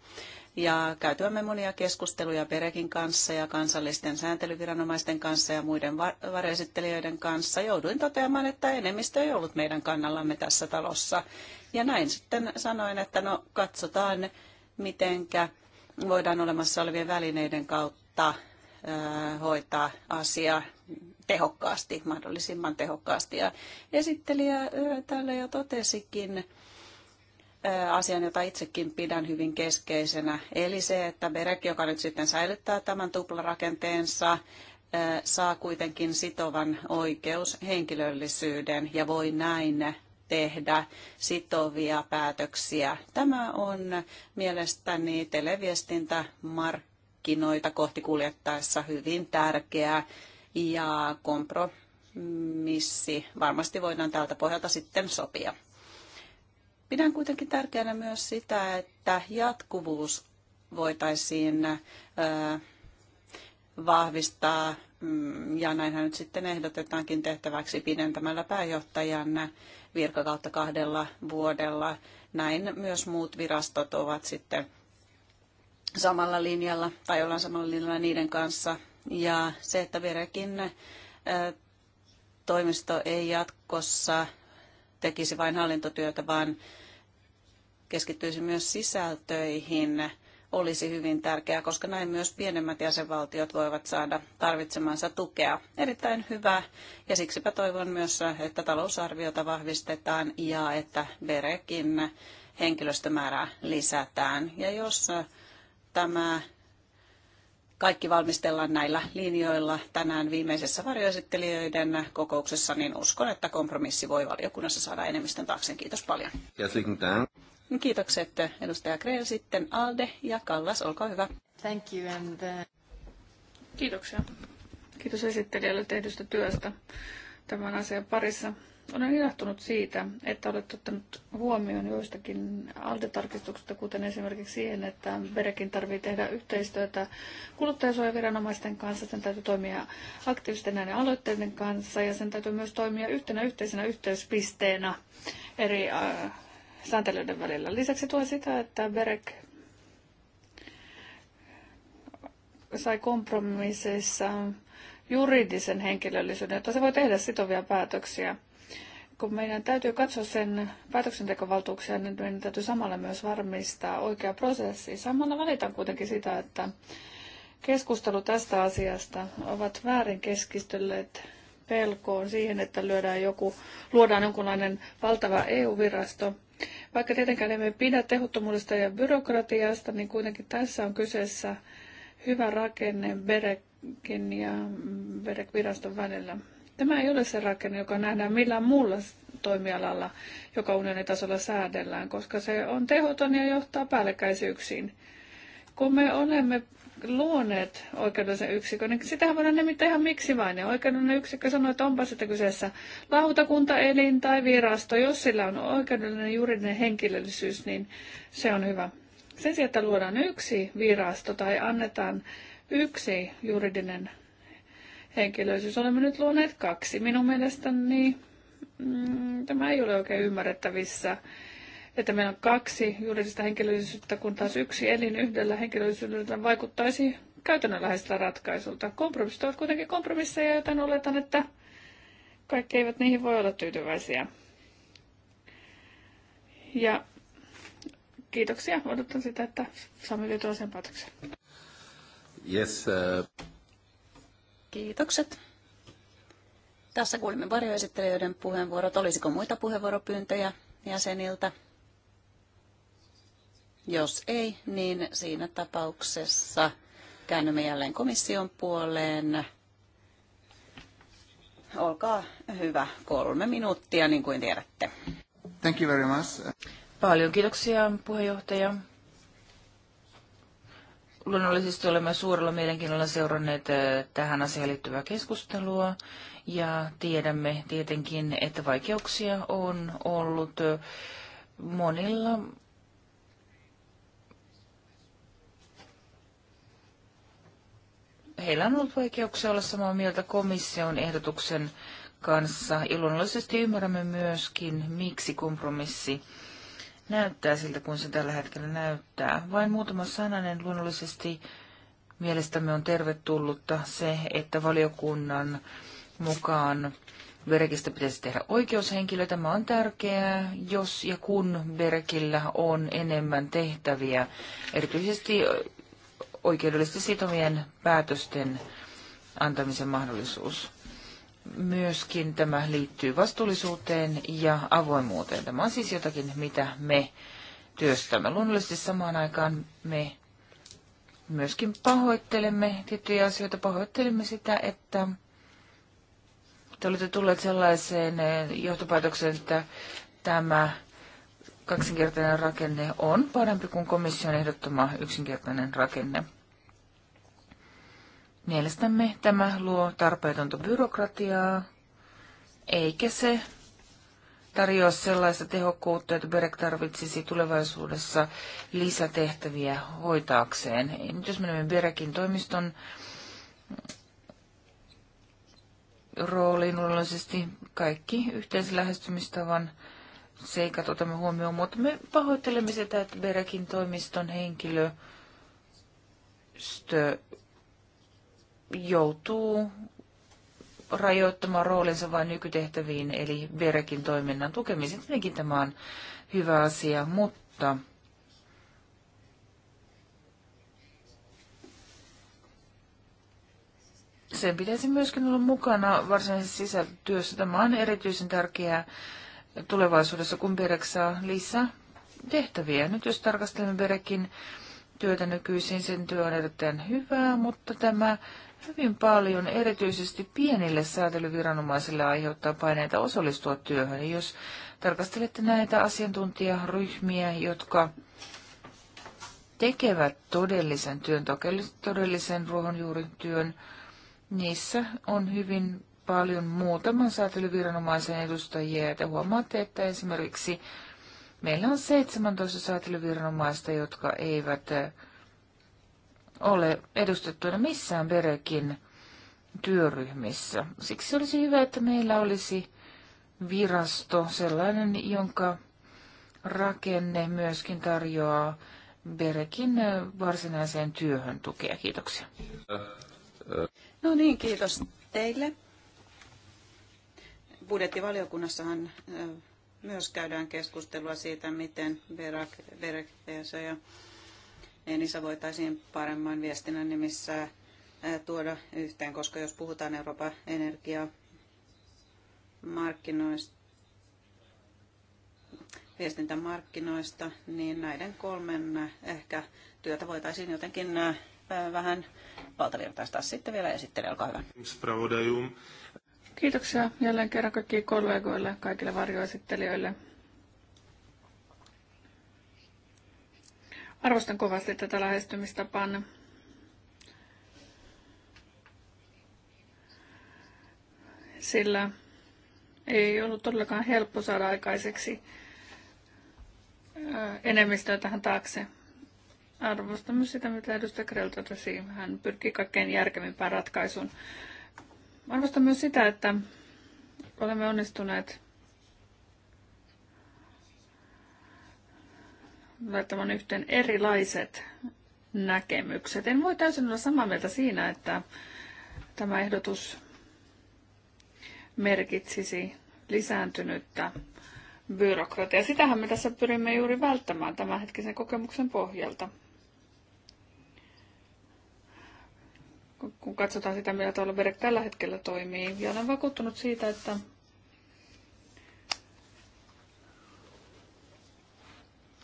Ja käytyämme monia keskusteluja Perekin kanssa ja kansallisten sääntelyviranomaisten kanssa ja muiden varesittelijöiden kanssa. Jouduin toteamaan, että enemmistö ei ollut meidän kannallamme tässä talossa. Ja näin sitten sanoin, että no katsotaan, mitenkä voidaan olemassa olevien välineiden kautta hoitaa asia tehokkaasti, mahdollisimman tehokkaasti. Ja esittelijä täällä jo totesikin asian, jota itsekin pidän hyvin keskeisenä, eli se, että Berek, joka nyt sitten säilyttää tämän tuplarakenteensa, saa kuitenkin sitovan oikeus henkilöllisyyden ja voi näin tehdä sitovia päätöksiä. Tämä on mielestäni televiestintämarkkinoita kohti kuljettaessa hyvin tärkeää ja kompromissi varmasti voidaan tältä pohjalta sitten sopia. Pidän kuitenkin tärkeänä myös sitä, että jatkuvuus voitaisiin vahvistaa, mm, ja näinhän nyt sitten ehdotetaankin tehtäväksi pidentämällä pääjohtajan virkakautta kahdella vuodella. Näin myös muut virastot ovat sitten samalla linjalla tai ollaan samalla linjalla niiden kanssa ja se, että Verekin toimisto ei jatkossa tekisi vain hallintotyötä, vaan keskittyisi myös sisältöihin, olisi hyvin tärkeää, koska näin myös pienemmät jäsenvaltiot voivat saada tarvitsemansa tukea. Erittäin hyvä ja siksipä toivon myös, että talousarviota vahvistetaan ja että Berekin henkilöstömäärää lisätään. Ja jos tämä kaikki valmistellaan näillä linjoilla tänään viimeisessä varjoesittelijöiden kokouksessa, niin uskon, että kompromissi voi valiokunnassa saada enemmistön taakse. Kiitos paljon. Kiitokset edustaja Kreel, sitten Alde ja Kallas, olkaa hyvä. Thank you and, uh... Kiitoksia. Kiitos esittelijälle tehdystä työstä tämän asian parissa. Olen ilahtunut siitä, että olet ottanut huomioon joistakin altetarkistuksista, kuten esimerkiksi siihen, että Berekin tarvitsee tehdä yhteistyötä kuluttajasuojaviranomaisten kanssa, sen täytyy toimia aktiivisten näiden aloitteiden kanssa ja sen täytyy myös toimia yhtenä yhteisenä yhteyspisteenä eri äh, sääntelyiden välillä. Lisäksi tuo sitä, että Berek sai kompromisseissa juridisen henkilöllisyyden, jotta se voi tehdä sitovia päätöksiä. Kun meidän täytyy katsoa sen päätöksentekovaltuuksia, niin meidän täytyy samalla myös varmistaa oikea prosessi. Samalla valitan kuitenkin sitä, että keskustelu tästä asiasta ovat väärin keskistelleet pelkoon siihen, että lyödään joku, luodaan jonkunlainen valtava EU-virasto. Vaikka tietenkään emme pidä tehottomuudesta ja byrokratiasta, niin kuitenkin tässä on kyseessä hyvä rakenne ja mm, viraston välillä. Tämä ei ole se rakenne, joka nähdään millään muulla toimialalla, joka unionin tasolla säädellään, koska se on tehoton ja johtaa päällekkäisyyksiin. Kun me olemme luoneet oikeudellisen yksikön, niin sitähän voidaan nimittäin ihan miksi vain. Ja oikeudellinen yksikkö sanoo, että onpa sitten kyseessä lautakunta, elin tai virasto. Jos sillä on oikeudellinen juridinen henkilöllisyys, niin se on hyvä. Sen sijaan, että luodaan yksi virasto tai annetaan yksi juridinen henkilöisyys. Olemme nyt luoneet kaksi. Minun mielestäni mm, tämä ei ole oikein ymmärrettävissä, että meillä on kaksi juridista henkilöisyyttä, kun taas yksi elin yhdellä henkilöisyydellä vaikuttaisi käytännönläheiseltä ratkaisulta. Kompromissit ovat kuitenkin kompromisseja, joten oletan, että kaikki eivät niihin voi olla tyytyväisiä. Ja kiitoksia. Odotan sitä, että saamme vietyä sen päätöksen. Yes, uh, Kiitokset. Tässä kuulimme varjoesittelijöiden puheenvuorot. Olisiko muita puheenvuoropyyntöjä jäseniltä? Jos ei, niin siinä tapauksessa käännymme jälleen komission puoleen. Olkaa hyvä, kolme minuuttia, niin kuin tiedätte. Thank you very much. Paljon kiitoksia, puheenjohtaja. Luonnollisesti olemme suurella mielenkiinnolla seuranneet tähän asiaan liittyvää keskustelua ja tiedämme tietenkin, että vaikeuksia on ollut monilla heillä on ollut vaikeuksia olla samaa mieltä komission ehdotuksen kanssa. Ja luonnollisesti ymmärrämme myöskin, miksi kompromissi näyttää siltä, kun se tällä hetkellä näyttää. Vain muutama sananen luonnollisesti mielestämme on tervetullutta se, että valiokunnan mukaan Verkistä pitäisi tehdä oikeushenkilö. Tämä on tärkeää, jos ja kun Verkillä on enemmän tehtäviä, erityisesti oikeudellisesti sitomien päätösten antamisen mahdollisuus myöskin tämä liittyy vastuullisuuteen ja avoimuuteen. Tämä on siis jotakin, mitä me työstämme. Luonnollisesti samaan aikaan me myöskin pahoittelemme tiettyjä asioita. Pahoittelemme sitä, että te olette tulleet sellaiseen eh, johtopäätökseen, että tämä kaksinkertainen rakenne on parempi kuin komission ehdottoma yksinkertainen rakenne. Mielestämme tämä luo tarpeetonta byrokratiaa, eikä se tarjoa sellaista tehokkuutta, että Berek tarvitsisi tulevaisuudessa lisätehtäviä hoitaakseen. Nyt jos menemme Berekin toimiston rooliin luonnollisesti kaikki yhteisen lähestymistavan seikat otamme huomioon, mutta me pahoittelemme sitä, että Berekin toimiston henkilö joutuu rajoittamaan roolinsa vain nykytehtäviin, eli verekin toiminnan tukemiseen. Tietenkin tämä on hyvä asia, mutta sen pitäisi myöskin olla mukana varsinaisessa sisältötyössä. Tämä on erityisen tärkeää tulevaisuudessa, kun Berek saa lisää tehtäviä. Nyt jos tarkastelemme Berekin työtä nykyisin. Sen työ on erittäin hyvää, mutta tämä hyvin paljon erityisesti pienille säätelyviranomaisille aiheuttaa paineita osallistua työhön. Jos tarkastelette näitä asiantuntijaryhmiä, jotka tekevät todellisen työn, todellisen ruohonjuurityön, niissä on hyvin paljon muutaman säätelyviranomaisen edustajia, ja te huomaatte, että esimerkiksi Meillä on 17 säätelyviranomaista, jotka eivät eh, ole edustettuina missään Berekin työryhmissä. Siksi olisi hyvä, että meillä olisi virasto, sellainen, jonka rakenne myöskin tarjoaa Berekin eh, varsinaiseen työhön tukea. Kiitoksia. No niin, kiitos teille. Budjettivaliokunnassahan eh, myös käydään keskustelua siitä, miten Verak, Verek, ESA ja Enisa voitaisiin paremman viestinnän nimissä tuoda yhteen, koska jos puhutaan Euroopan energiamarkkinoista, viestintämarkkinoista, niin näiden kolmen ehkä työtä voitaisiin jotenkin vähän valtavirtaistaa sitten vielä esittely, olkaa hyvä. Kiitoksia jälleen kerran kaikki kollegoille, kaikille varjoesittelijöille. Arvostan kovasti tätä lähestymistapaanne. Sillä ei ollut todellakaan helppo saada aikaiseksi enemmistöä tähän taakse. Arvostan myös sitä, mitä edustaja Krell totesi. Hän pyrkii kaikkein järkevimpään ratkaisuun. Arvostan myös sitä, että olemme onnistuneet laittamaan yhteen erilaiset näkemykset. En voi täysin olla samaa mieltä siinä, että tämä ehdotus merkitsisi lisääntynyttä byrokratiaa. Sitähän me tässä pyrimme juuri välttämään tämänhetkisen kokemuksen pohjalta. kun katsotaan sitä, millä tavalla Berek tällä hetkellä toimii. Ja olen vakuuttunut siitä, että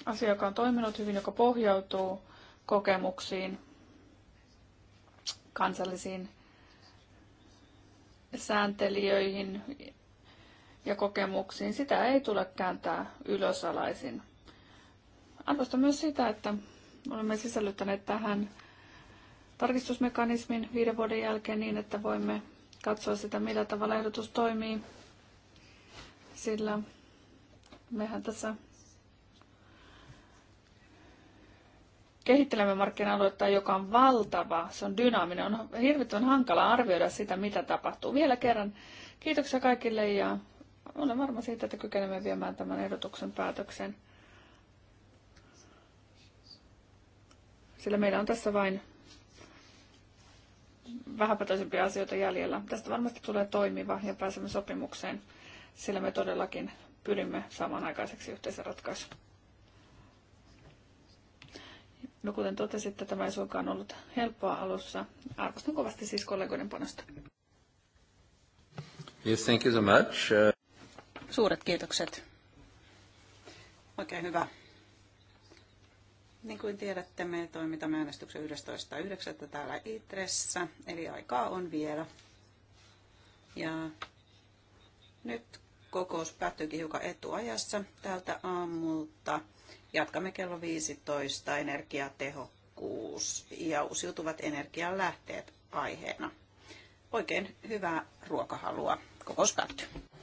asia, joka on toiminut hyvin, joka pohjautuu kokemuksiin, kansallisiin sääntelijöihin ja kokemuksiin, sitä ei tule kääntää ylösalaisin. Arvostan myös sitä, että olemme sisällyttäneet tähän tarkistusmekanismin viiden vuoden jälkeen niin, että voimme katsoa sitä, millä tavalla ehdotus toimii, sillä mehän tässä kehittelemme markkina-aluetta, joka on valtava, se on dynaaminen, on hirvittävän hankala arvioida sitä, mitä tapahtuu. Vielä kerran kiitoksia kaikille ja olen varma siitä, että kykenemme viemään tämän ehdotuksen päätöksen. Sillä meillä on tässä vain vähäpätöisempiä asioita jäljellä. Tästä varmasti tulee toimiva ja pääsemme sopimukseen, sillä me todellakin pyrimme saamaan aikaiseksi yhteisen ratkaisun. No kuten totesitte, tämä ei suinkaan ollut helppoa alussa. Arvostan kovasti siis kollegoiden panosta. Yes, thank you so much. Uh, Suuret kiitokset. Oikein hyvä niin kuin tiedätte, me toimitamme äänestyksen 11.9. täällä Itressä, eli aikaa on vielä. Ja nyt kokous päättyykin hiukan etuajassa tältä aamulta. Jatkamme kello 15 energiatehokkuus ja uusiutuvat lähteet aiheena. Oikein hyvää ruokahalua. Kokous päättyy.